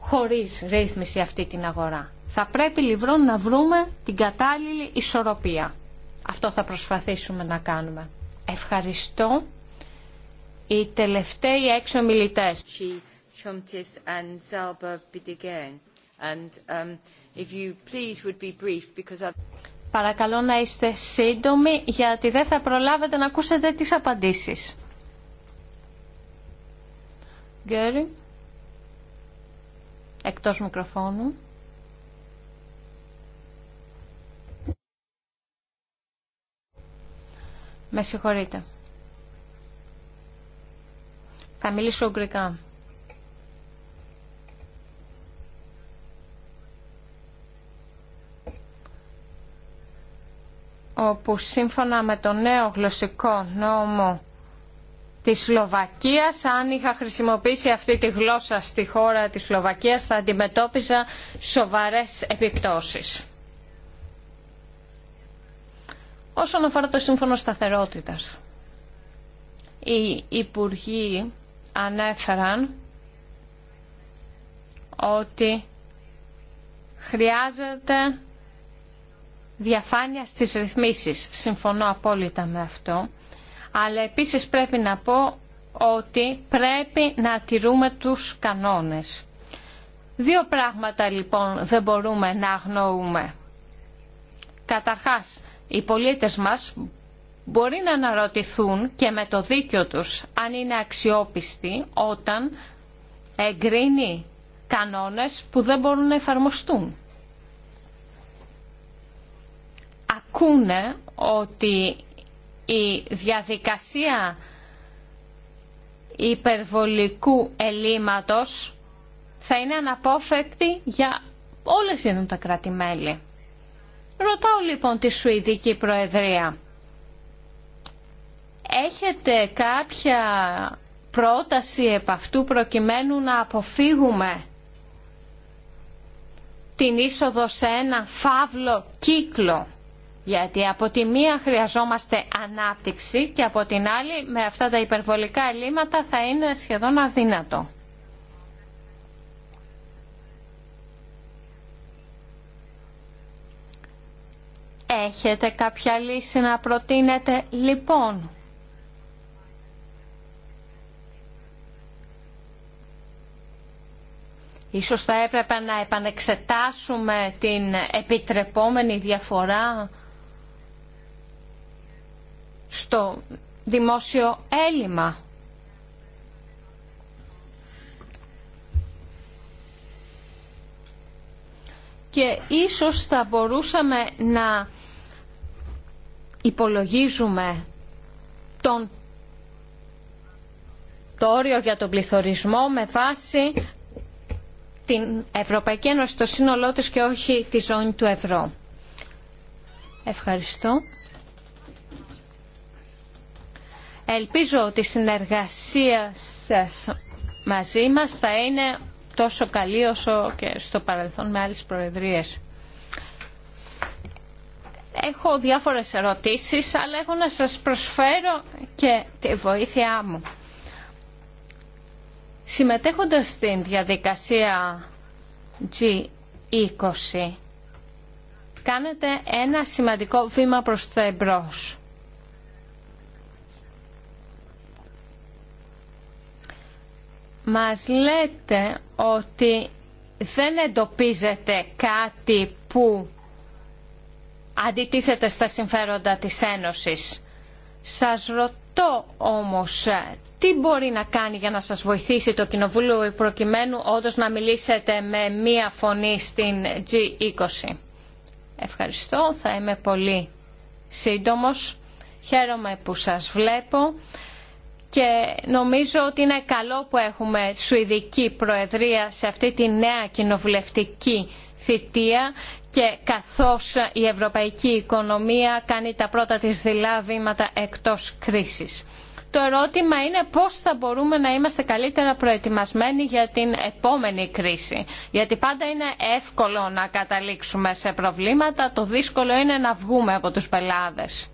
χωρίς ρύθμιση αυτή την αγορά. Θα πρέπει λοιπόν να βρούμε την κατάλληλη ισορροπία. Αυτό θα προσπαθήσουμε να κάνουμε. Ευχαριστώ. Οι τελευταίοι έξω μιλητές. Παρακαλώ να είστε σύντομοι γιατί δεν θα προλάβετε να ακούσετε τις απαντήσεις. Γκέρι, εκτός μικροφώνου. Με συγχωρείτε. Θα μιλήσω γκρικά. όπου σύμφωνα με το νέο γλωσσικό νόμο της Σλοβακίας, αν είχα χρησιμοποιήσει αυτή τη γλώσσα στη χώρα της Σλοβακίας, θα αντιμετώπιζα σοβαρές επιπτώσεις. Όσον αφορά το Σύμφωνο Σταθερότητας, οι Υπουργοί ανέφεραν ότι χρειάζεται διαφάνεια στις ρυθμίσεις. Συμφωνώ απόλυτα με αυτό. Αλλά επίσης πρέπει να πω ότι πρέπει να τηρούμε τους κανόνες. Δύο πράγματα λοιπόν δεν μπορούμε να αγνοούμε. Καταρχάς, οι πολίτες μας μπορεί να αναρωτηθούν και με το δίκιο τους αν είναι αξιόπιστοι όταν εγκρίνει κανόνες που δεν μπορούν να εφαρμοστούν. ακούνε ότι η διαδικασία υπερβολικού ελίματος θα είναι αναπόφευκτη για όλες είναι τα κράτη-μέλη. Ρωτάω λοιπόν τη Σουηδική Προεδρία. Έχετε κάποια πρόταση επ' αυτού προκειμένου να αποφύγουμε την είσοδο σε ένα φαύλο κύκλο γιατί από τη μία χρειαζόμαστε ανάπτυξη και από την άλλη με αυτά τα υπερβολικά ελλείμματα θα είναι σχεδόν αδύνατο. Έχετε κάποια λύση να προτείνετε λοιπόν. Ίσως θα έπρεπε να επανεξετάσουμε την επιτρεπόμενη διαφορά στο δημόσιο έλλειμμα. Και ίσως θα μπορούσαμε να υπολογίζουμε τον το όριο για τον πληθωρισμό με βάση την Ευρωπαϊκή Ένωση, το σύνολό της και όχι τη ζώνη του ευρώ. Ευχαριστώ. Ελπίζω ότι η συνεργασία σας μαζί μας θα είναι τόσο καλή όσο και στο παρελθόν με άλλες προεδρίες. Έχω διάφορες ερωτήσεις, αλλά έχω να σας προσφέρω και τη βοήθειά μου. Συμμετέχοντας στην διαδικασία G20, κάνετε ένα σημαντικό βήμα προς το εμπρός. μας λέτε ότι δεν εντοπίζετε κάτι που αντιτίθεται στα συμφέροντα της Ένωσης. Σας ρωτώ όμως τι μπορεί να κάνει για να σας βοηθήσει το Κοινοβούλιο προκειμένου όντως να μιλήσετε με μία φωνή στην G20. Ευχαριστώ, θα είμαι πολύ σύντομος. Χαίρομαι που σας βλέπω και νομίζω ότι είναι καλό που έχουμε Σουηδική Προεδρία σε αυτή τη νέα κοινοβουλευτική θητεία και καθώς η ευρωπαϊκή οικονομία κάνει τα πρώτα της δειλά βήματα εκτός κρίσης. Το ερώτημα είναι πώς θα μπορούμε να είμαστε καλύτερα προετοιμασμένοι για την επόμενη κρίση. Γιατί πάντα είναι εύκολο να καταλήξουμε σε προβλήματα, το δύσκολο είναι να βγούμε από τους πελάδες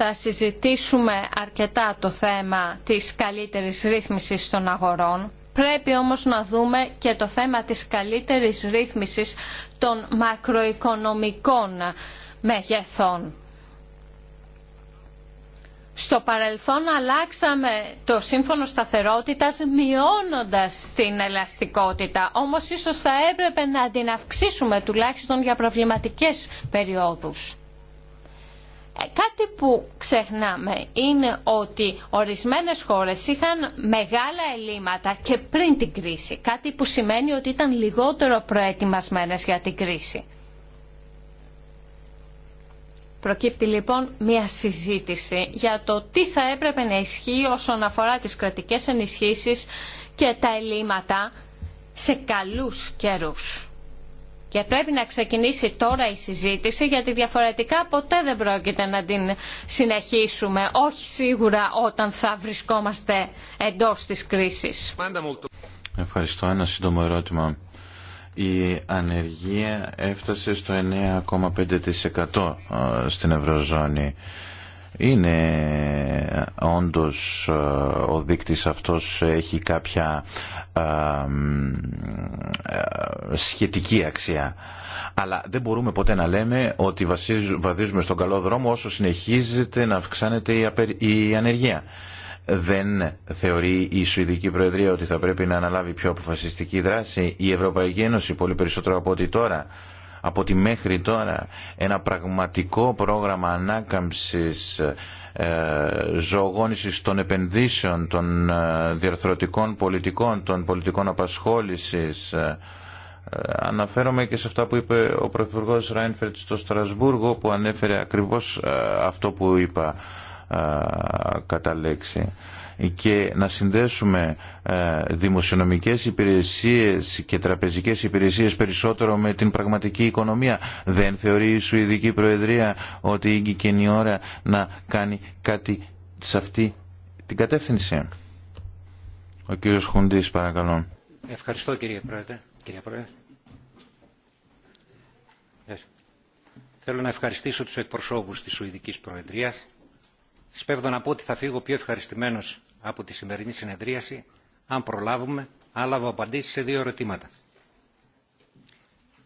θα συζητήσουμε αρκετά το θέμα της καλύτερης ρύθμισης των αγορών. Πρέπει όμως να δούμε και το θέμα της καλύτερης ρύθμισης των μακροοικονομικών μεγεθών. Στο παρελθόν αλλάξαμε το σύμφωνο σταθερότητας μειώνοντας την ελαστικότητα, όμως ίσως θα έπρεπε να την αυξήσουμε τουλάχιστον για προβληματικές περιόδους. Ε, κάτι που ξεχνάμε είναι ότι ορισμένες χώρες είχαν μεγάλα ελλείμματα και πριν την κρίση. Κάτι που σημαίνει ότι ήταν λιγότερο προετοιμασμένες για την κρίση. Προκύπτει λοιπόν μια συζήτηση για το τι θα έπρεπε να ισχύει όσον αφορά τις κρατικές ενισχύσεις και τα ελλείμματα σε καλούς καιρούς. Και πρέπει να ξεκινήσει τώρα η συζήτηση γιατί διαφορετικά ποτέ δεν πρόκειται να την συνεχίσουμε. Όχι σίγουρα όταν θα βρισκόμαστε εντός της κρίσης. Ευχαριστώ. Ένα σύντομο ερώτημα. Η ανεργία έφτασε στο 9,5% ε, στην Ευρωζώνη είναι όντως ε, ο δείκτης αυτός έχει κάποια ε, ε, σχετική αξία. Αλλά δεν μπορούμε ποτέ να λέμε ότι βαδίζουμε στον καλό δρόμο όσο συνεχίζεται να αυξάνεται η, η ανεργία. Δεν θεωρεί η Σουηδική Προεδρία ότι θα πρέπει να αναλάβει πιο αποφασιστική δράση η Ευρωπαϊκή Ένωση πολύ περισσότερο από ό,τι τώρα από τη μέχρι τώρα ένα πραγματικό πρόγραμμα ανάκαμψης ε, ζωογόνησης των επενδύσεων, των ε, διαρθρωτικών πολιτικών, των πολιτικών απασχόλησης. Ε, αναφέρομαι και σε αυτά που είπε ο Πρωθυπουργό Ράινφερτ στο Στρασβούργο που ανέφερε ακριβώς αυτό που είπα κατά λέξη και να συνδέσουμε ε, δημοσιονομικές υπηρεσίες και τραπεζικές υπηρεσίες περισσότερο με την πραγματική οικονομία. Δεν θεωρεί η Σουηδική Προεδρία ότι ήγηκε και η ώρα να κάνει κάτι σε αυτή την κατεύθυνση. Ο κύριος Χουντής παρακαλώ. Ευχαριστώ κύριε Πρόεδρε. Κύριε Πρόεδρε. Θέλω να ευχαριστήσω τους εκπροσώπους της Σουηδικής Προεδρίας. Σπέβδω να πω ότι θα φύγω πιο ευχαριστημένος από τη σημερινή συνεδρίαση, αν προλάβουμε, άλαβα απαντήσει σε δύο ερωτήματα.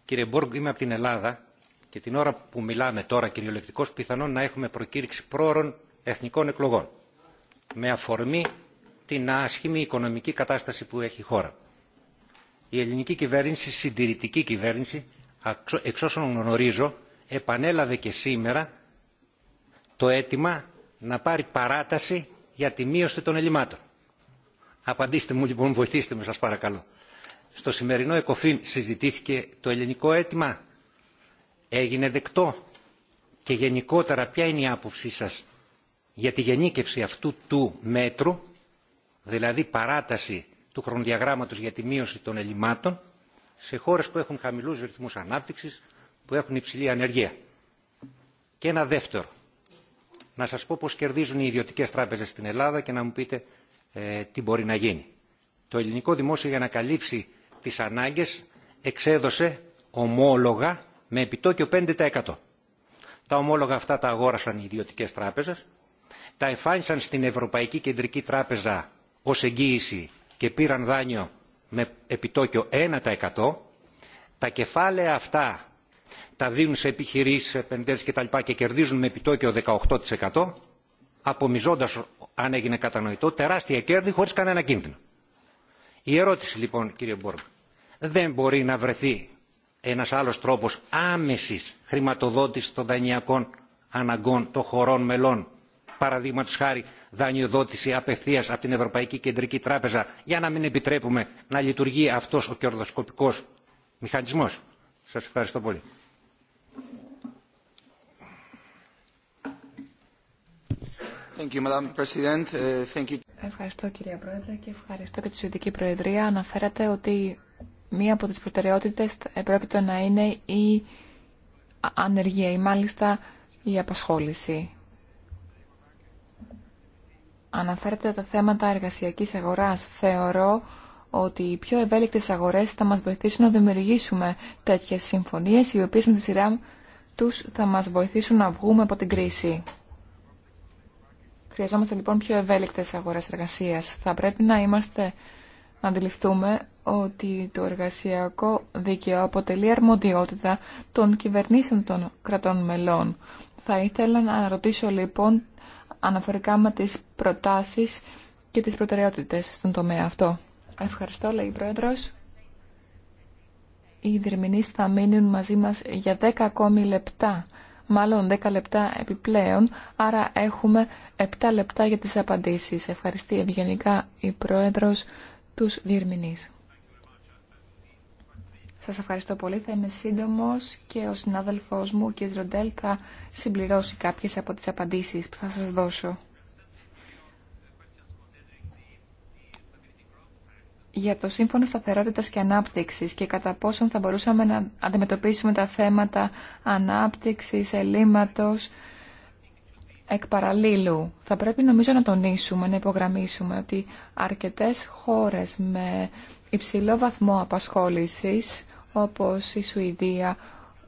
Κύριε Μπόργκ, είμαι από την Ελλάδα και την ώρα που μιλάμε τώρα κυριολεκτικώς πιθανόν να έχουμε προκήρυξη πρόωρων εθνικών εκλογών με αφορμή την άσχημη οικονομική κατάσταση που έχει η χώρα. Η ελληνική κυβέρνηση, συντηρητική κυβέρνηση, εξ όσων γνωρίζω, επανέλαβε και σήμερα το αίτημα να πάρει παράταση για τη μείωση των ελλημάτων. Απαντήστε μου λοιπόν, βοηθήστε με σας παρακαλώ. Στο σημερινό ΕΚΟΦΗΝ συζητήθηκε το ελληνικό αίτημα. Έγινε δεκτό. Και γενικότερα ποια είναι η άποψή σας για τη γενίκευση αυτού του μέτρου, δηλαδή παράταση του χρονοδιαγράμματος για τη μείωση των ελλημάτων, σε χώρες που έχουν χαμηλούς ρυθμούς ανάπτυξης, που έχουν υψηλή ανεργία. Και ένα δεύτερο να σας πω πώς κερδίζουν οι ιδιωτικές τράπεζες στην Ελλάδα και να μου πείτε ε, τι μπορεί να γίνει. Το ελληνικό δημόσιο για να καλύψει τις ανάγκες εξέδωσε ομόλογα με επιτόκιο 5%. Τα ομόλογα αυτά τα αγόρασαν οι ιδιωτικές τράπεζες, τα εφάνισαν στην Ευρωπαϊκή Κεντρική Τράπεζα ως εγγύηση και πήραν δάνειο με επιτόκιο 1%. Τα κεφάλαια αυτά τα δίνουν σε επιχειρήσει, σε κτλ. και κερδίζουν με επιτόκιο 18% απομιζώντας, αν έγινε κατανοητό, τεράστια κέρδη χωρί κανένα κίνδυνο. Η ερώτηση λοιπόν κύριε Μπόργκ, δεν μπορεί να βρεθεί ένα άλλο τρόπο άμεση χρηματοδότηση των δανειακών αναγκών των χωρών μελών παραδείγματο χάρη δανειοδότηση απευθεία από την Ευρωπαϊκή Κεντρική Τράπεζα για να μην επιτρέπουμε να λειτουργεί αυτό ο κερδοσκοπικό μηχανισμό. Σα ευχαριστώ πολύ. Uh, ευχαριστώ κυρία Πρόεδρε και ευχαριστώ και τη Σουηδική Προεδρία. Αναφέρατε ότι μία από τις προτεραιότητες πρόκειται να είναι η ανεργία ή μάλιστα η απασχόληση. Αναφέρετε τα θέματα εργασιακής αγοράς. Θεωρώ ότι οι πιο ευέλικτες αγορές θα μας βοηθήσουν να δημιουργήσουμε τέτοιες συμφωνίες, οι οποίες με τη σειρά τους θα μας βοηθήσουν να βγούμε από την κρίση. Χρειαζόμαστε λοιπόν πιο ευέλικτες αγορές εργασίας. Θα πρέπει να είμαστε να αντιληφθούμε ότι το εργασιακό δίκαιο αποτελεί αρμοδιότητα των κυβερνήσεων των κρατών μελών. Θα ήθελα να ρωτήσω λοιπόν αναφορικά με τις προτάσεις και τις προτεραιότητες στον τομέα αυτό. Ευχαριστώ, λέει η Πρόεδρος. Οι διερμηνείς θα μείνουν μαζί μας για 10 ακόμη λεπτά μάλλον 10 λεπτά επιπλέον, άρα έχουμε 7 λεπτά για τις απαντήσεις. Ευχαριστεί ευγενικά η Πρόεδρος τους διερμηνείς. Σας ευχαριστώ πολύ. Θα είμαι σύντομος και ο συνάδελφός μου, ο κ. Ροντέλ, θα συμπληρώσει κάποιες από τις απαντήσεις που θα σας δώσω. για το Σύμφωνο Σταθερότητας και Ανάπτυξης και κατά πόσον θα μπορούσαμε να αντιμετωπίσουμε τα θέματα ανάπτυξης, ελλείμματος, εκ παραλίλου. Θα πρέπει νομίζω να τονίσουμε, να υπογραμμίσουμε ότι αρκετές χώρες με υψηλό βαθμό απασχόλησης, όπως η Σουηδία,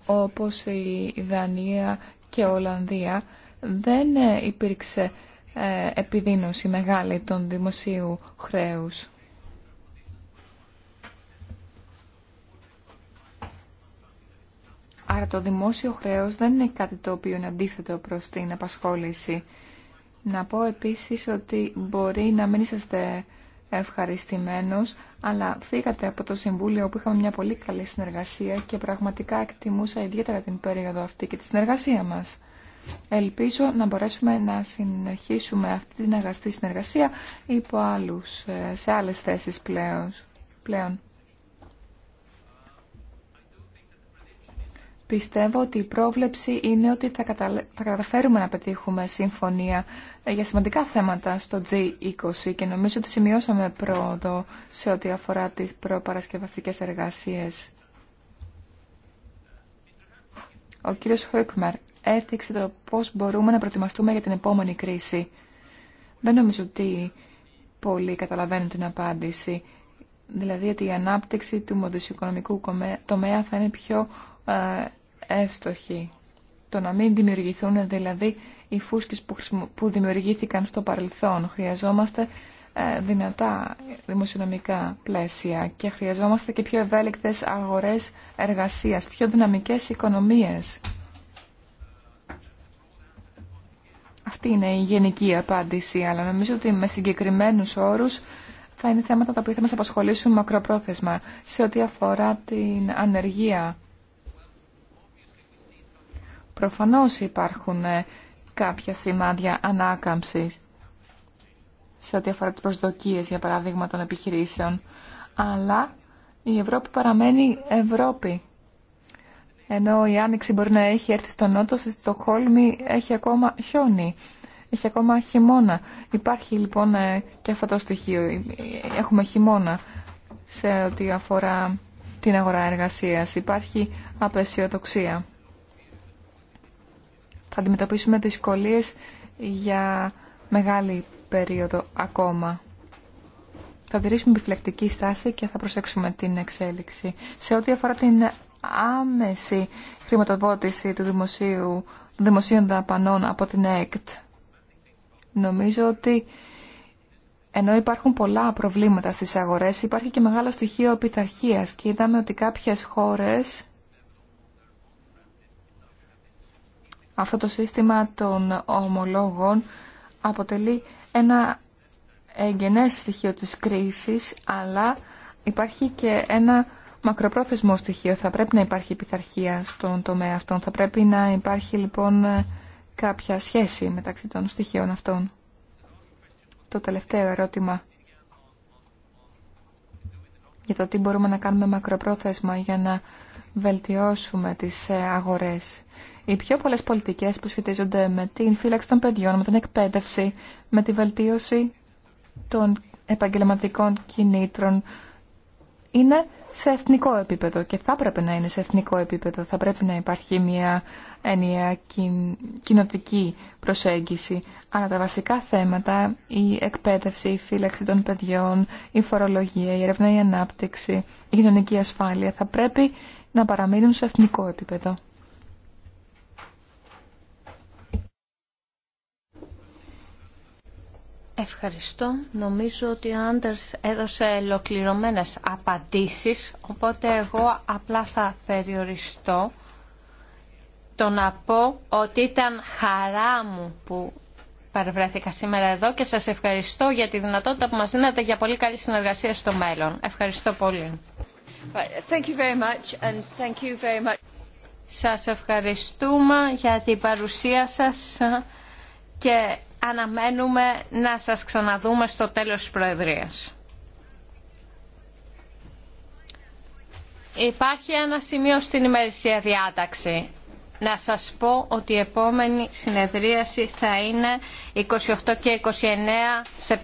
όπως η Δανία και η Ολλανδία, δεν ε, υπήρξε ε, επιδείνωση μεγάλη των δημοσίου χρέους. Άρα το δημόσιο χρέος δεν είναι κάτι το οποίο είναι αντίθετο προς την απασχόληση. Να πω επίσης ότι μπορεί να μην είσαστε ευχαριστημένος, αλλά φύγατε από το Συμβούλιο που είχαμε μια πολύ καλή συνεργασία και πραγματικά εκτιμούσα ιδιαίτερα την περίοδο αυτή και τη συνεργασία μας. Ελπίζω να μπορέσουμε να συνεχίσουμε αυτή την αγαστή συνεργασία υπό άλλους, ε, σε άλλες θέσεις πλέον. πλέον. Πιστεύω ότι η πρόβλεψη είναι ότι θα, θα καταφέρουμε να πετύχουμε συμφωνία ε, για σημαντικά θέματα στο G20 και νομίζω ότι σημειώσαμε πρόοδο σε ό,τι αφορά τις προπαρασκευαστικές εργασίες. Ο κύριος Χόικμαρ έθιξε το πώς μπορούμε να προετοιμαστούμε για την επόμενη κρίση. Δεν νομίζω ότι πολλοί καταλαβαίνουν την απάντηση. Δηλαδή ότι η ανάπτυξη του μοδησιοοικονομικού τομέα θα είναι πιο ε, εύστοχοι Το να μην δημιουργηθούν δηλαδή οι φούσκες που, που δημιουργήθηκαν στο παρελθόν. Χρειαζόμαστε ε, δυνατά δημοσιονομικά πλαίσια και χρειαζόμαστε και πιο ευέλικτες αγορές εργασίας, πιο δυναμικές οικονομίες. Αυτή είναι η γενική απάντηση, αλλά νομίζω ότι με συγκεκριμένους όρους θα είναι θέματα τα οποία θα μας απασχολήσουν μακροπρόθεσμα σε ό,τι αφορά την ανεργία Προφανώς υπάρχουν ε, κάποια σημάδια ανάκαμψης σε ό,τι αφορά τις προσδοκίες, για παράδειγμα, των επιχειρήσεων. Αλλά η Ευρώπη παραμένει Ευρώπη. Ενώ η Άνοιξη μπορεί να έχει έρθει στο Νότο, στη Στοχόλμη έχει ακόμα χιόνι. Έχει ακόμα χειμώνα. Υπάρχει λοιπόν ε, και αυτό το στοιχείο. Έχουμε χειμώνα σε ό,τι αφορά την αγορά εργασίας. Υπάρχει απεσιοδοξία θα αντιμετωπίσουμε δυσκολίες για μεγάλη περίοδο ακόμα. Θα τηρήσουμε επιφυλακτική στάση και θα προσέξουμε την εξέλιξη. Σε ό,τι αφορά την άμεση χρηματοδότηση του δημοσίου, των δημοσίων δαπανών από την ΕΚΤ, νομίζω ότι ενώ υπάρχουν πολλά προβλήματα στις αγορές, υπάρχει και μεγάλο στοιχείο πειθαρχίας και είδαμε ότι κάποιες χώρες Αυτό το σύστημα των ομολόγων αποτελεί ένα εγγενές στοιχείο της κρίσης, αλλά υπάρχει και ένα μακροπρόθεσμο στοιχείο. Θα πρέπει να υπάρχει πειθαρχία στον τομέα αυτόν. Θα πρέπει να υπάρχει λοιπόν κάποια σχέση μεταξύ των στοιχείων αυτών. Το τελευταίο ερώτημα για το τι μπορούμε να κάνουμε μακροπρόθεσμα για να βελτιώσουμε τις ε, αγορές. Οι πιο πολλές πολιτικές που σχετίζονται με την φύλαξη των παιδιών, με την εκπαίδευση, με τη βελτίωση των επαγγελματικών κινήτρων είναι σε εθνικό επίπεδο και θα πρέπει να είναι σε εθνικό επίπεδο. Θα πρέπει να υπάρχει μια ενιαία κοινοτική προσέγγιση. Αλλά τα βασικά θέματα, η εκπαίδευση, η φύλαξη των παιδιών, η φορολογία, η έρευνα, η ανάπτυξη, η κοινωνική ασφάλεια θα πρέπει να παραμείνουν σε εθνικό επίπεδο. Ευχαριστώ. Νομίζω ότι ο Άντερς έδωσε ολοκληρωμένε απαντήσεις, οπότε εγώ απλά θα περιοριστώ το να πω ότι ήταν χαρά μου που παρευρέθηκα σήμερα εδώ και σας ευχαριστώ για τη δυνατότητα που μας δίνατε για πολύ καλή συνεργασία στο μέλλον. Ευχαριστώ πολύ. Thank Σας ευχαριστούμε για την παρουσία σας και αναμένουμε να σας ξαναδούμε στο τέλος της Προεδρίας. Υπάρχει ένα σημείο στην ημερησία διάταξη. Να σας πω ότι η επόμενη συνεδρίαση θα είναι 28 και 29 Σεπτεμβρίου.